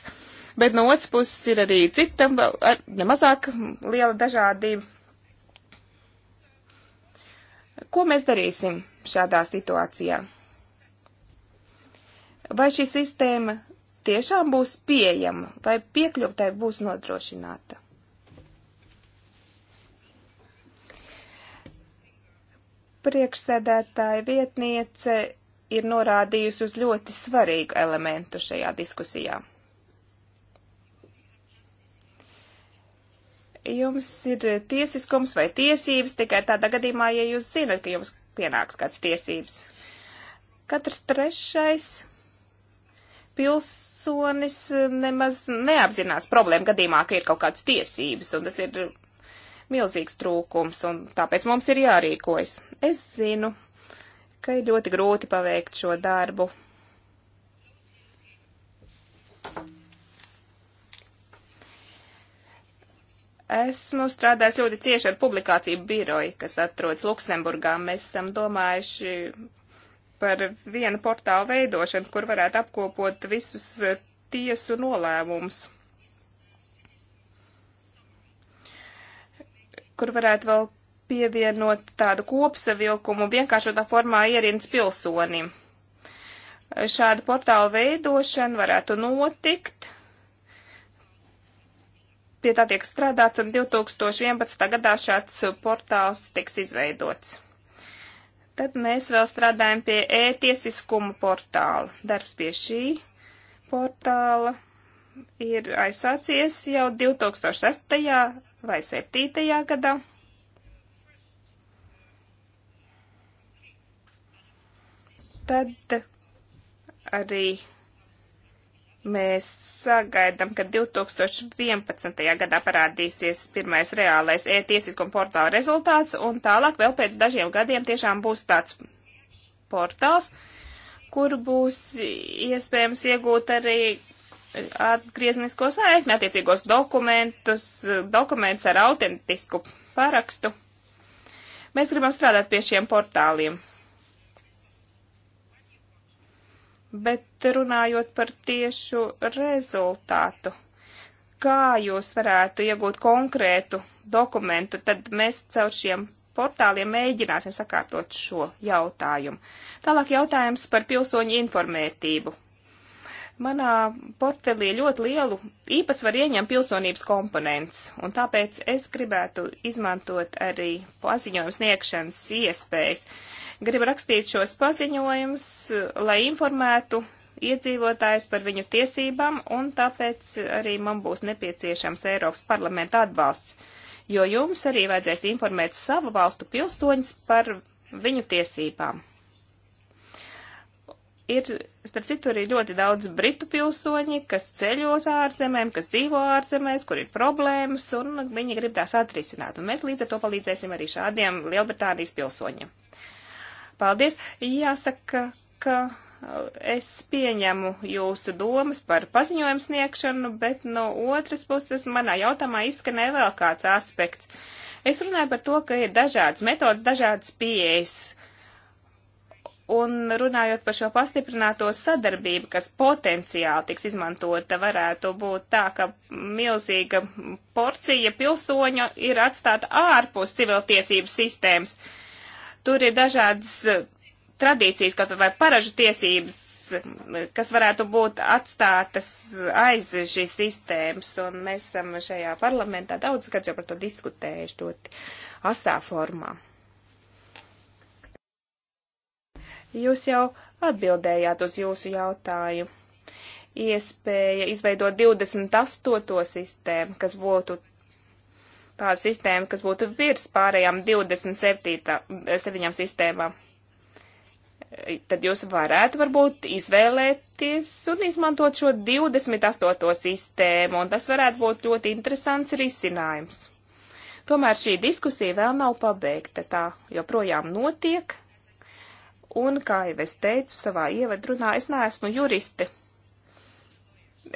bet no otras puses ir arī cita, ar, nemazāk liela dažādība. Ko mēs darīsim šādā situācijā? Vai šī sistēma tiešām būs pieejama, vai piekļuvtai būs nodrošināta? Priekšsēdētāja vietniece ir norādījusi uz ļoti svarīgu elementu šajā diskusijā. Jums ir tiesiskums vai tiesības tikai tādā gadījumā, ja jūs zinat, ka jums pienāks kāds tiesības. Katrs trešais pilsonis nemaz neapzinās problēmu gadījumā, ka ir kaut kādas tiesības, un tas ir milzīgs trūkums, un tāpēc mums ir jārīkojas. Es zinu, ka ir ļoti grūti paveikt šo darbu. Esmu strādājis ļoti cieši ar publikāciju biroju, kas atrodas Luksemburgā. Mēs esam domājuši par vienu portālu veidošanu, kur varētu apkopot visus eh, tiesu nolēmumus. Kur varētu vēl pievienot tādu kopsavilkumu vienkāršotā formā ierīnas pilsonim. Šāda portāla veidošana varētu notikt. Pie tā tiek strādāts un 2011. gadā šāds portāls tiks izveidots. Tad mēs vēl strādājam pie e-tiesiskuma portāla. Darbs pie šī portāla ir aizsācies jau 2006. vai 2007. gadā. Tad arī Mēs sagaidām, ka 2011. gadā parādīsies pirmais reālais e-tiesiskuma portāla rezultāts, un tālāk vēl pēc dažiem gadiem tiešām būs tāds portāls, kur būs iespējams iegūt arī atgrieznisko saikni, attiecīgos dokumentus, dokumentus ar autentisku parakstu. Mēs gribam strādāt pie šiem portāliem. Bet runājot par tiešu rezultātu, kā jūs varētu iegūt konkrētu dokumentu, tad mēs caur šiem portāliem mēģināsim sakārtot šo jautājumu. Tālāk jautājums par pilsoņu informētību. Manā portfelī ļoti lielu īpatsvaru ieņem pilsonības komponents, un tāpēc es gribētu izmantot arī paziņojumu sniegšanas iespējas. Gribu rakstīt šos paziņojumus, lai informētu iedzīvotājs par viņu tiesībām, un tāpēc arī man būs nepieciešams Eiropas parlamenta atbalsts, jo jums arī vajadzēs informēt savu valstu pilsoņus par viņu tiesībām ir, starp citu, arī ļoti daudz britu pilsoņi, kas ceļos ārzemēm, kas dzīvo ārzemēs, kur ir problēmas, un viņi grib tās atrisināt. Un mēs līdz ar to palīdzēsim arī šādiem Lielbritānijas pilsoņiem. Paldies! Jāsaka, ka uh, es pieņemu jūsu domas par paziņojumu sniegšanu, bet no otras puses manā jautājumā izskanēja vēl kāds aspekts. Es runāju par to, ka ir dažādas metodas, dažādas pieejas Un runājot par šo pastiprināto sadarbību, kas potenciāli tiks izmantota, varētu būt tā, ka milzīga porcija pilsoņu ir atstāta ārpus civiltiesību sistēmas. Tur ir dažādas e, tradīcijas, kaut vai paražu tiesības, e, kas varētu būt atstātas aiz šīs sistēmas, un mēs esam šajā parlamentā daudz gadus jau par to diskutējuši ļoti asā formā. Jūs jau atbildējāt uz jūsu jautājumu. Iespēja izveidot 28. sistēmu, kas būtu tāda sistēma, kas būtu virs pārējām 27 sistēmām. Tad jūs varētu varbūt izvēlēties un izmantot šo 28. sistēmu, un tas varētu būt ļoti interesants risinājums. Tomēr šī diskusija vēl nav pabeigta, tā joprojām notiek Un, kā jau es teicu savā ievadrunā, es neesmu juristi.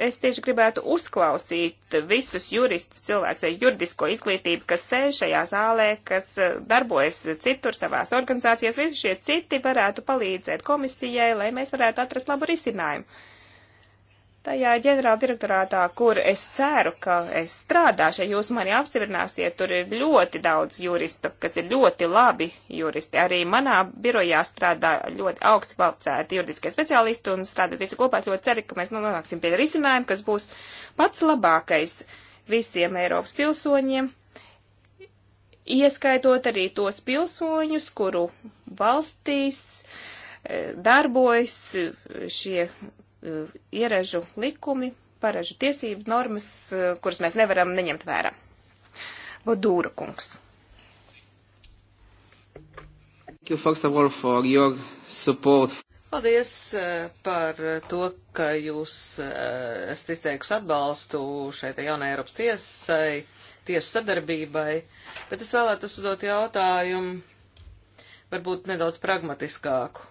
Es tieši gribētu uzklausīt visus juristus, cilvēkus ar juridisko izglītību, kas sēž šajā zālē, kas eh, darbojas citur savās organizācijās. Visi šie citi varētu palīdzēt komisijai, lai mēs varētu atrast labu risinājumu tajā ģenerāla direktorātā, kur es ceru, ka es strādāšu, ja jūs mani apstiprināsiet, tur ir ļoti daudz juristu, kas ir ļoti labi juristi. Arī manā birojā strādā ļoti augsti kvalificēti juridiskie speciālisti un strādā visi kopā. Es ļoti ceru, ka mēs nonāksim pie risinājuma, kas būs pats labākais visiem Eiropas pilsoņiem, ieskaitot arī tos pilsoņus, kuru valstīs eh, darbojas eh, šie Eh, ieražu likumi, paražu tiesību normas, eh, kuras mēs nevaram neņemt vērā. Bodūra kungs. Paldies eh, par to, ka jūs esat izteikusi atbalstu šai jaunai Eiropas tiesai, tiesu sadarbībai, bet es vēlētos uzdot jautājumu varbūt nedaudz pragmatiskāku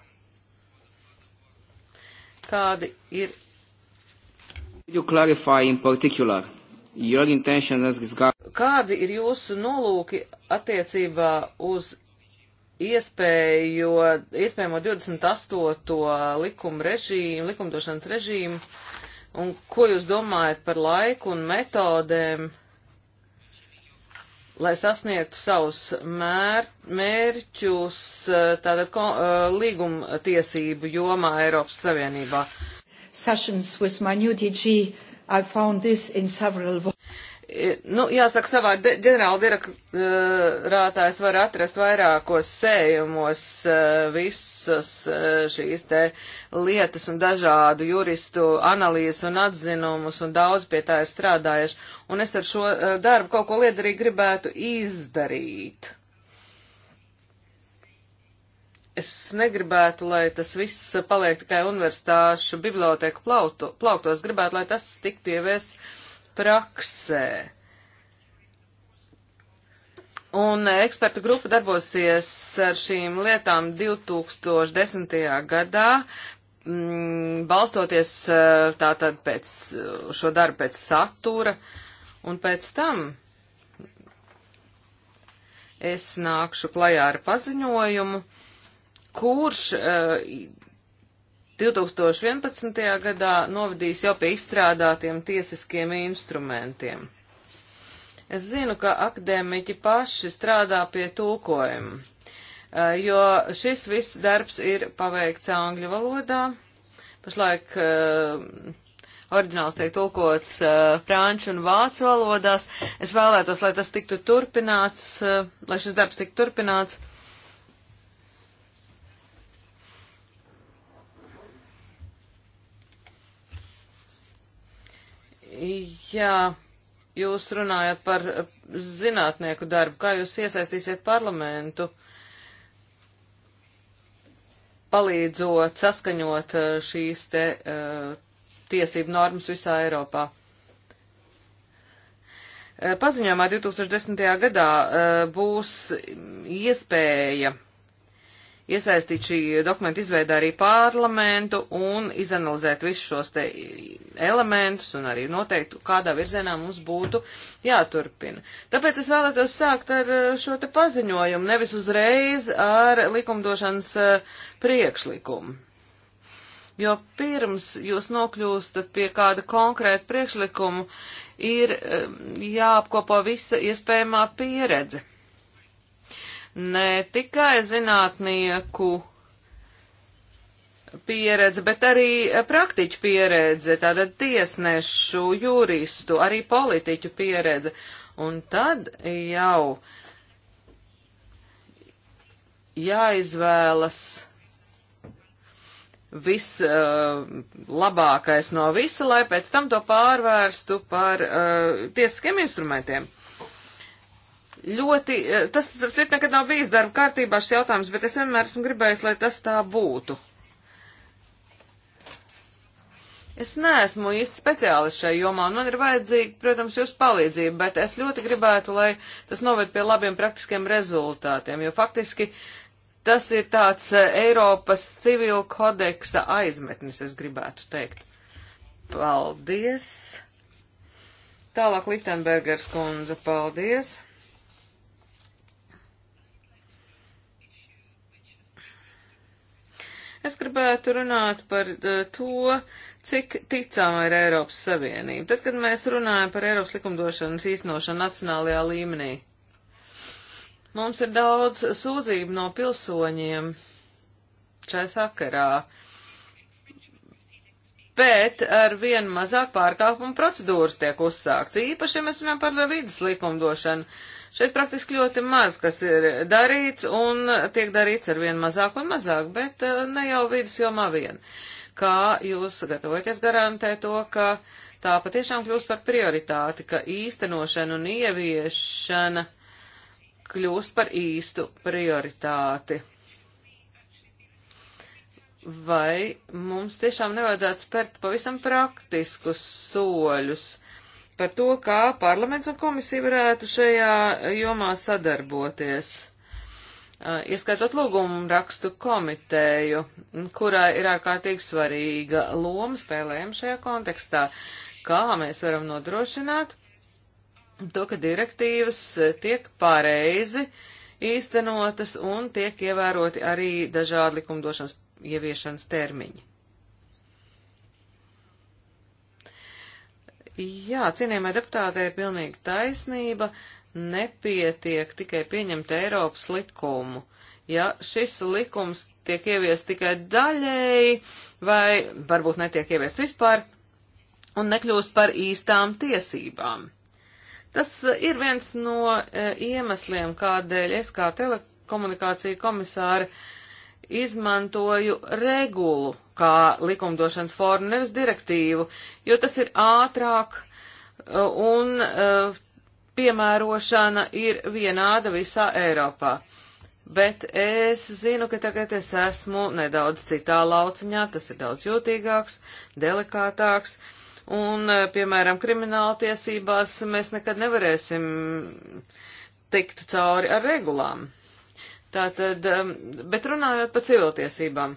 kādi ir. Kādi ir jūsu nolūki attiecībā uz iespējo, iespējamo 28. likuma režīmu, likumdošanas režīmu, un ko jūs domājat par laiku un metodēm? lai sasniegtu savus mēr, mērķus eh, tātad ko, eh, līguma tiesību jomā Eiropas Savienībā. Sessions with my new DG, I found this in several nu, jāsaka, savā ģenerāla direktorātājs eh, var atrast vairākos sējumos eh, visas eh, šīs te lietas un dažādu juristu analīzes un atzinumus, un daudz pie tā ir strādājuši. Un es ar šo darbu kaut ko liederīgi gribētu izdarīt. Es negribētu, lai tas viss paliek tikai universitāšu biblioteku plauto, plauktos, gribētu, lai tas tiktu ieviests praksē. Un ekspertu grupa darbosies ar šīm lietām 2010. gadā, m, mm, balstoties eh, tātad pēc šo darbu pēc satura, un pēc tam es nākšu klajā ar paziņojumu, kurš uh, 2011. gadā novadīs jau pie izstrādātiem tiesiskiem instrumentiem. Es zinu, ka akadēmiķi paši strādā pie tulkojuma, jo šis viss darbs ir paveikts angļu valodā. Pašlaik oriģināls tiek tulkots uh, franču un vācu valodās. Es vēlētos, lai tas tiktu turpināts, uh, lai šis darbs tiktu turpināts. Jā, jūs runājat par eh, zinātnieku darbu. Kā jūs iesaistīsiet parlamentu, palīdzot saskaņot eh, šīs te uh, tiesību normas visā Eiropā? Paziņojumā 2010. gadā uh, būs mm, iespēja iesaistīt šī dokumenta izveidā arī parlamentu un izanalizēt visus šos te elementus un arī noteikt, kādā virzienā mums būtu jāturpina. Tāpēc es vēlētos sākt ar eh, šo te paziņojumu, nevis uzreiz ar likumdošanas eh, priekšlikumu. Jo pirms jūs nokļūstat pie kāda konkrēta priekšlikuma, ir eh, jāapkopo visa iespējamā pieredze ne tikai zinātnieku pieredze, bet arī praktiķu pieredze, tātad tiesnešu, juristu, arī politiķu pieredze. Un tad jau jāizvēlas vislabākais uh, no visa, lai pēc tam to pārvērstu par uh, tiesiskiem instrumentiem. Ļoti, eh, tas cit nekad nav bijis darba kārtībā šis jautājums, bet es vienmēr esmu gribējis, lai tas tā būtu. Es neesmu īsti speciālists šajā jomā, un man ir vajadzīga, protams, jūsu palīdzība, bet es ļoti gribētu, lai tas noved pie labiem praktiskiem rezultātiem, jo faktiski tas ir tāds eh, Eiropas civil kodeksa aizmetnis, es gribētu teikt. Paldies! Tālāk Liktenbergers kundze, paldies! Es gribētu runāt par eh, to, cik ticama ir Eiropas Savienība. Tad, kad mēs runājam par Eiropas likumdošanas īstenošanu nacionālajā līmenī, mums ir daudz sūdzību no pilsoņiem šai sakarā bet ar vien mazāk pārkāpumu procedūras tiek uzsākts. Īpaši, ja mēs runājam par vidas likumdošanu, Šeit praktiski ļoti maz, kas ir darīts, un tiek darīts ar vien mazāk un mazāk, bet eh, ne jau vidas jomā vien. Kā jūs gatavojaties garantēt to, ka tā patiešām kļūst par prioritāti, ka īstenošana un ieviešana kļūst par īstu prioritāti? Vai mums tiešām nevajadzētu spērt pavisam praktiskus soļus? par to, kā parlaments un komisija varētu šajā jomā sadarboties. Uh, ieskaitot lūgumu rakstu komiteju, kurā ir ārkārtīgi svarīga loma spēlējama šajā kontekstā, kā mēs varam nodrošināt to, ka direktīvas tiek pareizi īstenotas un tiek ievēroti arī dažādi likumdošanas ieviešanas termiņi. Jā, cienījamai deputātei ir pilnīgi taisnība, nepietiek tikai pieņemt Eiropas likumu. Ja šis likums tiek ievies tikai daļēji, vai varbūt netiek ievies vispār, un nekļūst par īstām tiesībām. Tas eh, ir viens no e, iemesliem, kādēļ es kā telekomunikācija komisāri e, izmantoju regulu kā likumdošanas formu, nevis direktīvu, jo tas ir ātrāk uh, un uh, piemērošana ir vienāda visā Eiropā. Bet es zinu, ka tagad es esmu nedaudz citā lauciņā, tas ir daudz jūtīgāks, delikātāks, un, uh, piemēram, krimināla tiesībās mēs nekad nevarēsim tikt cauri ar regulām. Tātad, um, bet runājot par civiltiesībām.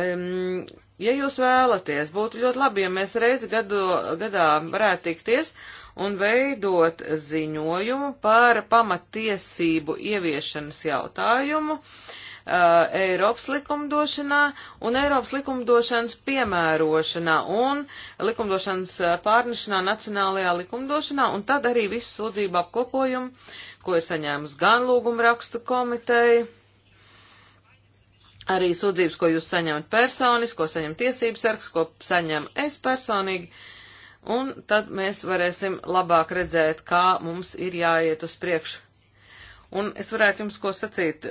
Um, ja jūs vēlaties, būtu ļoti labi, ja mēs reizi gado, gadā varētu tikties un veidot ziņojumu par pamatiesību ieviešanas jautājumu. Uh, Uh, Eiropas likumdošanā un Eiropas likumdošanas piemērošanā un likumdošanas uh, pārnešanā nacionālajā likumdošanā un tad arī visu sūdzību apkopojumu, ko ir saņēmusi gan lūguma rakstu komiteja, arī sūdzības, ko jūs saņemat personis, ko saņem tiesības sargs, ko saņem es personīgi. Un tad mēs varēsim labāk redzēt, kā mums ir jāiet uz priekšu. Un es varētu jums ko sacīt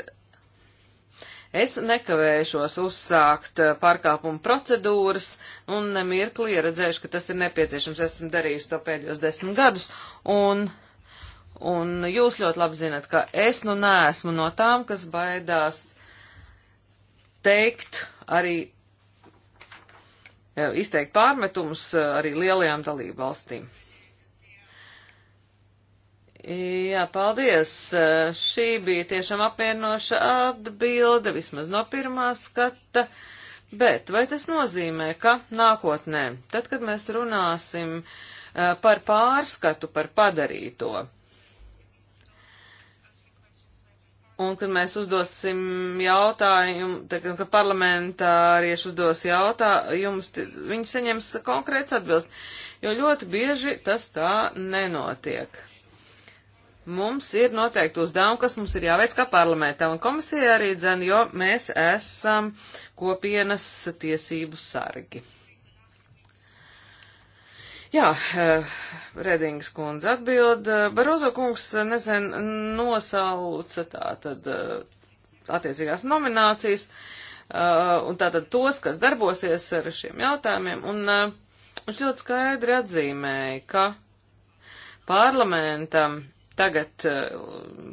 Es nekavēšos uzsākt eh, pārkāpumu procedūras un nemirkli ieredzēšu, ka tas ir nepieciešams. Esmu darījis to pēdējos desmit gadus un, un jūs ļoti labi zinat, ka es nu neesmu no tām, kas baidās teikt arī eh, izteikt pārmetumus eh, arī lielajām dalību valstīm. Jā, paldies. Šī bija tiešām apvienoša atbilde, vismaz no pirmā skata. Bet vai tas nozīmē, ka nākotnē, tad, kad mēs runāsim par pārskatu, par padarīto, un kad mēs uzdosim jautājumu, tad, kad parlamentārieši uzdos jautājumus, viņi saņems konkrēts atbilst, jo ļoti bieži tas tā nenotiek. Mums ir noteikti uzdevumi, kas mums ir jāveic kā parlamentā un komisija arī dzen, jo mēs esam kopienas tiesību sargi. Jā, eh, Redings kundze atbild. Eh, Barozo kungs eh, nesen nosauca tātad attiecīgās nominācijas un tātad tos, kas darbosies ar šiem jautājumiem. Un viņš ļoti skaidri atzīmēja, ka parlamentam tagad uh,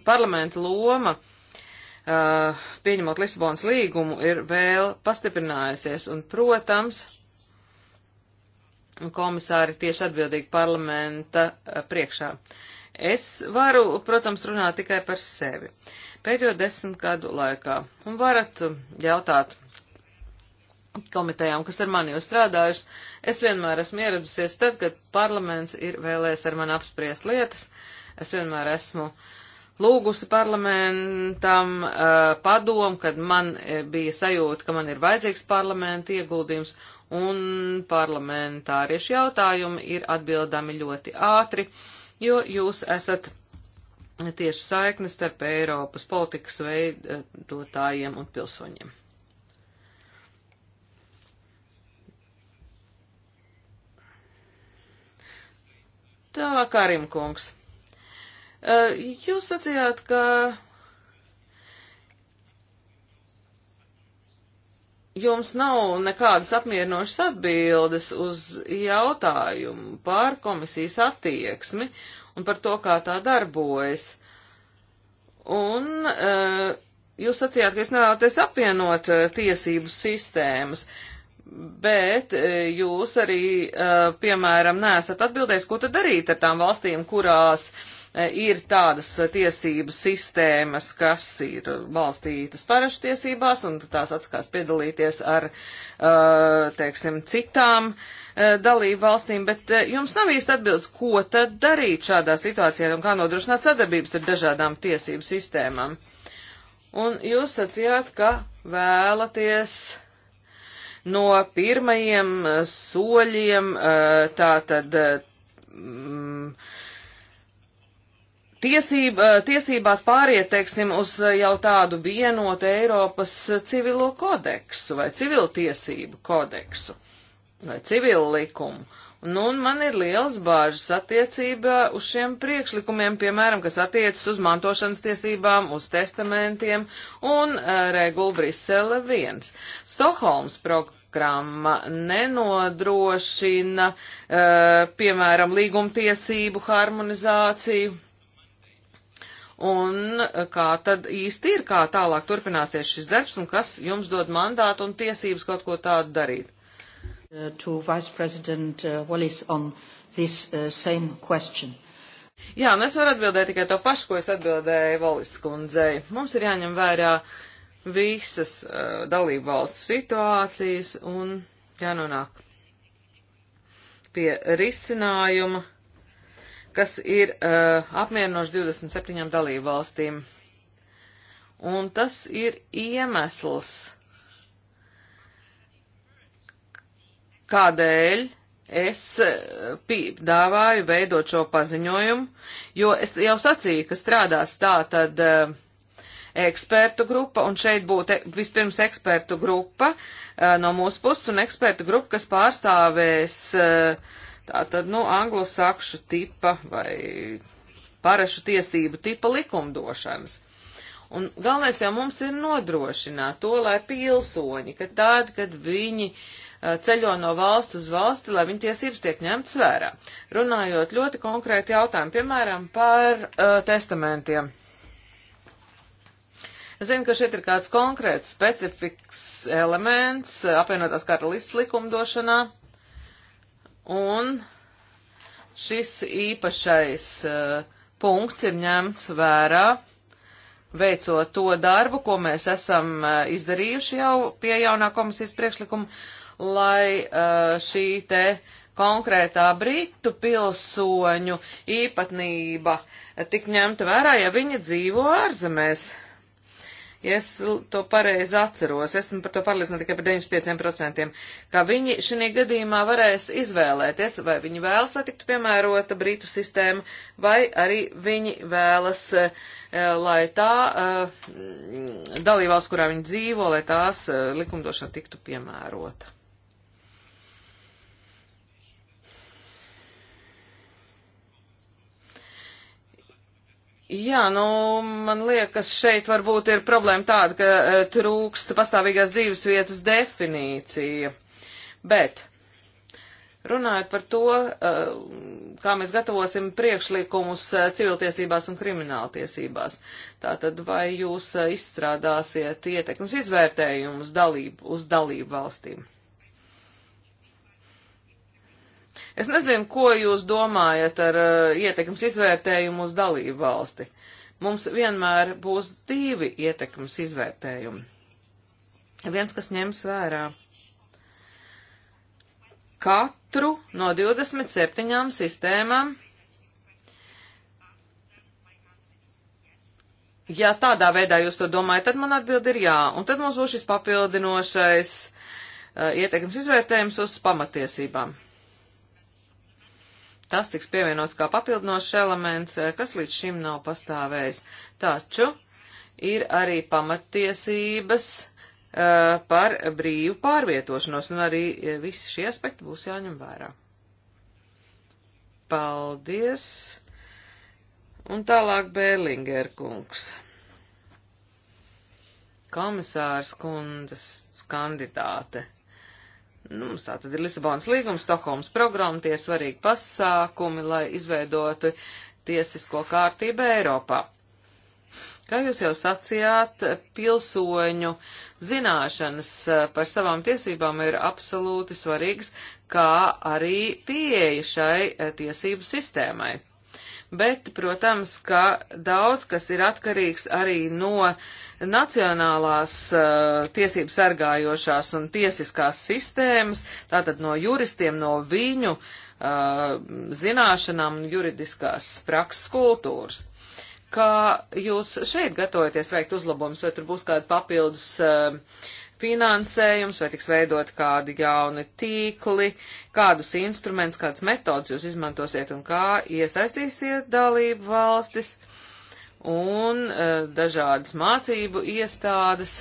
parlamenta loma, uh, pieņemot Lisabonas līgumu, ir vēl pastiprinājusies, un, protams, komisāri tieši atbildīgi parlamenta uh, priekšā. Es varu, protams, runāt tikai par sevi. Pēdējo desmit gadu laikā, un varat jautāt komitejām, kas ar mani jau strādājuši, es vienmēr esmu ieradusies tad, kad parlaments ir vēlējis ar mani apspriest lietas, uh, Es vienmēr esmu lūgusi parlamentam uh, padomu, kad man eh, bija sajūta, ka man ir vajadzīgs parlamenta ieguldījums, un parlamentāriešu jautājumi ir atbildami ļoti ātri, jo jūs esat tieši saiknes starp Eiropas politikas veidotājiem un pilsoņiem. Tā, Karim kungs. Eh, jūs sacījāt, ka jums nav nekādas apmierinošas atbildes uz jautājumu par komisijas attieksmi un par to, kā tā darbojas. Un uh, jūs sacījāt, ka jūs nevēlaties apvienot uh, tiesību sistēmas, bet uh, jūs arī, piemēram, nesat atbildējis, ko tad darīt ar tām valstīm, kurās uh, E, ir tādas e, tiesību sistēmas, kas ir balstītas parašatiesībās, un tās atskās piedalīties ar, e, teiksim, citām dalību valstīm, bet jums nav īsti atbildes, ko tad darīt šādā situācijā un kā nodrošināt sadarbības ar dažādām tiesību sistēmām. Un jūs sacījāt, ka vēlaties no pirmajiem soļiem tātad. Mm, tiesība, eh, tiesībās pāriet, teiksim, uz eh, jau tādu vienotu Eiropas civilo kodeksu vai civiltiesību kodeksu vai civilu likumu. Nu, un man ir liels bāžas attiecībā uz šiem priekšlikumiem, piemēram, kas attiecas uz mantošanas tiesībām, uz testamentiem un uh, regulu Brisele 1. Stokholmas programma nenodrošina, uh, piemēram, līgumtiesību harmonizāciju un eh, kā tad īsti ir, kā tālāk turpināsies šis darbs un kas jums dod mandātu un tiesības kaut ko tādu darīt. Uh, to Vice President uh, Wallis on this uh, same question. Jā, un es varu atbildēt tikai to pašu, ko es atbildēju Wallis kundzei. Mums ir jāņem vērā visas uh, dalību valstu situācijas un jānonāk pie risinājuma kas ir uh, apmierinoši 27 dalību valstīm. Un tas ir iemesls, kādēļ es uh, piedāvāju veidot šo paziņojumu, jo es jau sacīju, ka strādās tā tad uh, ekspertu grupa, un šeit būtu e, vispirms ekspertu grupa uh, no mūsu puses, un ekspertu grupa, kas pārstāvēs uh, Tātad, nu, anglosakšu tipa vai parašu tiesību tipa likumdošanas. Un galvenais jau mums ir nodrošināt to, lai pilsoņi, ka tad, kad viņi eh, ceļo no valsts uz valsti, lai viņu tiesības tiek ņemts vērā. Runājot ļoti konkrēti jautājumu, piemēram, par uh, testamentiem. Es zinu, ka šeit ir kāds konkrēts specifiks elements eh, apvienotās karalists likumdošanā, uh, Un šis īpašais uh, punkts ir ņemts vērā, veicot to darbu, ko mēs esam uh, izdarījuši jau pie jaunā komisijas priekšlikuma, lai uh, šī te konkrētā britu pilsoņu īpatnība tik ņemta vērā, ja viņi dzīvo ārzemēs ja es to pareizi atceros, esmu par to pārliecināta tikai par 95%, ka viņi šajā gadījumā varēs izvēlēties, vai viņi vēlas, lai tiktu piemērota brītu sistēma, vai arī viņi vēlas, eh, lai tā eh, dalībvalsts, kurā viņi dzīvo, lai tās eh, likumdošana tiktu piemērota. Jā, nu, man liekas, šeit varbūt ir problēma tāda, ka e, trūkst pastāvīgās dzīves vietas definīcija. Bet runājot par to, e, kā mēs gatavosim priekšlikumus e, civiltiesībās un krimināltiesībās, tātad vai jūs e, izstrādāsiet ietekmes izvērtējumus dalību, uz dalību valstīm? Es nezinu, ko jūs domājat ar uh, ietekmes izvērtējumu uz dalību valsti. Mums vienmēr būs divi ietekmes izvērtējumi. Viens, kas ņems vērā katru no 27 sistēmām Ja tādā veidā jūs to domājat, tad man atbild ir jā. Un tad mums būs šis papildinošais uh, eh, ieteikums izvērtējums uz pamatiesībām. Tas tiks pievienots kā papildinošs elements, eh, kas līdz šim nav pastāvējis. Taču ir arī pamattiesības uh, eh, par brīvu pārvietošanos, un arī eh, visi šie aspekti būs jāņem vērā. Paldies! Un tālāk Bēlinger kungs. Komisārs kundzes kandidāte. Nu, mums tā tad ir Lisabonas līgums, Stokholmas programma, tie svarīgi pasākumi, lai izveidotu tiesisko kārtību Eiropā. Kā jūs jau sacījāt, pilsoņu zināšanas eh, par savām tiesībām ir absolūti svarīgas, kā arī pieeja šai eh, tiesību sistēmai bet, protams, ka daudz kas ir atkarīgs arī no nacionālās uh, tiesību sargājošās un tiesiskās sistēmas, tātad no juristiem, no viņu uh, zināšanām un juridiskās prakses kultūras kā jūs šeit gatavojaties veikt uzlabojumus, vai tur būs kādi papildus uh, finansējums, vai tiks veidot kādi jauni tīkli, kādus instrumentus, kādas metodas jūs izmantosiet un kā iesaistīsiet dalību valstis un uh, dažādas mācību iestādes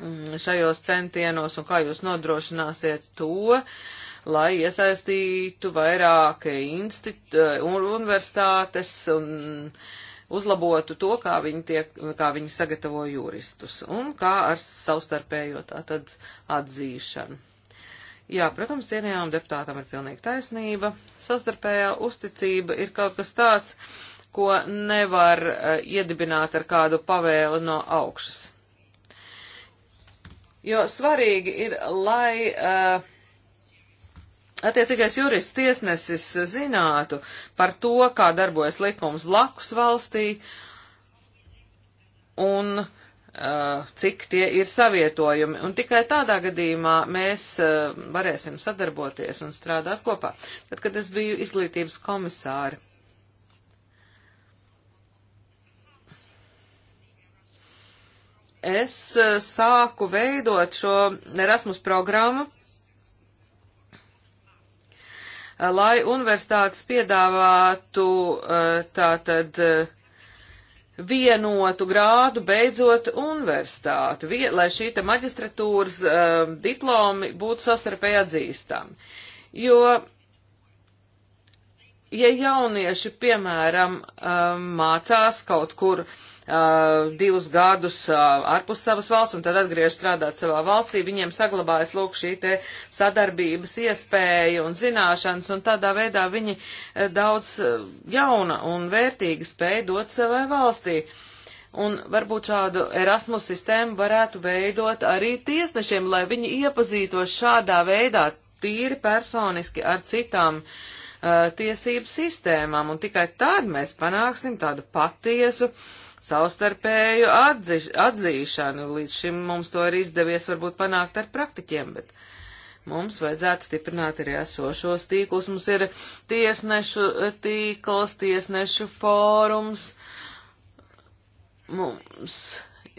um, šajos centienos un kā jūs nodrošināsiet to, lai iesaistītu vairāk institu, eh, un universitātes un uh, uzlabotu to, kā viņi, tiek, kā viņi sagatavo juristus un kā ar savstarpējo tātad atzīšanu. Jā, protams, cienījām deputātam ir pilnīgi taisnība. Savstarpējā uzticība ir kaut kas tāds, ko nevar uh, iedibināt ar kādu pavēli no augšas. Jo svarīgi ir, lai uh, Attiecīgais jurists tiesnesis zinātu par to, kā darbojas likums blakus valstī un uh, cik tie ir savietojumi. Un tikai tādā gadījumā mēs uh, varēsim sadarboties un strādāt kopā. Tad, kad es biju izglītības komisāri, es uh, sāku veidot šo Erasmus programmu Eh, lai universitātes piedāvātu eh, tātad eh, vienotu grādu beidzot universitāti, lai šī te maģistratūras diplomi būtu sastarpēji atzīstami. Jo, ja jaunieši, piemēram, mācās kaut kur, uh, uh, divus gadus uh, ārpus savas valsts un tad atgriež strādāt savā valstī, viņiem saglabājas lūk šī te sadarbības iespēja un zināšanas, un tādā veidā viņi uh, daudz uh, jauna un vērtīga spēja dot savai valstī. Un varbūt šādu Erasmus sistēmu varētu veidot arī tiesnešiem, lai viņi iepazītos šādā veidā tīri personiski ar citām uh, tiesību sistēmām, un tikai tad mēs panāksim tādu patiesu uh, savstarpēju atzi, atzīšanu. Līdz šim mums to ir izdevies varbūt panākt ar praktiķiem, bet mums vajadzētu stiprināt arī esošos tīklus. Mums ir tiesnešu tīkls, tiesnešu fórums. Mums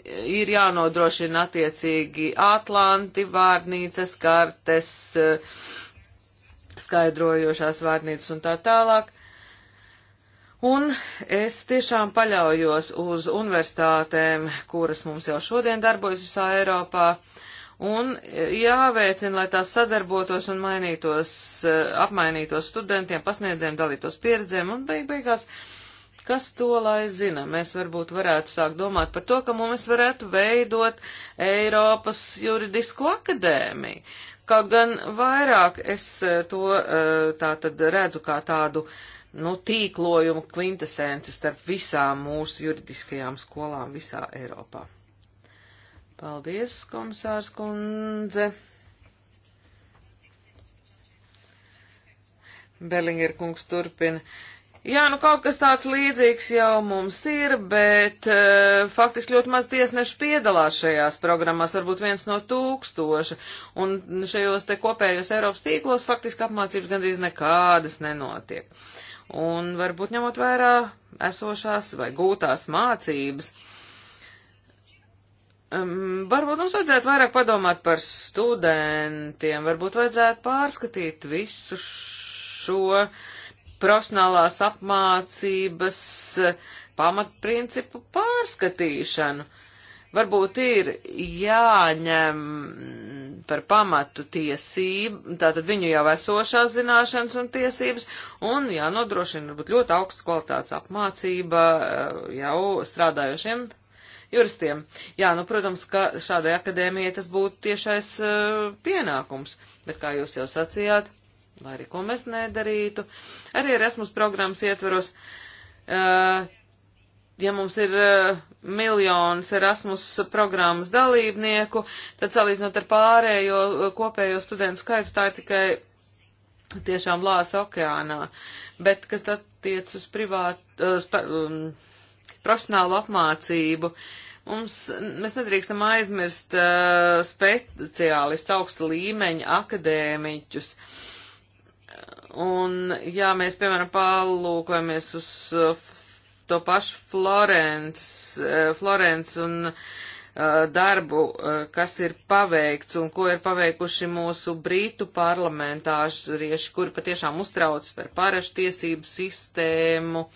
ir jānodrošina attiecīgi Atlanti, vārnīcas kartes, eh, skaidrojošās vārnīcas un tā tālāk. Un es tiešām paļaujos uz universitātēm, kuras mums jau šodien darbojas visā Eiropā, un jāveicina, lai tās sadarbotos un mainītos, apmainītos studentiem, pasniedzējiem, dalītos pieredzēm un beig beigās. Kas to lai zina? Mēs varbūt varētu sākt domāt par to, ka mums varētu veidot Eiropas juridisko akadēmiju. Kaut gan vairāk es eh, to eh, tā tad redzu kā tādu uh, nu, tīklojuma kvintesence starp visām mūsu juridiskajām skolām visā Eiropā. Paldies, komisārs kundze. Berlinger kungs turpina. Jā, nu kaut kas tāds līdzīgs jau mums ir, bet uh, faktiski ļoti maz tiesnešu piedalās šajās programmās, varbūt viens no tūkstoša, un šajos te kopējos Eiropas tīklos faktiski apmācības gandrīz nekādas nenotiek. Uh, un varbūt ņemot vērā esošās vai gūtās mācības. Um, varbūt mums vajadzētu vairāk padomāt par studentiem, varbūt vajadzētu pārskatīt visu šo profesionālās apmācības pamatprincipu pārskatīšanu. Uh, varbūt ir jāņem par pamatu tiesību, tātad viņu jau esošās zināšanas un tiesības, un jānodrošina varbūt ļoti augsts kvalitātes apmācība eh, jau strādājošiem juristiem. Jā, nu, protams, ka šādai akadēmijai tas būtu tiešais uh, pienākums, bet kā jūs jau sacījāt, lai arī ko mēs nedarītu, arī Erasmus programmas ietveros. Uh, eh, ja mums ir uh, eh, miljons Erasmus programmas dalībnieku, tad salīdzinot ar pārējo uh, kopējo studentu skaitu, tā ir tikai tiešām lāsa okeānā. Bet, kas attiec uz privātu, uh, eh, spa, um, profesionālu apmācību, mums, mēs nedrīkstam aizmirst uh, speciālistus, augsta līmeņa akadēmiķus. Un, ja mēs, piemēram, palūkojamies uz uh, to pašu Florence, eh, Florence un eh, darbu, eh, kas ir paveikts un ko ir paveikuši mūsu brītu parlamentārieši, kuri patiešām uztrauc par pārešu tiesību sistēmu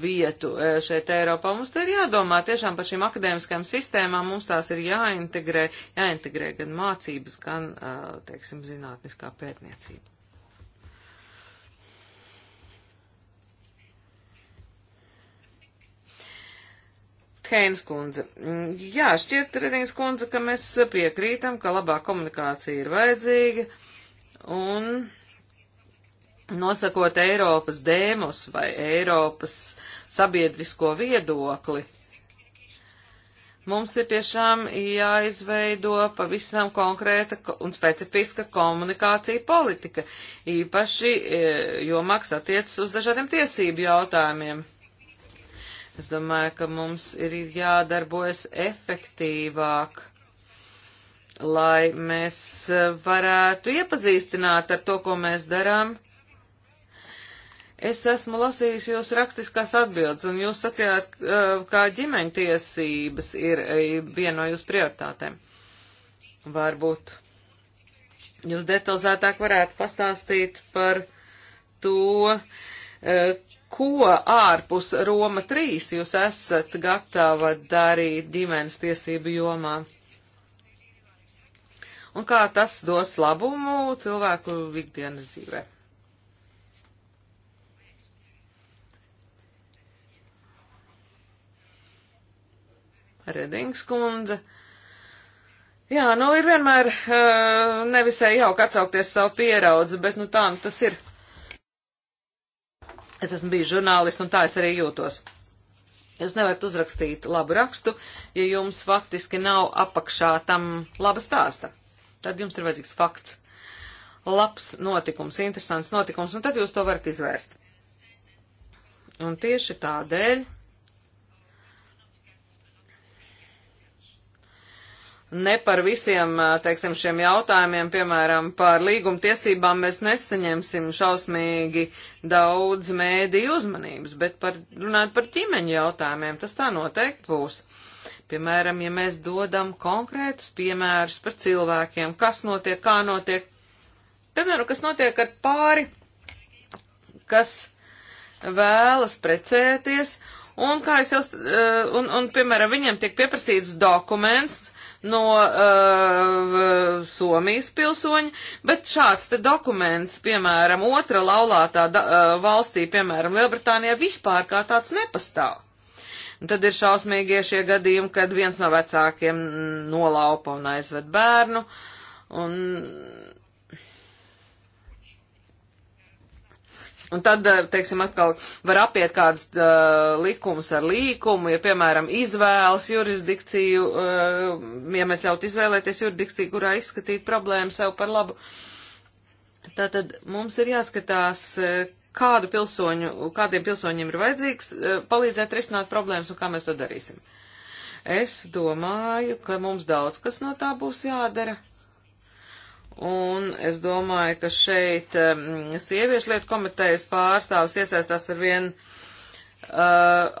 vietu šeit Eiropā. Mums te ir jādomā tiešām par šīm akadēmiskajām sistēmām, mums tās ir jāintegrē, jāintegrē gan mācības, gan, teiksim, zinātniskā pētniecība. Keins kundze. Mm, jā, šķiet, Redings kundze, ka mēs piekrītam, ka labā komunikācija ir vajadzīga un nosakot Eiropas dēmus vai Eiropas sabiedrisko viedokli. Mums ir tiešām jāizveido pavisam konkrēta un specifiska komunikācija politika, īpaši e, jomā, kas attiecas uz dažādiem tiesību jautājumiem. Es domāju, ka mums ir jādarbojas efektīvāk, lai mēs eh, varētu iepazīstināt ar to, ko mēs darām. Es esmu lasījis jūsu rakstiskās atbildes, un jūs sacījāt, eh, kā ģimeņtiesības ir eh, viena no jūsu prioritātēm. Varbūt jūs detalizētāk varētu pastāstīt par to, ko ārpus Roma 3 jūs esat gatava darīt ģimenes tiesību jomā? Un kā tas dos labumu cilvēku ikdienas dzīvē? Redings kundze. Jā, nu ir vienmēr uh, nevisai jauk atsaukties savu pieraudzi, bet nu tā, nu tas ir. Es esmu bijis žurnālists, un tā es arī jūtos. Jūs nevarat uzrakstīt labu rakstu, ja jums faktiski nav apakšā tam laba stāsta. Tad jums ir vajadzīgs fakts, labs notikums, interesants notikums, un tad jūs to varat izvērst. Un tieši tādēļ ne par visiem, teiksim, šiem jautājumiem, piemēram, par līgumtiesībām mēs nesaņemsim šausmīgi daudz mēdīju uzmanības, bet par, runāt par ģimeņu jautājumiem, tas tā noteikti būs. Piemēram, ja mēs dodam konkrētus piemērus par cilvēkiem, kas notiek, kā notiek, piemēram, kas notiek ar pāri, kas vēlas precēties, un, kā es jau, un, un piemēram, viņiem tiek pieprasīts dokuments, no uh, Somijas pilsoņa, bet šāds te dokuments, piemēram, otra laulātā da, uh, valstī, piemēram, Lielbritānijā, vispār kā tāds nepastāv. Un tad ir šausmīgie šie gadījumi, kad viens no vecākiem nolaupa un aizved bērnu, un Un tad, eh, teiksim, atkal var apiet kādas uh, likumus ar līkumu, ja, piemēram, izvēlas jurisdikciju, uh, ja mēs ļautu izvēlēties jurisdikciju, kurā izskatīt problēmu sev par labu. Tātad mums ir jāskatās, kādu pilsoņu, kādiem pilsoņiem ir vajadzīgs uh, palīdzēt risināt problēmas un kā mēs to darīsim. Es domāju, ka mums daudz kas no tā būs jādara. Un es domāju, ka šeit sieviešu lietu komitejas pārstāvs iesaistās ar vien uh,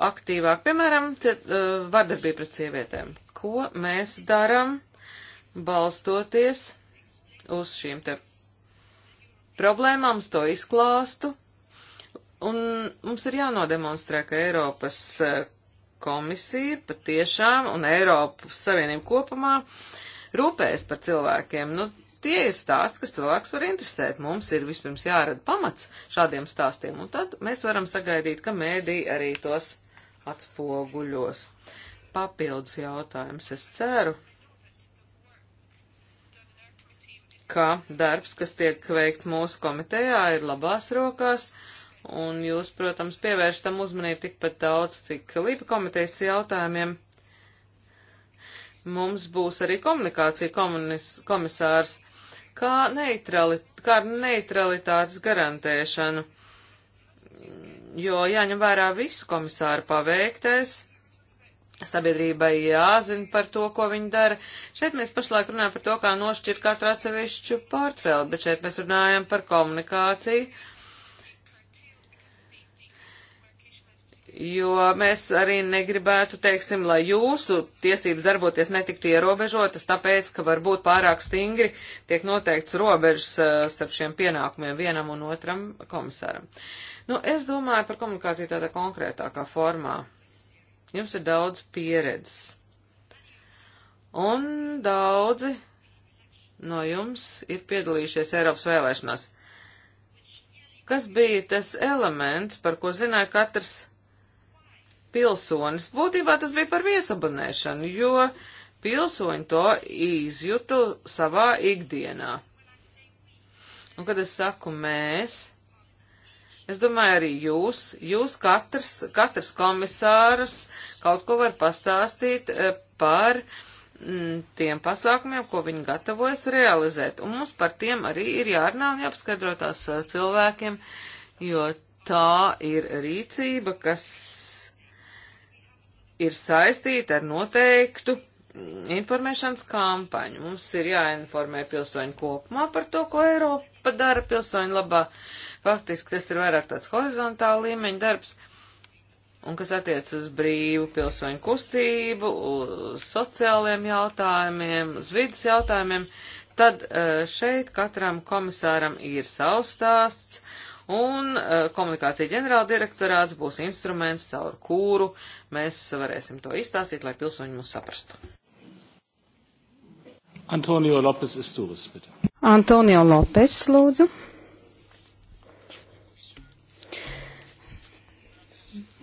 aktīvāk, piemēram, ciet, uh, eh, vardarbība pret sievietēm. Ko mēs daram, balstoties uz šīm te problēmām, to izklāstu, un mums ir jānodemonstrē, ka Eiropas eh, komisija patiešām un Eiropas Savienība kopumā rūpējas par cilvēkiem. Nu, Tie ir stāsti, kas cilvēks var interesēt. Mums ir vispirms jārada pamats šādiem stāstiem, un tad mēs varam sagaidīt, ka mēdī arī tos atspoguļos. Papildus jautājums. Es ceru, ka darbs, kas tiek veikts mūsu komitejā, ir labās rokās, un jūs, protams, pievēršam uzmanību tikpat daudz, cik Līpa komitejas jautājumiem. Mums būs arī komunikācija komunis, komisārs, kā, neutrali, kā ar neutralitātes garantēšanu, jo jāņem vērā visu komisāru paveiktais. Sabiedrībai jāzina par to, ko viņi dara. Šeit mēs pašlaik runājam par to, kā nošķirt katru atsevišķu portfeli, bet šeit mēs runājam par komunikāciju, uh, jo mēs arī negribētu, teiksim, lai jūsu tiesības darboties netiktu ierobežotas, tāpēc, ka varbūt pārāk stingri tiek noteikts robežas eh, starp šiem pienākumiem vienam un otram komisāram. Nu, es domāju par komunikāciju tādā konkrētākā formā. Jums ir daudz pieredzes. Un daudzi no jums ir piedalījušies Eiropas vēlēšanās. Kas bija tas elements, par ko zināja katrs pilsonis. Būtībā tas bija par viesabonēšanu, jo pilsoņi to izjutu savā ikdienā. Un, kad es saku mēs, es domāju arī jūs, jūs katrs, katrs komisārs kaut ko var pastāstīt e, par m, mm, tiem pasākumiem, ko viņi gatavojas realizēt. Un mums par tiem arī ir jārunā un jāpaskaidro tās e, cilvēkiem, jo tā ir rīcība, kas ir saistīta ar noteiktu informēšanas kampaņu. Mums ir jāinformē pilsoņi kopumā par to, ko Eiropa dara pilsoņu labā. Faktiski tas ir vairāk tāds horizontāla līmeņa darbs, un kas attiec uz brīvu pilsoņu kustību, uz sociāliem jautājumiem, uz vidas jautājumiem, tad eh, šeit katram komisāram ir savs stāsts, un eh, komunikācija ģenerāldirektorāts būs instruments, caur kuru mēs varēsim to izstāstīt, lai pilsoņi mūs saprastu. Antonio Lopes Istūras, bitte. Antonio Lopes, lūdzu.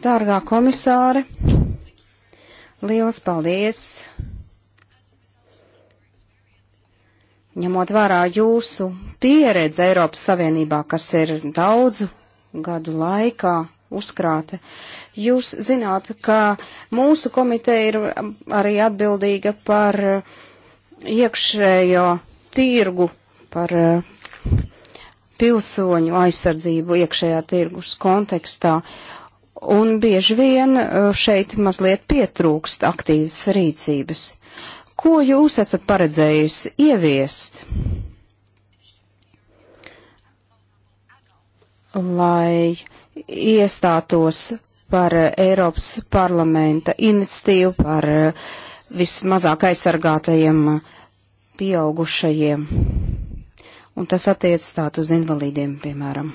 Dārgā komisāre, liels paldies ņemot vērā jūsu pieredzi Eiropas Savienībā, kas ir daudzu gadu laikā uzkrāta, jūs zināt, ka mūsu komiteja ir arī atbildīga par iekšējo tirgu, par eh, pilsoņu aizsardzību iekšējā tirgus kontekstā. Un bieži vien eh, šeit mazliet pietrūkst aktīvas rīcības. Ko jūs esat paredzējusi ieviest, lai iestātos par Eiropas parlamenta iniciatīvu par eh, vismazāk aizsargātajiem eh, pieaugušajiem? Un tas attiec tāt uz invalīdiem, piemēram.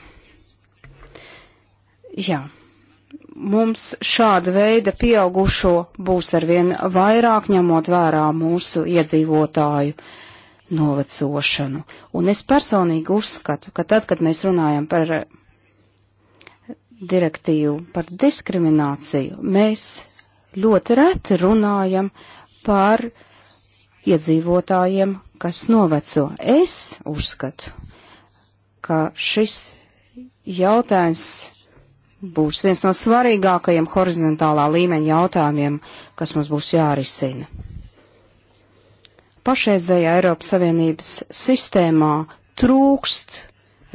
Jā. Yeah mums šāda veida pieaugušo būs arvien vairāk ņemot vērā mūsu iedzīvotāju novecošanu. Un es personīgi uzskatu, ka tad, kad mēs runājam par direktīvu par diskrimināciju, mēs ļoti reti runājam par iedzīvotājiem, kas noveco. Es uzskatu, ka šis jautājums būs viens no svarīgākajiem horizontālā līmeņa jautājumiem, kas mums būs jārisina. Pašreizējā Eiropas Savienības sistēmā trūkst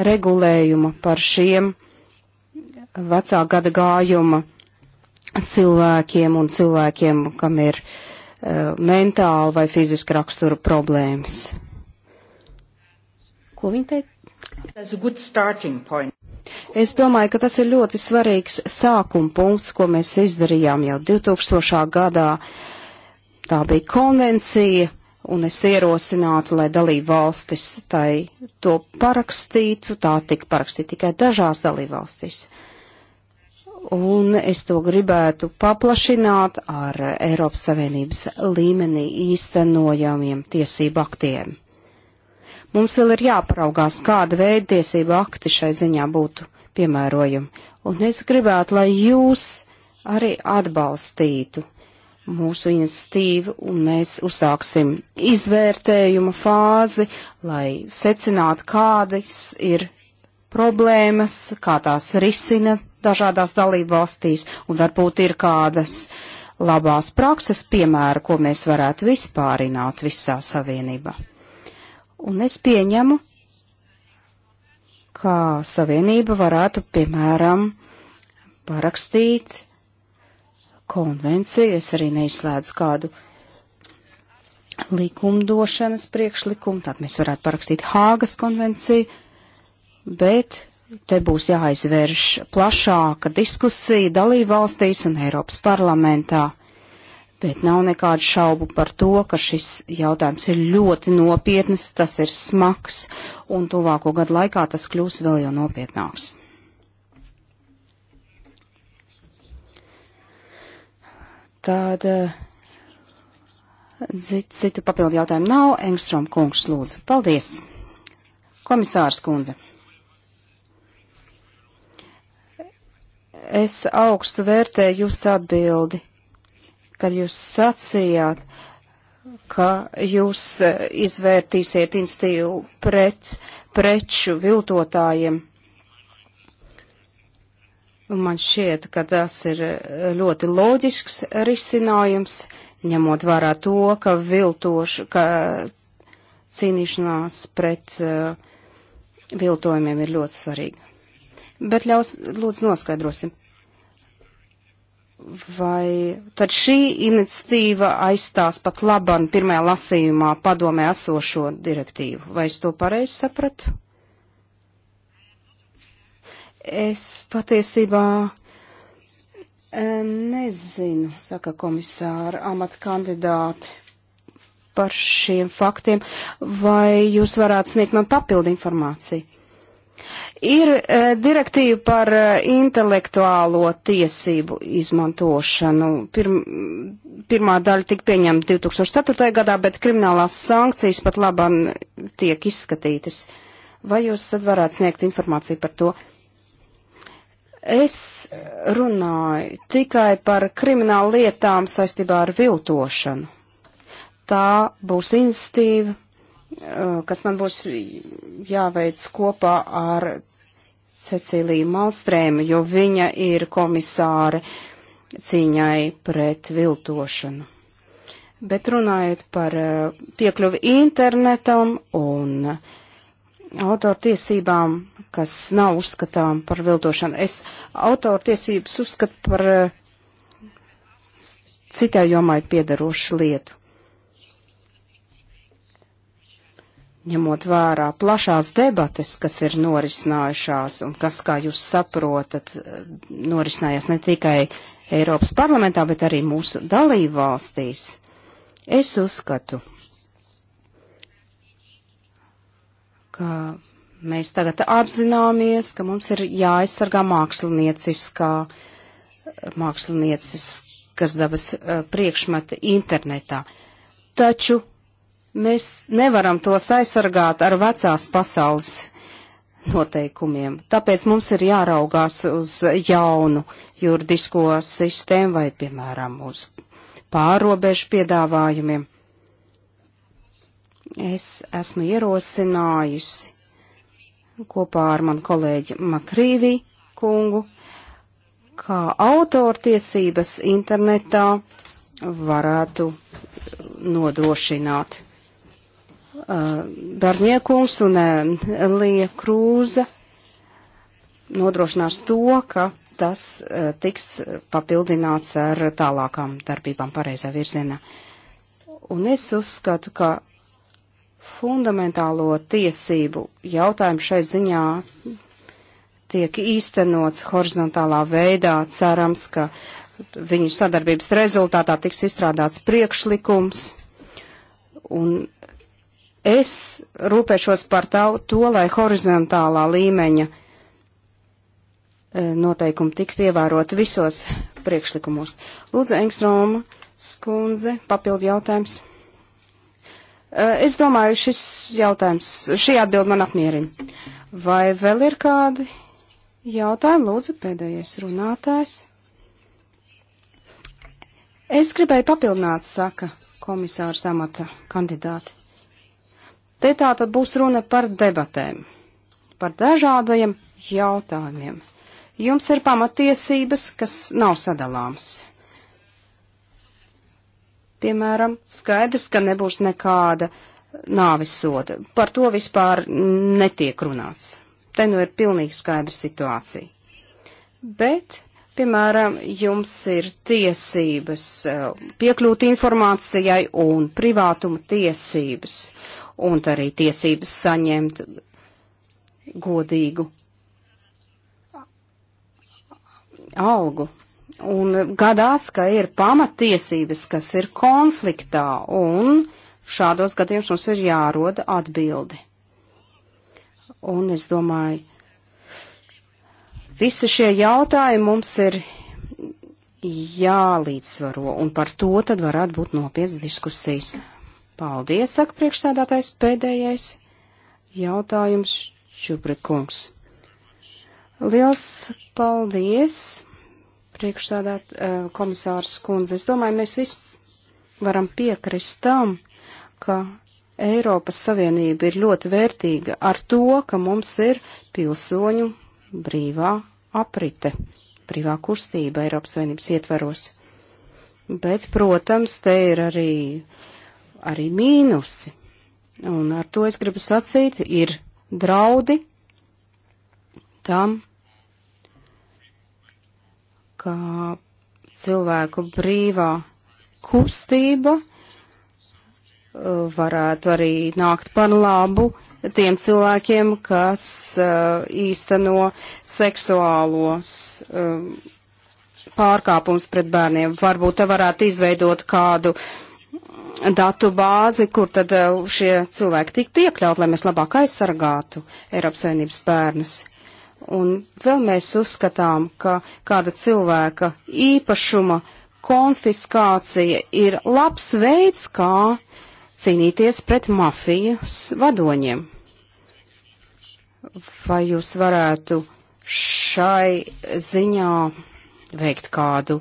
regulējuma par šiem vecā gada gājuma cilvēkiem un cilvēkiem, kam ir uh, e, mentāli vai fiziski rakstura problēmas. Ko viņi teica? Es domāju, ka tas ir ļoti svarīgs sākuma punkts, ko mēs izdarījām jau 2000. gadā. Tā bija konvencija, un es ierosinātu, lai dalību valstis tai to parakstītu. Tā tika parakstīta tikai dažās dalību valstis. Un es to gribētu paplašināt ar Eiropas Savienības līmenī īstenojamiem tiesību aktiem. Mums vēl ir jāparaugās, kāda veida tiesība akti šai ziņā būtu piemērojumi. Un es gribētu, lai jūs arī atbalstītu mūsu iniciatīvu, un mēs uzsāksim izvērtējumu fāzi, lai secinātu, kādas ir problēmas, kā tās risina dažādās dalību valstīs, un varbūt ir kādas labās prakses piemēra, ko mēs varētu vispārināt visā savienībā. Un es pieņemu, ka savienība varētu, piemēram, parakstīt konvenciju, es arī neizslēdzu kādu likumdošanas priekšlikumu, tad mēs varētu parakstīt Hāgas konvenciju, bet te būs jāizvērš plašāka diskusija dalībvalstīs un Eiropas parlamentā bet nav nekādu šaubu par to, ka šis jautājums ir ļoti nopietnas, tas ir smags, un tuvāko gadu laikā tas kļūs vēl jau nopietnāks. Tad eh, citu papildu jautājumu nav. Engstrom kungs, lūdzu. Paldies. Komisārs kundze. Es augstu vērtēju jūsu atbildi kad jūs sacījāt, ka jūs e, izvērtīsiet institīvu pret preču viltotājiem. Un man šķiet, ka tas ir ļoti loģisks risinājums, ņemot vērā to, ka viltoši, ka cīnīšanās pret uh, viltojumiem ir ļoti svarīga. Bet ļaus, lūdzu, noskaidrosim vai tad šī iniciatīva aizstās pat laban pirmajā lasījumā padomē esošo direktīvu? Vai es to pareizi sapratu? Es patiesībā e, nezinu, saka komisāra amata kandidāti par šiem faktiem, vai jūs varētu sniegt man papildu informāciju? Ir uh, direktīva par uh, intelektuālo tiesību izmantošanu. Pirm, pirmā daļa tika pieņemta 2004. gadā, bet kriminālās sankcijas pat labam tiek izskatītas. Vai jūs tad varētu sniegt informāciju par to? Es runāju tikai par kriminālu lietām saistībā ar viltošanu. Tā būs institīva Uh, kas man būs jāveic kopā ar Cecīliju Malstrēmu, jo viņa ir komisāre cīņai pret viltošanu. Bet runājot par uh, piekļuvi internetam un autortiesībām, kas nav uzskatām par viltošanu, es autortiesības uzskatu par uh, citai jomai piedarošu lietu. ņemot vērā plašās debates, kas ir norisinājušās un kas, kā jūs saprotat, norisinājās ne tikai Eiropas parlamentā, bet arī mūsu dalību valstīs, es uzskatu, ka mēs tagad apzināmies, ka mums ir jāaizsargā mākslinieciskā, mākslinieciskas dabas eh, priekšmeta internetā. Taču Mēs nevaram tos aizsargāt ar vecās pasaules noteikumiem. Tāpēc mums ir jāraugās uz jaunu juridisko sistēmu vai, piemēram, uz pārobežu piedāvājumiem. Es esmu ierosinājusi kopā ar manu kolēģi Makrīvi kungu, kā autortiesības internetā varētu nodrošināt. Barņiekungs uh, un uh, Lija Krūze nodrošinās to, ka tas uh, tiks papildināts ar tālākām darbībām pareizā virzienā. Un es uzskatu, ka fundamentālo tiesību jautājumu šai ziņā tiek īstenots horizontālā veidā. Cerams, ka viņu sadarbības rezultātā tiks izstrādāts priekšlikums un Es rūpēšos par tavu, to, lai horizontālā līmeņa e, noteikumi tiktu ievērot visos priekšlikumos. Lūdzu, Engstroma skundze, papildu jautājums. E, es domāju, šis jautājums, šī atbilda man apmierina. Vai vēl ir kādi jautājumi? Lūdzu, pēdējais runātājs. Es gribēju papildināt, saka komisāra samata kandidāti. Te tā tad būs runa par debatēm, par dažādajiem jautājumiem. Jums ir pamatiesības, kas nav sadalāmas. Piemēram, skaidrs, ka nebūs nekāda nāvis soda. Par to vispār netiek runāts. Te nu ir pilnīgi skaidra situācija. Bet Piemēram, jums ir tiesības eh, piekļūt informācijai un privātuma tiesības un arī tiesības saņemt godīgu algu. Un gadās, ka ir pamatiesības, kas ir konfliktā, un šādos gadījumos mums ir jāroda atbildi. Un es domāju, visi šie jautājumi mums ir jālīdzsvaro, un par to tad varētu būt nopietnas diskusijas. Paldies, saka priekšsēdātais pēdējais jautājums Čubrikungs. Liels paldies, priekšstādāt eh, komisārs kundze. Es domāju, mēs visi varam piekrist tam, ka Eiropas Savienība ir ļoti vērtīga ar to, ka mums ir pilsoņu brīvā aprite, brīvā kustība Eiropas Savienības ietveros. Bet, protams, te ir arī uh, arī mīnusi. Un ar to es gribu sacīt, ir draudi tam, ka cilvēku brīvā kustība uh, varētu arī nākt par labu tiem cilvēkiem, kas uh, īsteno seksuālos uh, pārkāpums pret bērniem. Varbūt te varētu izveidot kādu uh, datu bāzi, kur tad eh, šie cilvēki tiktu iekļaut, lai mēs labāk aizsargātu Eiropas Savienības bērnus. Un vēl mēs uzskatām, ka kāda cilvēka īpašuma konfiskācija ir labs veids, kā cīnīties pret mafijas vadoņiem. Vai jūs varētu šai ziņā veikt kādu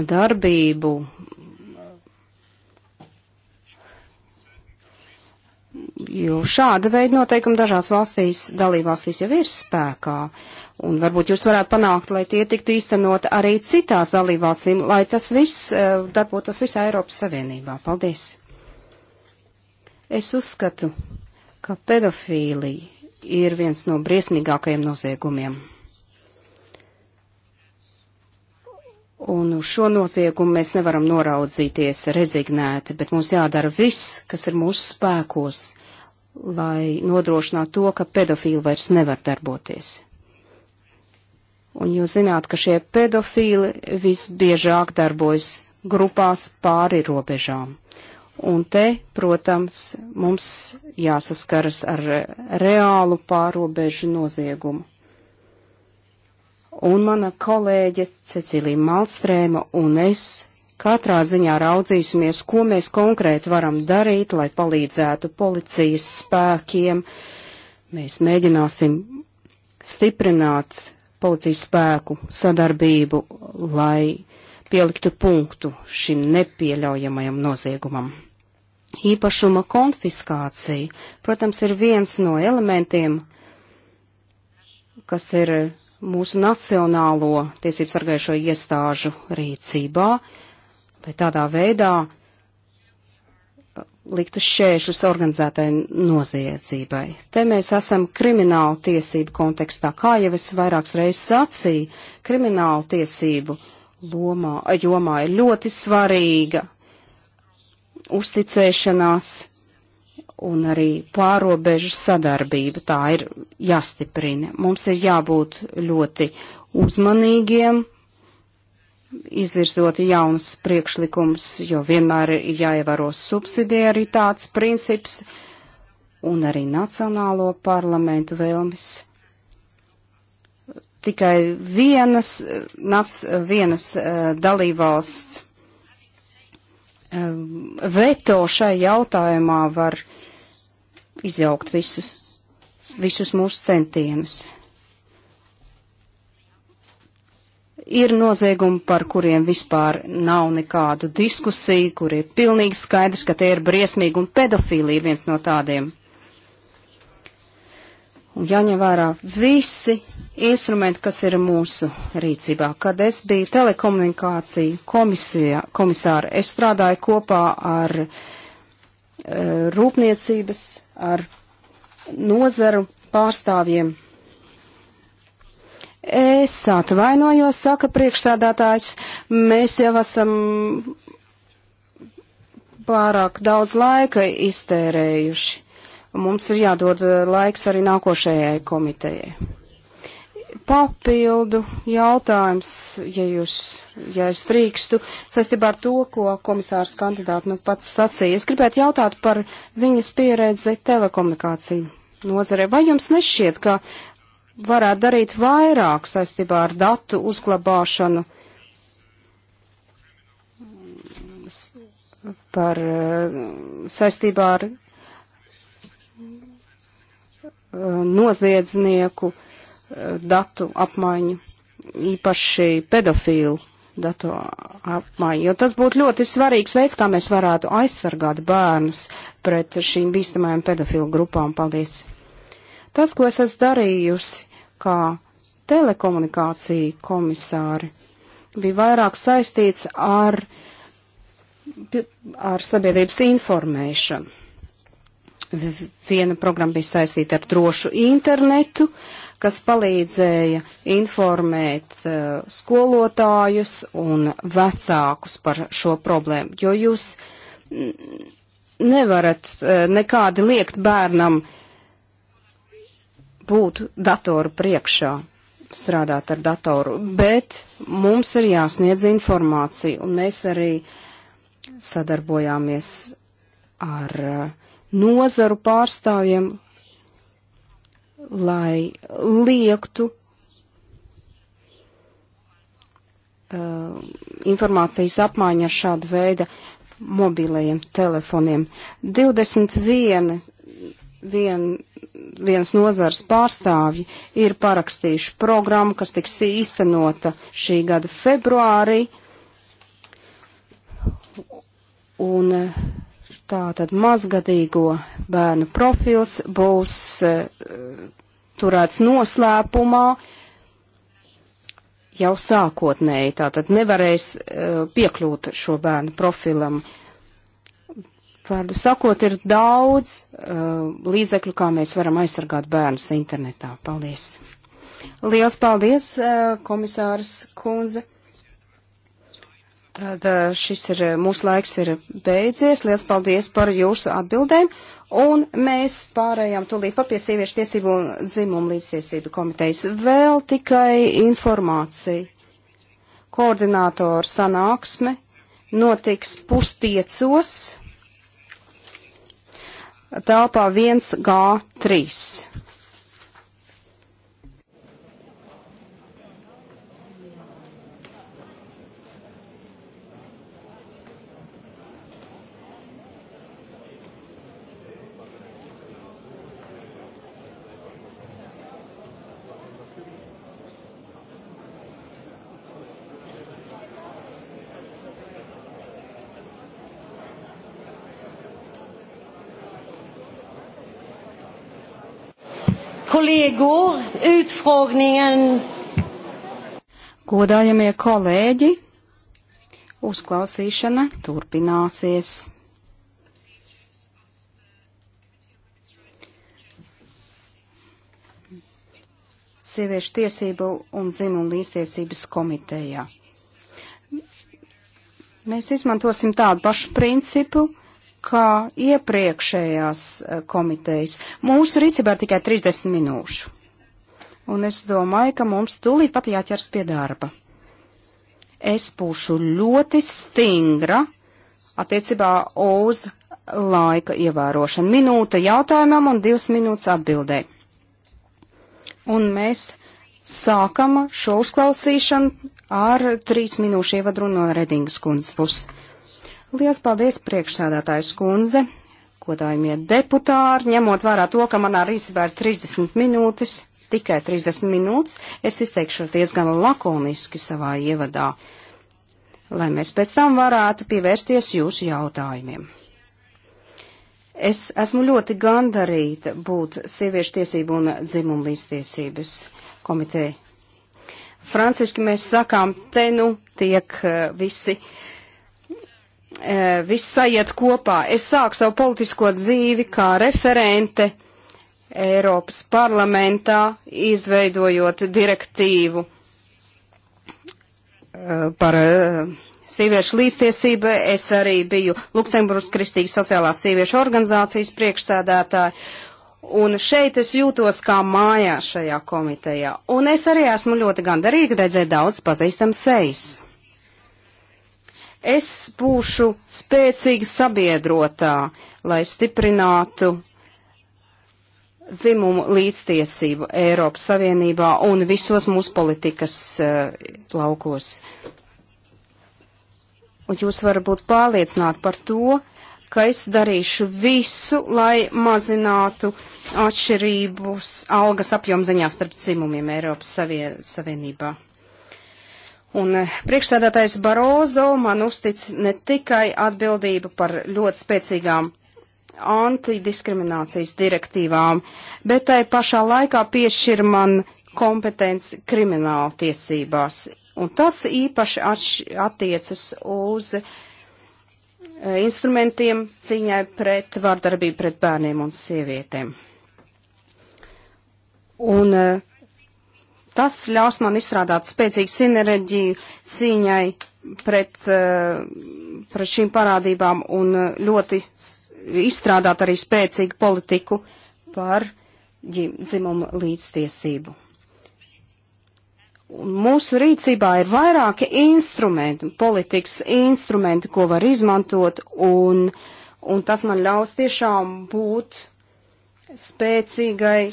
darbību, jo šāda veida noteikumi dažās valstīs, dalībvalstīs jau ir spēkā. Un varbūt jūs varētu panākt, lai tie tiktu īstenot arī citās dalībvalstīm, lai tas viss eh, darbotos visā Eiropas Savienībā. Paldies! Es uzskatu, ka pedofīlija ir viens no briesmīgākajiem noziegumiem. Un uz šo noziegumu mēs nevaram noraudzīties rezignēti, bet mums jādara viss, kas ir mūsu spēkos, lai nodrošinātu to, ka pedofili vairs nevar darboties. Un jūs zināt, ka šie pedofili visbiežāk darbojas grupās pāri robežām. Un te, protams, mums jāsaskaras ar reālu pārobežu noziegumu. Un mana kolēģe Cecilija Malstrēma un es Katrā ziņā raudzīsimies, ko mēs konkrēti varam darīt, lai palīdzētu policijas spēkiem. Mēs mēģināsim stiprināt policijas spēku sadarbību, lai pieliktu punktu šim nepieļaujamajam noziegumam. Īpašuma konfiskācija, protams, ir viens no elementiem, kas ir mūsu nacionālo tiesību sargājušo iestāžu rīcībā. Uh, lai tādā veidā liktu šķēršus organizētai noziedzībai. Te mēs esam kriminālu tiesību kontekstā, kā jau es vairākas reizes sacīju, kriminālu tiesību lomā, jomā ir ļoti svarīga uzticēšanās un arī pārobežu sadarbība. Tā ir jāstiprina. Mums ir jābūt ļoti uzmanīgiem izvirzot jaunus priekšlikumus, jo vienmēr ir jāievēro subsidiaritātes princips un arī nacionālo parlamentu vēlmes. Tikai vienas, nac, vienas eh, dalībvalsts eh, veto šai jautājumā var izjaukt visus, visus mūsu centienus. ir noziegumi, par kuriem vispār nav nekādu diskusiju, kur ir pilnīgi skaidrs, ka tie ir briesmīgi un pedofīli ir viens no tādiem. Un jāņem vērā visi instrumenti, kas ir mūsu rīcībā. Kad es biju telekomunikāciju komisijā, komisāra, es strādāju kopā ar e, rūpniecības, ar nozaru pārstāvjiem Es atvainojos, saka priekšsēdētājs, mēs jau esam pārāk daudz laika iztērējuši. Mums ir jādod laiks arī nākošajai komitejai. Papildu jautājums, ja jūs, ja es trīkstu, saistībā ar to, ko komisārs kandidāti nu pats sacīja. Es gribētu jautāt par viņas pieredzi telekomunikāciju nozarē. Vai jums nešķiet, ka uh, varētu darīt vairāk saistībā ar datu uzglabāšanu par eh, saistībā ar eh, noziedznieku eh, datu apmaiņu, īpaši pedofīlu datu apmaiņu, jo tas būtu ļoti svarīgs veids, kā mēs varētu aizsargāt bērnus pret šīm bīstamajām pedofilu grupām. Paldies! Tas, ko es esmu darījusi kā telekomunikācija komisāri, bija vairāk saistīts ar, ar sabiedrības informēšanu. Viena programma bija saistīta ar drošu internetu, kas palīdzēja informēt uh, skolotājus un vecākus par šo problēmu, jo jūs nevarat uh, nekādi liekt bērnam uh, būt datoru priekšā, strādāt ar datoru, bet mums ir jāsniedz informācija, un mēs arī sadarbojāmies ar uh, nozaru pārstāvjiem, lai liektu uh, informācijas apmaiņa ar šādu veidu mobilajiem telefoniem. 21 vien viens nozars pārstāvji ir parakstījuši programmu, kas tiks īstenota šī gada februārī. Un eh, tātad mazgadīgo bērnu profils būs eh, turēts noslēpumā jau sākotnēji. Tātad nevarēs eh, piekļūt šo bērnu profilam uh, vārdu sakot, ir daudz uh, līdzekļu, kā mēs varam aizsargāt bērnus internetā. Paldies! Liels paldies, uh, komisārs Kunze! Tad uh, šis ir, uh, mūsu laiks ir beidzies. Liels paldies par jūsu atbildēm. Un mēs pārējām tūlīt pat pie sieviešu tiesību un dzimumu līdztiesību komitejas. Vēl tikai informācija. Koordinātoru sanāksme notiks puspiecos telpā 1G3. kolēģi, utfrogningen. Godājamie kolēģi, uzklausīšana turpināsies. Sieviešu tiesību un dzimumu līdztiesības komitejā. Mēs izmantosim tādu pašu principu, kā iepriekšējās eh, komitejas. Mūsu rīcībā ir tikai 30 minūšu. Un es domāju, ka mums tūlīt pat jāķers pie darba. Es būšu ļoti stingra attiecībā uz laika ievērošanu. Minūte jautājumam un divas minūtes atbildē. Un mēs sākam šo uzklausīšanu ar trīs minūšu ievadrunu no Redingas kundzes puses. Lielas paldies priekšsēdētājs kundze, kodājumie deputāri, ņemot vērā to, ka manā rīcībā ir 30 minūtes, tikai 30 minūtes, es izteikšu diezgan lakoniski savā ievadā, lai mēs pēc tam varētu pievērsties jūsu jautājumiem. Es esmu ļoti gandarīta būt sieviešu tiesību un dzimumu līdztiesības komiteja. Franciski mēs sakām, te nu tiek eh, visi uh, E, viss aiziet kopā. Es sāku savu politisko dzīvi kā referente Eiropas parlamentā, izveidojot direktīvu e, par e, sieviešu līdztiesību. Es arī biju Luksemburgas Kristīgas sociālās sieviešu organizācijas priekšstādātāja. Un šeit es jūtos kā mājā šajā komitejā. Un es arī esmu ļoti gandarīga redzēt daudz pazīstams sejas. Es būšu spēcīga sabiedrotā, lai stiprinātu dzimumu līdztiesību Eiropas Savienībā un visos mūsu politikas uh, laukos. Un jūs varat būt pārliecināti par to, ka es darīšu visu, lai mazinātu atšķirības algas apjomziņā starp dzimumiem Eiropas Savien Savienībā. Un eh, priekšsēdētājs Barozo man uztic ne tikai atbildību par ļoti spēcīgām antidiskriminācijas direktīvām, bet tai pašā laikā piešķir man kompetenci krimināla tiesībās. Un tas īpaši attiecas uz eh, instrumentiem cīņai pret vārdarbību pret bērniem un sievietēm. Un uh, Tas ļaus man izstrādāt spēcīgu sinerģiju cīņai pret, eh, pret šīm parādībām un eh, ļoti izstrādāt arī spēcīgu politiku par dzimumu līdztiesību. Un mūsu rīcībā ir vairāki instrumenti, politikas instrumenti, ko var izmantot, un, un tas man ļaus tiešām būt spēcīgai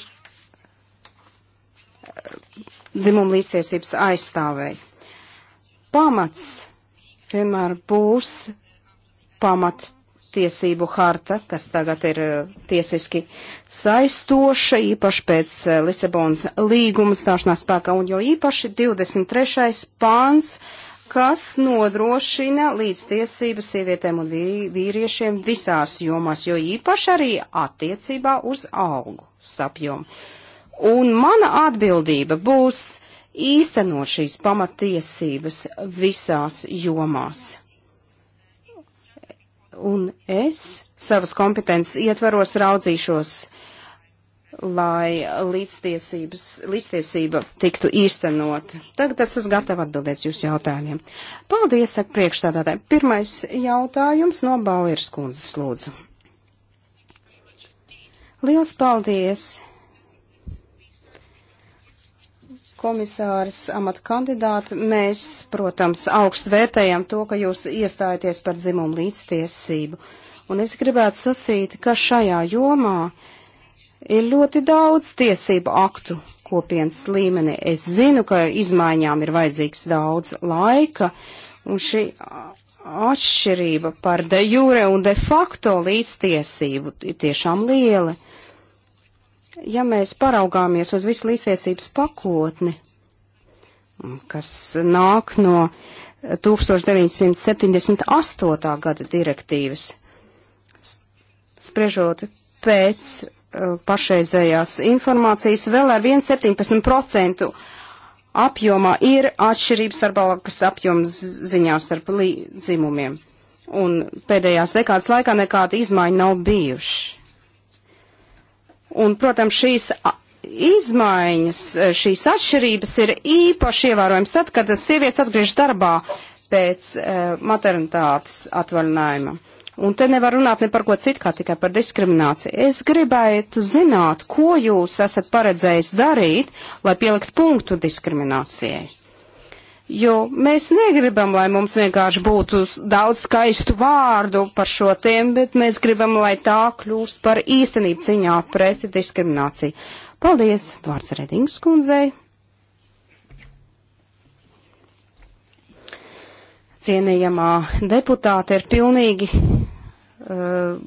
dzimumu līdztiesības aizstāvēji. Pamats vienmēr būs pamat tiesību harta, kas tagad ir eh, tiesiski saistoša, īpaši pēc eh, Lisabonas līguma stāšanās spēkā, un jo īpaši 23. pāns, kas nodrošina līdztiesības sievietēm un vīriešiem visās jomās, jo īpaši arī attiecībā uz augu sapjomu. Un mana atbildība būs īstenot šīs pamatiesības visās jomās. Un es savas kompetences ietvaros raudzīšos, lai līdztiesība tiktu īstenot. Tagad es esmu gatava atbildēt jūsu jautājumiem. Paldies, saka priekšstādātāji. Pirmais jautājums no Baueras kundzes lūdzu. Liels paldies! komisāras amata kandidāti, mēs, protams, augstu vērtējam to, ka jūs iestājaties par dzimumu līdztiesību. Un es gribētu sacīt, ka šajā jomā ir ļoti daudz tiesību aktu kopienas līmenī. Es zinu, ka izmaiņām ir vajadzīgs daudz laika, un šī atšķirība par de jure un de facto līdztiesību ir tiešām liela. Ja mēs paraugāmies uz visu līdztiesības pakotni, kas nāk no 1978. gada direktīvas, spriežot pēc uh, pašreizējās informācijas, vēl ar 1,17% apjomā ir atšķirības starp algas apjomu ziņā starp dzimumiem. Un pēdējās dekādas laikā nekāda izmaiņa nav bijuši. Un, protams, šīs izmaiņas, e, šīs atšķirības ir īpaši ievērojams tad, kad sievietes atgriežas darbā pēc e, maternitātes atvaļinājuma. Un te nevar runāt ne par ko citu, kā tikai par diskrimināciju. Es gribētu zināt, ko jūs esat paredzējis darīt, lai pielikt punktu diskriminācijai jo mēs negribam, lai mums vienkārši būtu daudz skaistu vārdu par šo tēmu, bet mēs gribam, lai tā kļūst par īstenību ciņā pret diskrimināciju. Paldies, vārds Redings kundzei. Cienījamā deputāte ir pilnīgi uh,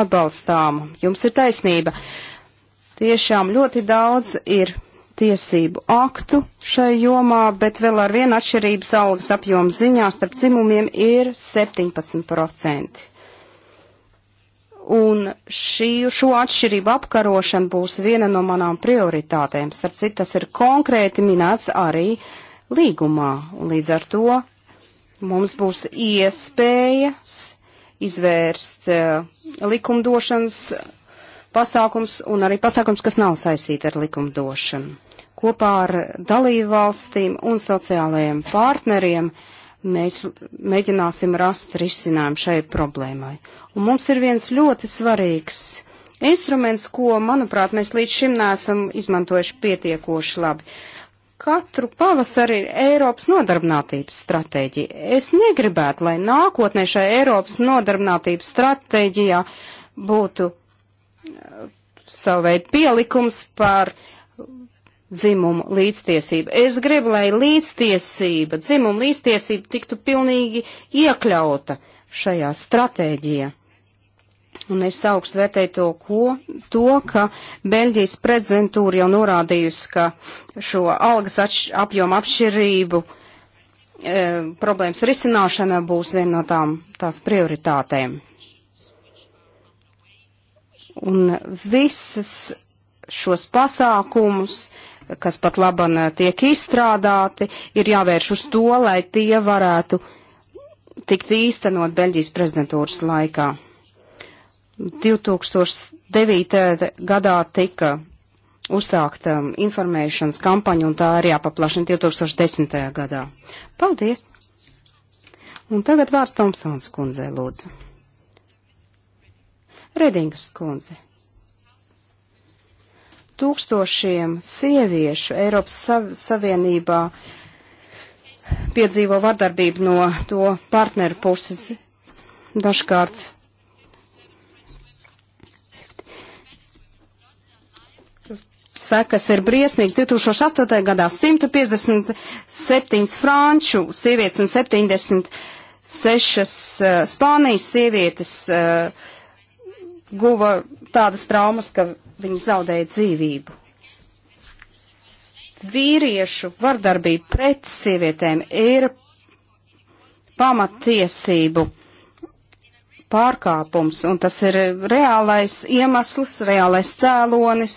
atbalstāma. Jums ir taisnība. Tiešām ļoti daudz ir tiesību aktu šai jomā, bet vēl ar vienu atšķirības algas apjomu ziņā starp dzimumiem ir 17%. Un šī, šo atšķirību apkarošana būs viena no manām prioritātēm. Starp citu, tas ir konkrēti minēts arī līgumā. Un līdz ar to mums būs iespējas izvērst uh, likumdošanas pasākums un arī pasākums, kas nav saistīti ar likumdošanu kopā ar dalību valstīm un sociālajiem partneriem mēs mēģināsim rast risinājumu šai problēmai. Un mums ir viens ļoti svarīgs instruments, ko, manuprāt, mēs līdz šim neesam izmantojuši pietiekoši labi. Katru pavasari ir Eiropas nodarbinātības stratēģija. Es negribētu, lai nākotnē šai Eiropas nodarbinātības stratēģijā būtu uh, savu veidu pielikums par dzimumu līdztiesību. Es gribu, lai līdztiesība, dzimumu līdztiesība tiktu pilnīgi iekļauta šajā stratēģijā. Un es augstu vērtēju to, ko, to, ka Beļģijas prezidentūra jau norādījusi, ka šo algas atš, apjomu apšķirību e, problēmas risināšana būs viena no tām tās prioritātēm. Un visas šos pasākumus kas pat laban eh, tiek izstrādāti, ir jāvērš uz to, lai tie varētu tikt īstenot Beļģijas prezidentūras laikā. 2009. gadā tika uzsākta um, informēšanas kampaņa, un tā arī jāpaplašina 2010. gadā. Paldies! Un tagad vārds Tomsons kundzei lūdzu. Redingas kundze tūkstošiem sieviešu Eiropas Savienībā piedzīvo vardarbību no to partneru puses. Dažkārt sekas ir briesmīgas. 2008. gadā 157 franču sievietes un 76 uh, eh, Spānijas sievietes uh, guva tādas traumas, ka viņi zaudēja dzīvību. Vīriešu vardarbība pret sievietēm ir pamatiesību pārkāpums, un tas ir reālais iemesls, reālais cēlonis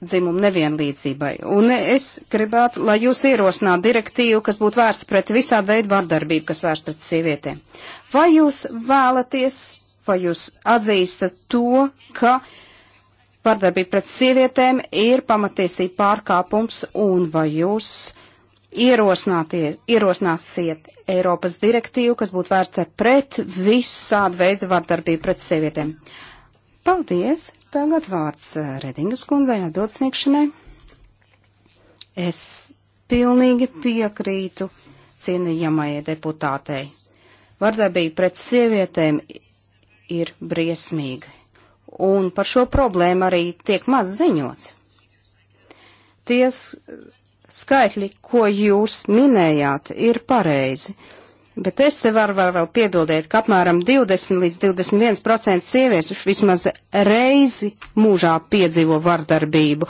dzimumu nevienlīdzībai. Un es gribētu, lai jūs ierosinātu direktīvu, kas būtu vērsta pret visādu veidu vardarbību, kas vērsta pret sievietēm. Vai jūs vēlaties vai jūs atzīstat to, ka vardarbība pret sievietēm ir pamatiesība pārkāpums un vai jūs ierosināsiet Eiropas direktīvu, kas būtu vērsta pret visādu veidu vardarbību pret sievietēm? Paldies! Tagad vārds eh, Redingas kundzei atbildsniegšanai. Es pilnīgi piekrītu cienījamajai deputātei. Vardarbība pret sievietēm ir briesmīga. Un par šo problēmu arī tiek maz ziņots. Ties skaitļi, ko jūs minējāt, ir pareizi. Bet es te varu var vēl piebildēt, ka apmēram 20 līdz 21% sieviešu vismaz reizi mūžā piedzīvo vardarbību,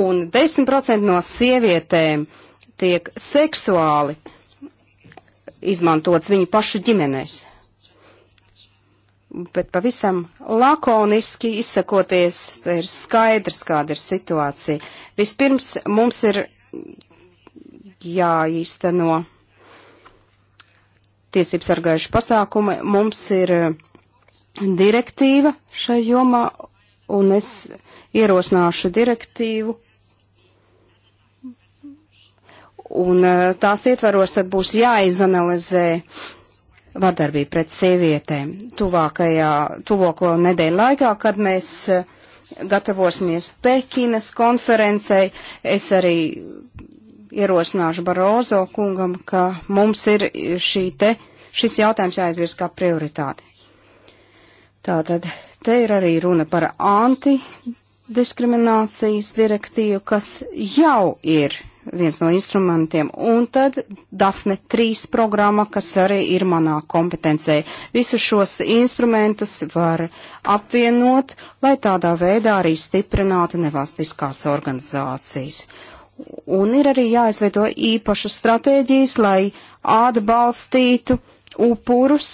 un 10% no sievietēm tiek seksuāli izmantots viņu pašu ģimenēs bet pavisam lakoniski izsakoties, ir skaidrs, kāda ir situācija. Vispirms mums ir jāīsteno tiesības sargājuši pasākumi, mums ir direktīva šai jomā, un es ierosināšu direktīvu. Un eh, tās ietvaros tad būs jāizanalizē uh, vardarbību pret sievietēm tuvākajā, tuvāko nedēļu laikā, kad mēs eh, gatavosimies Pekinas konferencei. Es arī ierosināšu Barozo kungam, ka mums ir šī te, šis jautājums jāizvirs kā prioritāte. Tātad te ir arī runa par anti diskriminācijas direktīvu, kas jau ir viens no instrumentiem, un tad Dafne 3 programma, kas arī ir manā kompetencē. Visus šos instrumentus var apvienot, lai tādā veidā arī stiprinātu nevalstiskās organizācijas. Un ir arī jāizveido īpašas stratēģijas, lai atbalstītu upurus,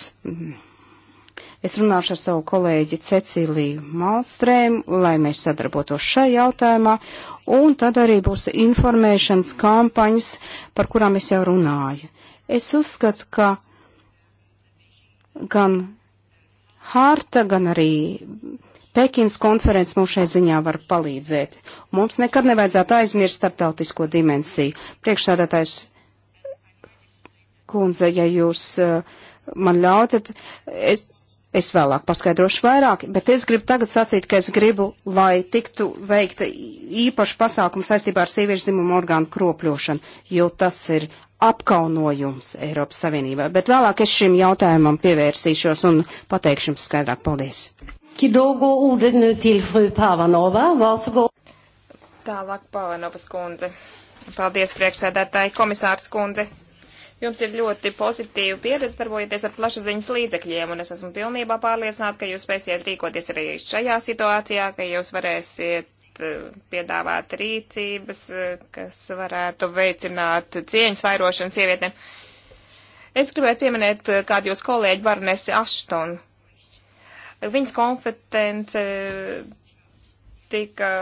Es runāšu ar savu kolēģi Cecīliju Malstrēm, lai mēs sadarbotos šai jautājumā, un tad arī būs informēšanas kampaņas, par kurām es jau runāju. Es uzskatu, ka gan harta, gan arī Pekins konferences mums šai ziņā var palīdzēt. Mums nekad nevajadzētu aizmirst starptautisko dimensiju. Priekšsādātājs kundze, ja jūs eh, man ļautat, es Es vēlāk paskaidrošu vairāk, bet es gribu tagad sacīt, ka es gribu, lai tiktu veikta īpaša pasākuma saistībā ar sieviešu dzimumu orgānu kropļošanu, jo tas ir apkaunojums Eiropas Savienībā. Bet vēlāk es šim jautājumam pievērsīšos un pateikšu jums skaidrāk. Paldies! Tālāk Pavanovas kundze. Paldies, priekšsēdētāji komisārs kundze. Jums ir ļoti pozitīva pieredze darbojoties ar plašsaziņas līdzekļiem, un es esmu pilnībā pārliecināta, ka jūs spēsiet rīkoties arī šajā situācijā, ka jūs varēsiet eh, piedāvāt rīcības, eh, kas varētu veicināt cieņas vairošanu sievietēm. Es gribētu pieminēt eh, kādu jūs kolēģi Barnesi Aštonu. Viņas kompetence tika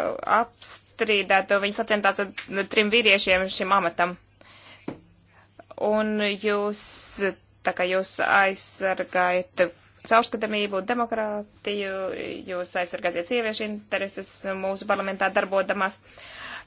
apstrīdēta, viņas atcentās ar trim vīriešiem šim amatam un jūs, tā kā jūs aizsargājat caurskatamību un demokrātiju, jūs aizsargāsiet sieviešu intereses mūsu parlamentā darbodamās.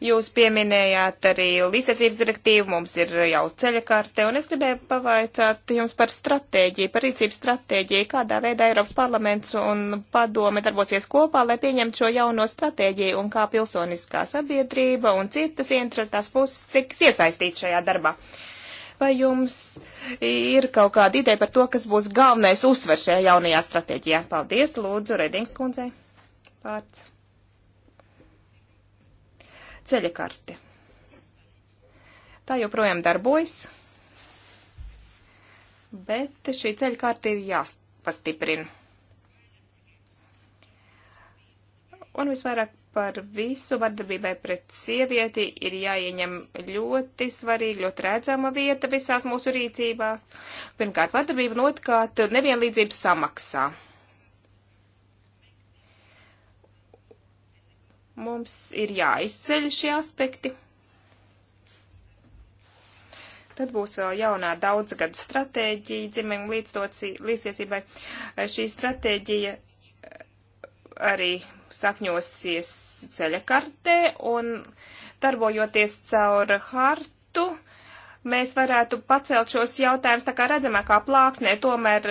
Jūs pieminējāt arī līdzsacības direktīvu, mums ir jau ceļakārte, un es gribēju pavaicāt jums par stratēģiju, par rīcības stratēģiju, kādā veidā Eiropas parlaments un padome darbosies kopā, lai pieņemtu šo jauno stratēģiju, un kā pilsoniskā sabiedrība un citas interesētās puses tiks iesaistīt šajā darbā. Uh, Vai jums ir kaut kāda ideja par to, kas būs galvenais uzsver šajā jaunajā stratēģijā? Paldies, lūdzu, Redings kundzei. Pārts. Ceļa karte. Tā joprojām darbojas, bet šī ceļa karte ir jāpastiprina. Un visvairāk par visu vardarbībai pret sievieti ir jāieņem ļoti svarīga, ļoti redzama vieta visās mūsu rīcībās. Pirmkārt, vardarbība un otrkārt nevienlīdzība samaksā. Mums ir jāizceļ šie aspekti. Tad būs vēl jaunā daudzgadu stratēģija dzimuma līdztiesībai. Šī stratēģija arī sakņosies ceļa kartē un darbojoties caur hartu, mēs varētu pacelt šos jautājumus tā kā redzamākā plāksnē, tomēr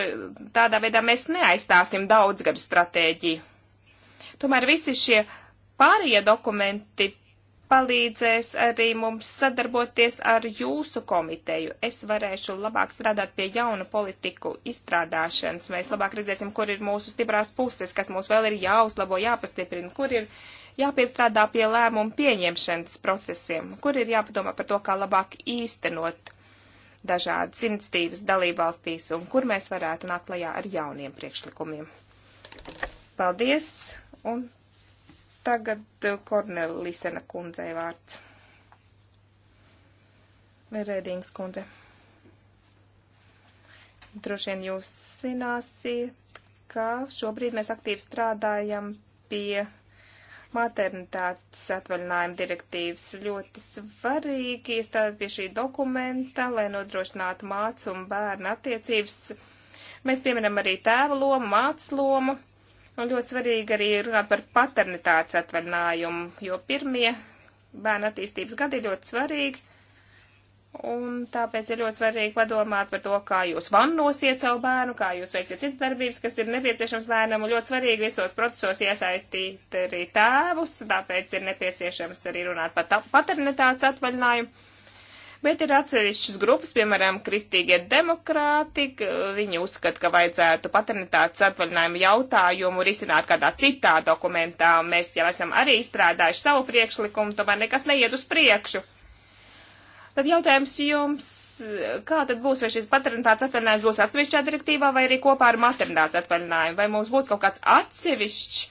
tādā veidā mēs neaizstāsim daudzgadu stratēģiju. Tomēr visi šie pārējie dokumenti palīdzēs arī mums sadarboties ar jūsu komiteju. Es varēšu labāk strādāt pie jaunu politiku izstrādāšanas. Mēs labāk redzēsim, kur ir mūsu stiprās puses, kas mums vēl ir jāuzlabo, jāpastiprina, kur ir jāpiestrādā pie lēmumu pieņemšanas procesiem, kur ir jāpadomā par to, kā labāk īstenot dažādas iniciatīvas dalībvalstīs un kur mēs varētu nākt klajā ar jauniem priekšlikumiem. Paldies! Un Tagad eh, Kornelisena kundzei vārds. Rēdīngas kundze. Droši vien jūs zināsiet, ka šobrīd mēs aktīvi strādājam pie maternitātes atvaļinājuma direktīvas. Ļoti svarīgi strādāt pie šī dokumenta, lai nodrošinātu mācu un bērnu attiecības. Mēs pieminam arī tēva lomu, māca lomu. Un nu, ļoti svarīgi arī runāt par paternitātes atvaļinājumu, jo pirmie bērna attīstības gadi ir ļoti svarīgi. Un tāpēc ir ļoti svarīgi padomāt par to, kā jūs vannosiet savu bērnu, kā jūs veiksiet citas darbības, kas ir nepieciešams bērnam, un ļoti svarīgi visos procesos iesaistīt arī tēvus, tāpēc ir nepieciešams arī runāt par paternitātes atvaļinājumu bet ir atsevišķas grupas, piemēram, kristīgie demokrāti, viņi uzskata, ka vajadzētu paternitātes atvaļinājumu jautājumu risināt kādā citā dokumentā. Mēs jau esam arī izstrādājuši savu priekšlikumu, tomēr nekas neiet uz priekšu. Tad jautājums jums, kā tad būs, vai šis paternitātes atvaļinājums būs atsevišķā direktīvā vai arī kopā ar maternitātes atvaļinājumu? Vai mums būs kaut kāds atsevišķs,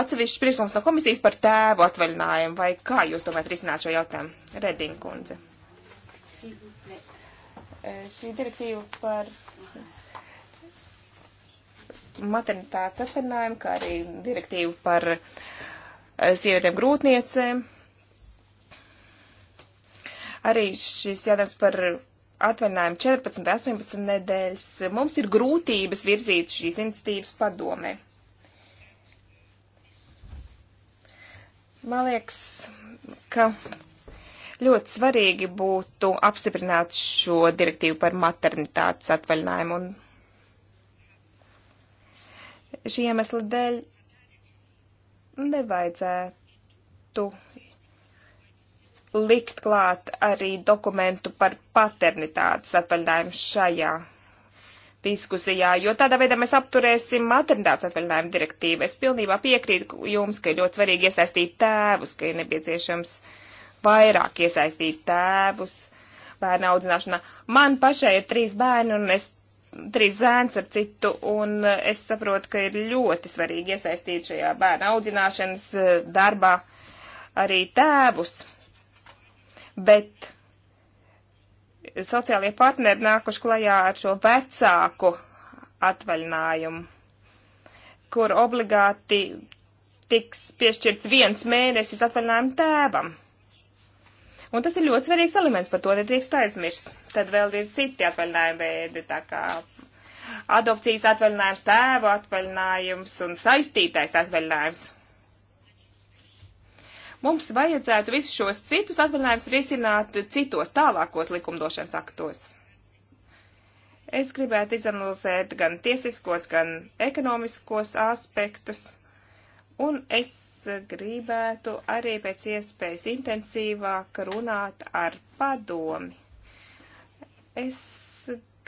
atsevišķs priekšlikums no komisijas par tēvu atvaļinājumu, vai kā jūs domājat risināt šo jautājumu? Reding kundze. Eh, šī direktīva par maternitātes atvaļinājumu, kā arī direktīvu par eh, sievietēm grūtniecēm. Arī šis jādams par atvaļinājumu 14, 18 nedēļas. Mums ir grūtības virzīt šīs iniciatīvas padomē. Man liekas, ka Ļoti svarīgi būtu apstiprināt šo direktīvu par maternitātes atvaļinājumu. Un šī iemesla dēļ nevajadzētu likt klāt arī dokumentu par paternitātes atvaļinājumu šajā diskusijā, jo tādā veidā mēs apturēsim maternitātes atvaļinājumu direktīvu. Es pilnībā piekrītu jums, ka ir ļoti svarīgi iesaistīt tēvus, ka ir nepieciešams uh, vairāk iesaistīt tēvus bērnu audzināšanā. Man pašai ir trīs bērni un es trīs zēns ar citu, un uh, es saprotu, ka ir ļoti svarīgi iesaistīt šajā bērnu audzināšanas uh, darbā arī tēvus. Bet sociālie partneri nākuši klajā ar šo vecāku atvaļinājumu, kur obligāti tiks piešķirts viens mēnesis atvaļinājumu tēvam. Un tas ir ļoti svarīgs elements, par to nedrīkst aizmirst. Tad vēl ir citi atvaļinājumi veidi, tā kā adopcijas atvaļinājums, tēva atvaļinājums un saistītais atvaļinājums. Mums vajadzētu visus šos citus atvaļinājumus risināt citos tālākos likumdošanas aktos. Es gribētu izanalizēt gan tiesiskos, gan ekonomiskos aspektus, un es gribētu arī pēc iespējas intensīvāk runāt ar padomi. Es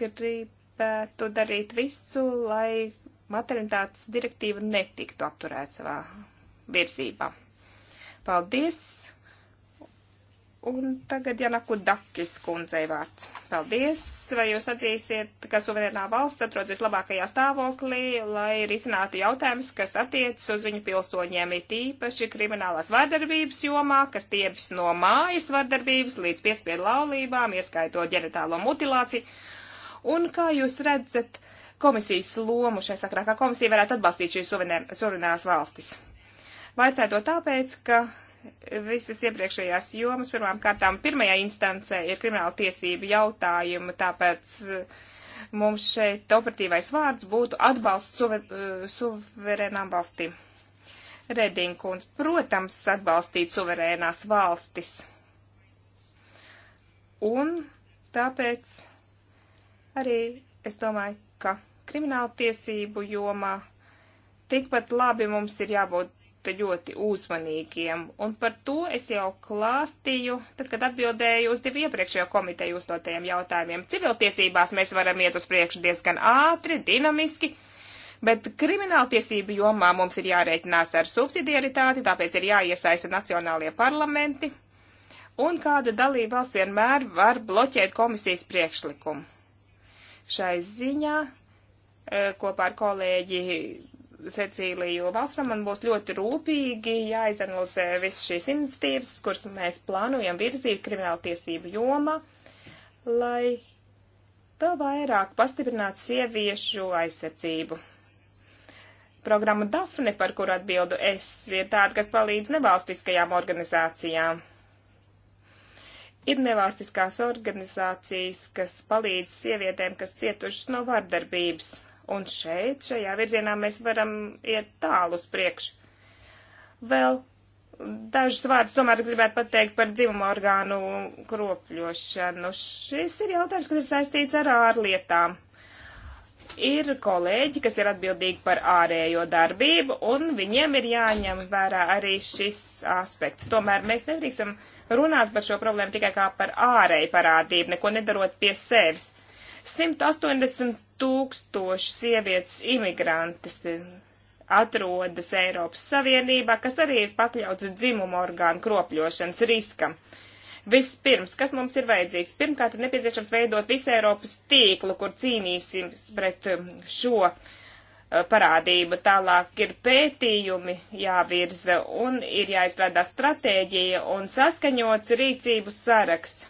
gribētu darīt visu, lai maternitātes direktīva netiktu apturēta savā virzībā. Paldies! Un tagad Janaku Dakis kundzei vārds. Paldies! Vai jūs atzīsiet, ka suverēnā valsts atrodas vislabākajā stāvoklī, lai risinātu jautājumus, kas attiecas uz viņu pilsoņiem, ir tīpaši kriminālās vardarbības jomā, kas tiepjas no mājas vardarbības līdz piespiedu laulībām, ieskaitot ģenitālo mutilāciju? Un kā jūs redzat komisijas lomu šai sakrā, kā komisija varētu atbalstīt šīs suverēnās valstis? Vaicētu to tāpēc, ka visas iepriekšējās jomas. Pirmām kārtām pirmajā instancē ir krimināla tiesība jautājuma, tāpēc eh, mums šeit operatīvais vārds būtu atbalsts suver, eh, suverēnām valstīm. Redinkuns, protams, atbalstīt suverēnās valstis. Un tāpēc arī es domāju, ka krimināla tiesību jomā tikpat labi mums ir jābūt būt ļoti uzmanīgiem. Un par to es jau klāstīju, tad, kad atbildēju uz divu iepriekšējo komiteju uzdotajiem jautājumiem. Civiltiesībās mēs varam iet uz priekšu diezgan ātri, dinamiski. Bet krimināltiesību jomā mums ir jārēķinās ar subsidiaritāti, tāpēc ir jāiesaista nacionālie parlamenti, un kāda dalība valsts vienmēr var bloķēt komisijas priekšlikumu. Šai ziņā eh, kopā ar kolēģi Cecīliju Valstrom, man būs ļoti rūpīgi jāizanalizē visas šīs iniciatīvas, kuras mēs plānojam virzīt krimināla tiesību joma, lai vēl vairāk pastiprinātu sieviešu aizsardzību. Programma Dafne, par kuru atbildu es, ir tāda, kas palīdz nevalstiskajām organizācijām ir nevalstiskās organizācijas, kas palīdz sievietēm, kas cietušas no vardarbības. Un šeit, šajā virzienā, mēs varam iet tālu uz priekšu. Vēl dažus vārdus tomēr gribētu pateikt par dzimumu orgānu kropļošanu. Šis ir jautājums, kas ir saistīts ar ārlietām. Ir kolēģi, kas ir atbildīgi par ārējo darbību, un viņiem ir jāņem vērā arī šis aspekts. Tomēr mēs nedrīkstam runāt par šo problēmu tikai kā par ārēju parādību, neko nedarot pie sevis. 180 tūkstoši sievietes imigrantes atrodas Eiropas Savienībā, kas arī ir pakļauts dzimuma orgānu kropļošanas riskam. Vispirms, kas mums ir vajadzīgs? Pirmkārt, ir nepieciešams veidot visu Eiropas tīklu, kur cīnīsimies pret um, šo uh, parādību. Tālāk ir pētījumi jāvirza un ir jāizstrādā stratēģija un saskaņots rīcību saraksts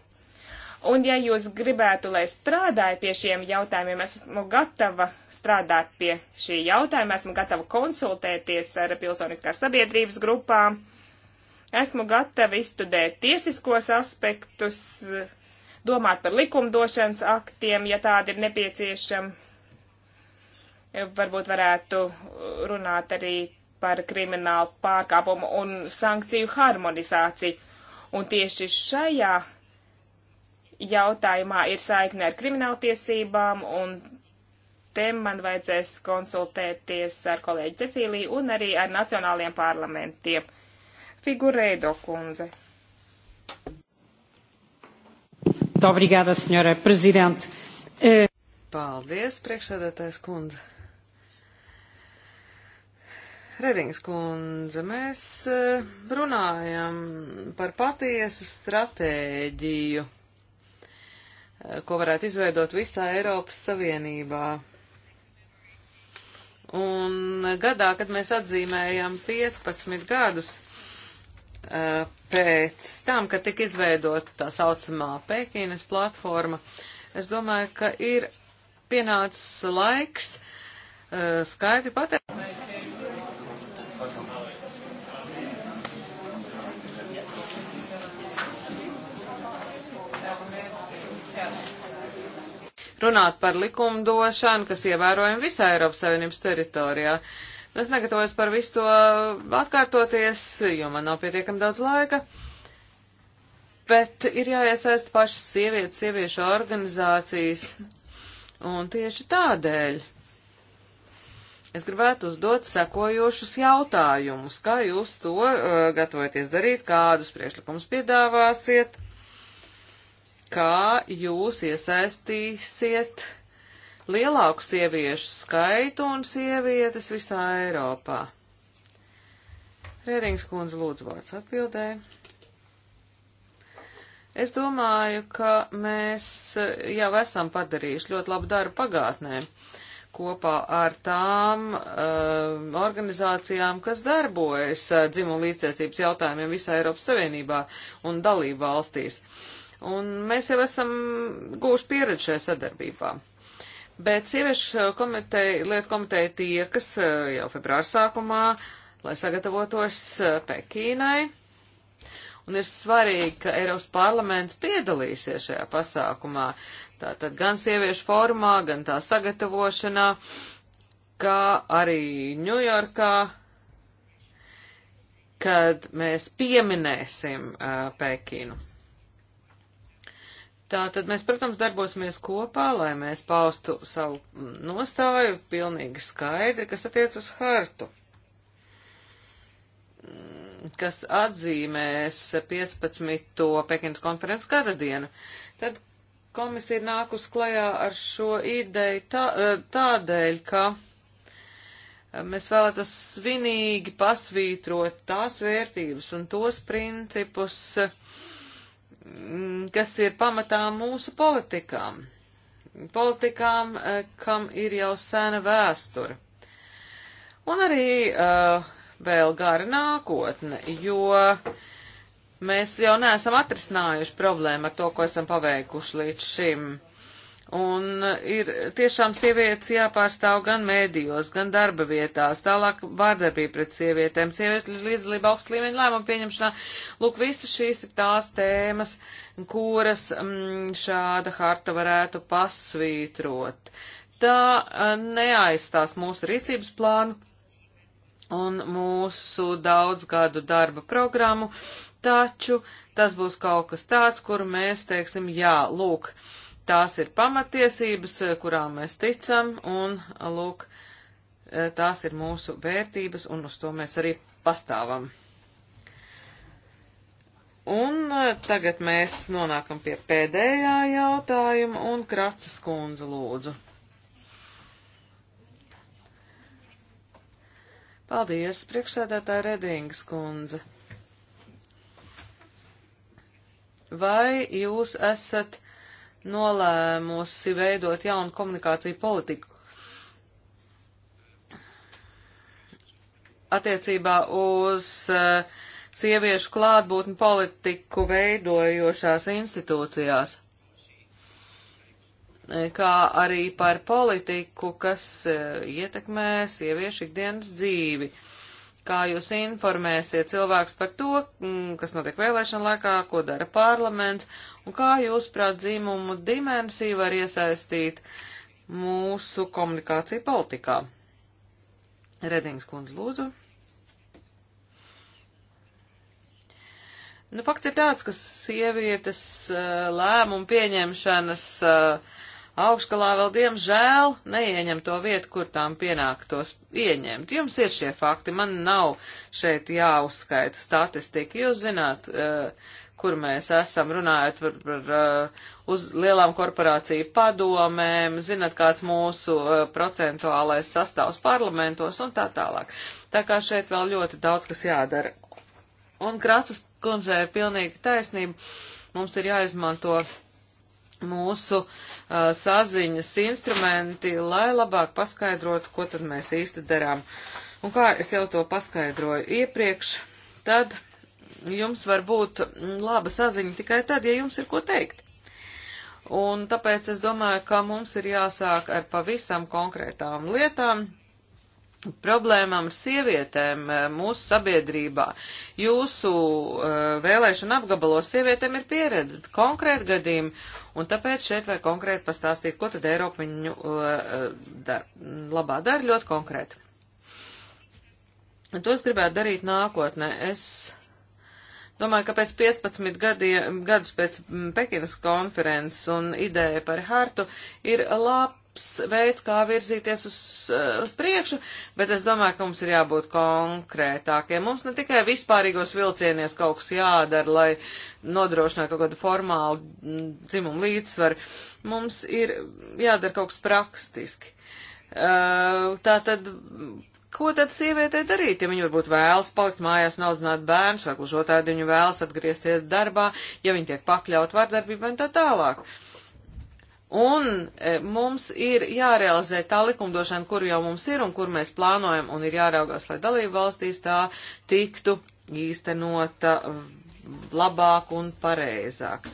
Un ja jūs gribētu, lai strādāju pie šiem jautājumiem, esmu gatava strādāt pie šī jautājuma, esmu gatava konsultēties ar pilsoniskās sabiedrības grupām, esmu gatava izstudēt tiesiskos aspektus, domāt par likumdošanas aktiem, ja tādi ir nepieciešami. Varbūt varētu runāt arī par kriminālu pārkāpumu un sankciju harmonizāciju. Un tieši šajā jautājumā ir saikne ar krimināltiesībām, un te man vajadzēs konsultēties ar kolēģi Cecīliju un arī ar nacionāliem parlamentiem. Figurēdo kundze. Obrigada, senjora prezidente. Eh, Paldies, priekšsēdētājs kundze. Redings kundze, mēs eh, runājam par patiesu stratēģiju ko varētu izveidot visā Eiropas Savienībā. Un gadā, kad mēs atzīmējam 15 gadus pēc tam, kad tika izveidota tā saucamā Pekīnas platforma, es domāju, ka ir pienācis laiks skaidri pateikt. runāt par likumdošanu, kas ievērojama visā Eiropas Savienības teritorijā. Es negatavojos par visu to atkārtoties, jo man nav pietiekami daudz laika. Bet ir jāiesaist pašas sievietes, sieviešu organizācijas. Un tieši tādēļ es gribētu uzdot sekojošus jautājumus. Kā jūs to uh, gatavojaties darīt, kādus priekšlikumus piedāvāsiet? kā jūs iesaistīsiet lielāku sieviešu skaitu un sievietes visā Eiropā. Rērings kundze lūdzu vārds atbildē. Es domāju, ka mēs jau esam padarījuši ļoti labu darbu pagātnē kopā ar tām uh, organizācijām, kas darbojas uh, dzimumu līdzēcības jautājumiem visā Eiropas Savienībā un dalību valstīs. Uh, Un mēs jau esam gūši pieredzi šajā sadarbībā. Bet sieviešu komiteja, lietu komiteja tie, kas eh, jau februāra sākumā, lai sagatavotos eh, Pekīnai. Un ir svarīgi, ka Eiropas parlaments piedalīsies šajā pasākumā. Tātad gan sieviešu formā, gan tā sagatavošanā, kā arī Ņujorkā, kad mēs pieminēsim uh, Pekīnu. Tātad mēs, protams, darbosimies kopā, lai mēs paustu savu nostāju pilnīgi skaidri, kas attiec uz hartu, kas atzīmēs 15. Pekinas konferences gada dienu. Tad komisija nāk uz klajā ar šo ideju tā, tādēļ, ka mēs vēlētos svinīgi pasvītrot tās vērtības un tos principus, uh, Mm, kas ir pamatā mūsu politikām. Politikām, eh, kam ir jau sena vēsture. Un arī uh, vēl gara nākotne, jo mēs jau neesam atrisinājuši problēmu ar to, ko esam paveikuši līdz šim. Uh, Un eh, ir tiešām sievietes jāpārstāv gan mēdījos, gan darba vietās, tālāk vārdarbība pret sievietēm, sievietu līdzdalība augstu līmeņu lēmumu pieņemšanā. Lūk, visas šīs ir tās tēmas, kuras m, mm, šāda harta varētu pasvītrot. Tā eh, neaizstās mūsu rīcības plānu un mūsu daudzgadu darba programmu, taču tas būs kaut kas tāds, kuru mēs teiksim, jā, lūk. Uh, Tās ir pamatiesības, eh, kurām mēs ticam, un, eh, lūk, eh, tās ir mūsu vērtības, un uz to mēs arī pastāvam. Un tagad mēs nonākam pie pēdējā jautājuma, un Kracas kundze lūdzu. Paldies, priekšsēdētāja Redingas kundze. Vai jūs esat nolēmusi veidot jaunu komunikāciju politiku. Attiecībā uz uh, sieviešu klātbūtni politiku veidojošās institūcijās, eh, kā arī par politiku, kas uh, ietekmē sieviešu ikdienas dzīvi. Uh, kā jūs informēsiet cilvēks par to, mm, kas notiek vēlēšana laikā, ko dara parlaments, un kā jūs, prāt, dzīmumu dimensiju var iesaistīt mūsu komunikāciju politikā. Redings kundze, lūdzu. Nu, fakts ir tāds, ka sievietes eh, lēmumu pieņemšanas uh, augšgalā vēl diemžēl neieņem to vietu, kur tām pienāktos ieņemt. Jums ir šie fakti, man nav šeit jāuzskaita statistika. Jūs zināt, eh, kur mēs esam runājot par, par eh, uz lielām korporāciju padomēm, zināt, kāds mūsu eh, procentuālais sastāvs parlamentos un tā tālāk. Tā kā šeit vēl ļoti daudz, kas jādara. Un Kracas kundzei ir pilnīgi taisnība. Mums ir jāizmanto mūsu uh, saziņas instrumenti, lai labāk paskaidrotu, ko tad mēs īsti darām. Un kā es jau to paskaidroju iepriekš, tad jums var būt mm, laba saziņa tikai tad, ja jums ir ko teikt. Un tāpēc es domāju, ka mums ir jāsāk ar pavisam konkrētām lietām, problēmām ar sievietēm mūsu sabiedrībā. Jūsu uh, vēlēšana apgabalos sievietēm ir pieredze, konkrēti gadījumi, Un tāpēc šeit vajag konkrēti pastāstīt, ko tad Eiropa viņu uh, dar, labā dara ļoti konkrēti. Un to es gribētu darīt nākotnē. Es domāju, ka pēc 15 gadiem, gadus pēc Pekinas konferences un ideja par hartu ir lab, labs veids, kā virzīties uz, eh, uz priekšu, bet es domāju, ka mums ir jābūt konkrētākiem. Mums ne tikai vispārīgos vilcienies kaut kas jādara, lai nodrošinātu kaut kādu formālu mm, dzimumu līdzsvaru. Mums ir jādara kaut kas praktiski. Eh, tā tad Ko tad sievietei darīt, ja viņa varbūt vēlas palikt mājās, naudzināt bērns, vai gluži otrādi viņa vēlas atgriezties darbā, ja viņa tiek pakļaut vardarbībai un tā tālāk? Uh, Un e, mums ir jārealizē tā likumdošana, kur jau mums ir un kur mēs plānojam, un ir jāraugās, lai dalību valstīs tā tiktu īstenota labāk un pareizāk.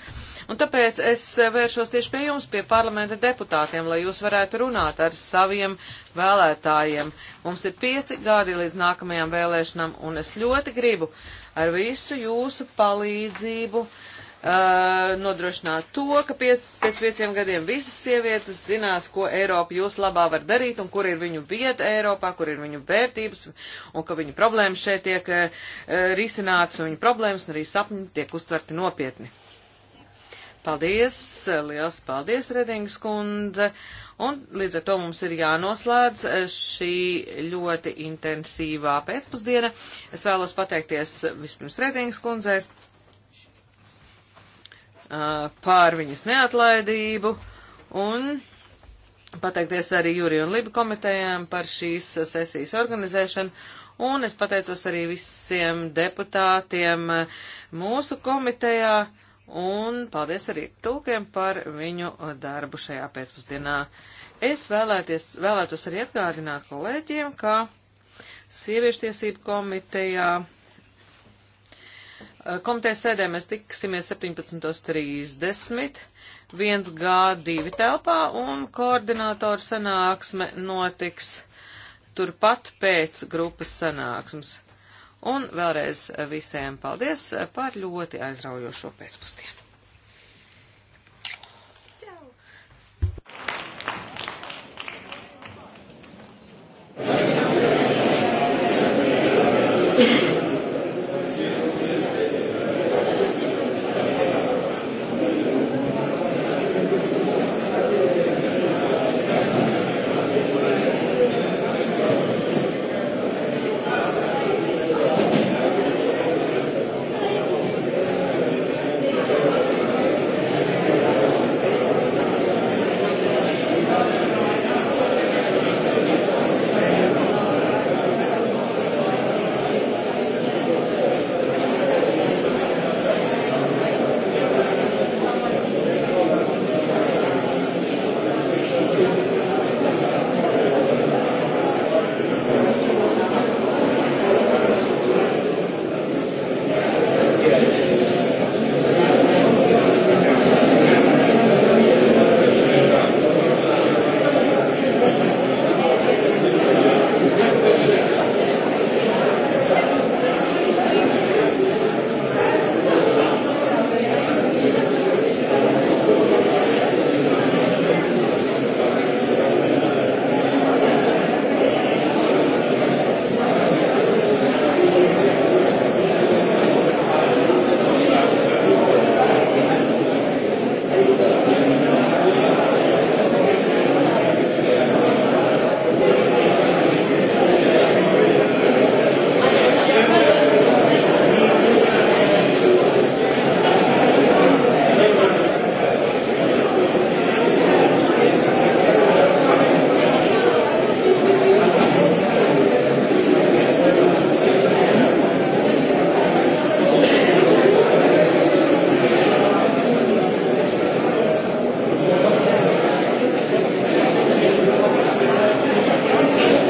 Un tāpēc es vēršos tieši pie jums, pie parlamenta deputātiem, lai jūs varētu runāt ar saviem vēlētājiem. Mums ir pieci gadi līdz nākamajām vēlēšanām, un es ļoti gribu ar visu jūsu palīdzību uh, Uh, nodrošināt to, ka piec, pēc pieciem gadiem visas sievietes zinās, ko Eiropa jūs labā var darīt un kur ir viņu vieta Eiropā, kur ir viņu vērtības un ka viņu problēmas šeit tiek uh, uh risināts un viņu problēmas un arī sapņi tiek uztverti nopietni. Paldies, uh, liels paldies, Redings kundze. Un līdz ar to mums ir jānoslēdz šī ļoti intensīvā pēcpusdiena. Es vēlos pateikties vispirms Redings kundzei pār viņas neatlaidību un pateikties arī Jūri un Liba komitejām par šīs sesijas organizēšanu. Un es pateicos arī visiem deputātiem mūsu komitejā un paldies arī tulkiem par viņu darbu šajā pēcpusdienā. Es vēlēties, vēlētos arī atgādināt kolēģiem, ka Sieviešu tiesību komitejā Komitejas sēdē mēs tiksimies 17.30, 1G2 telpā un koordinātoru sanāksme notiks turpat pēc grupas sanāksmes. Un vēlreiz visiem paldies par ļoti aizraujošo pēcpusdienu. Thank you.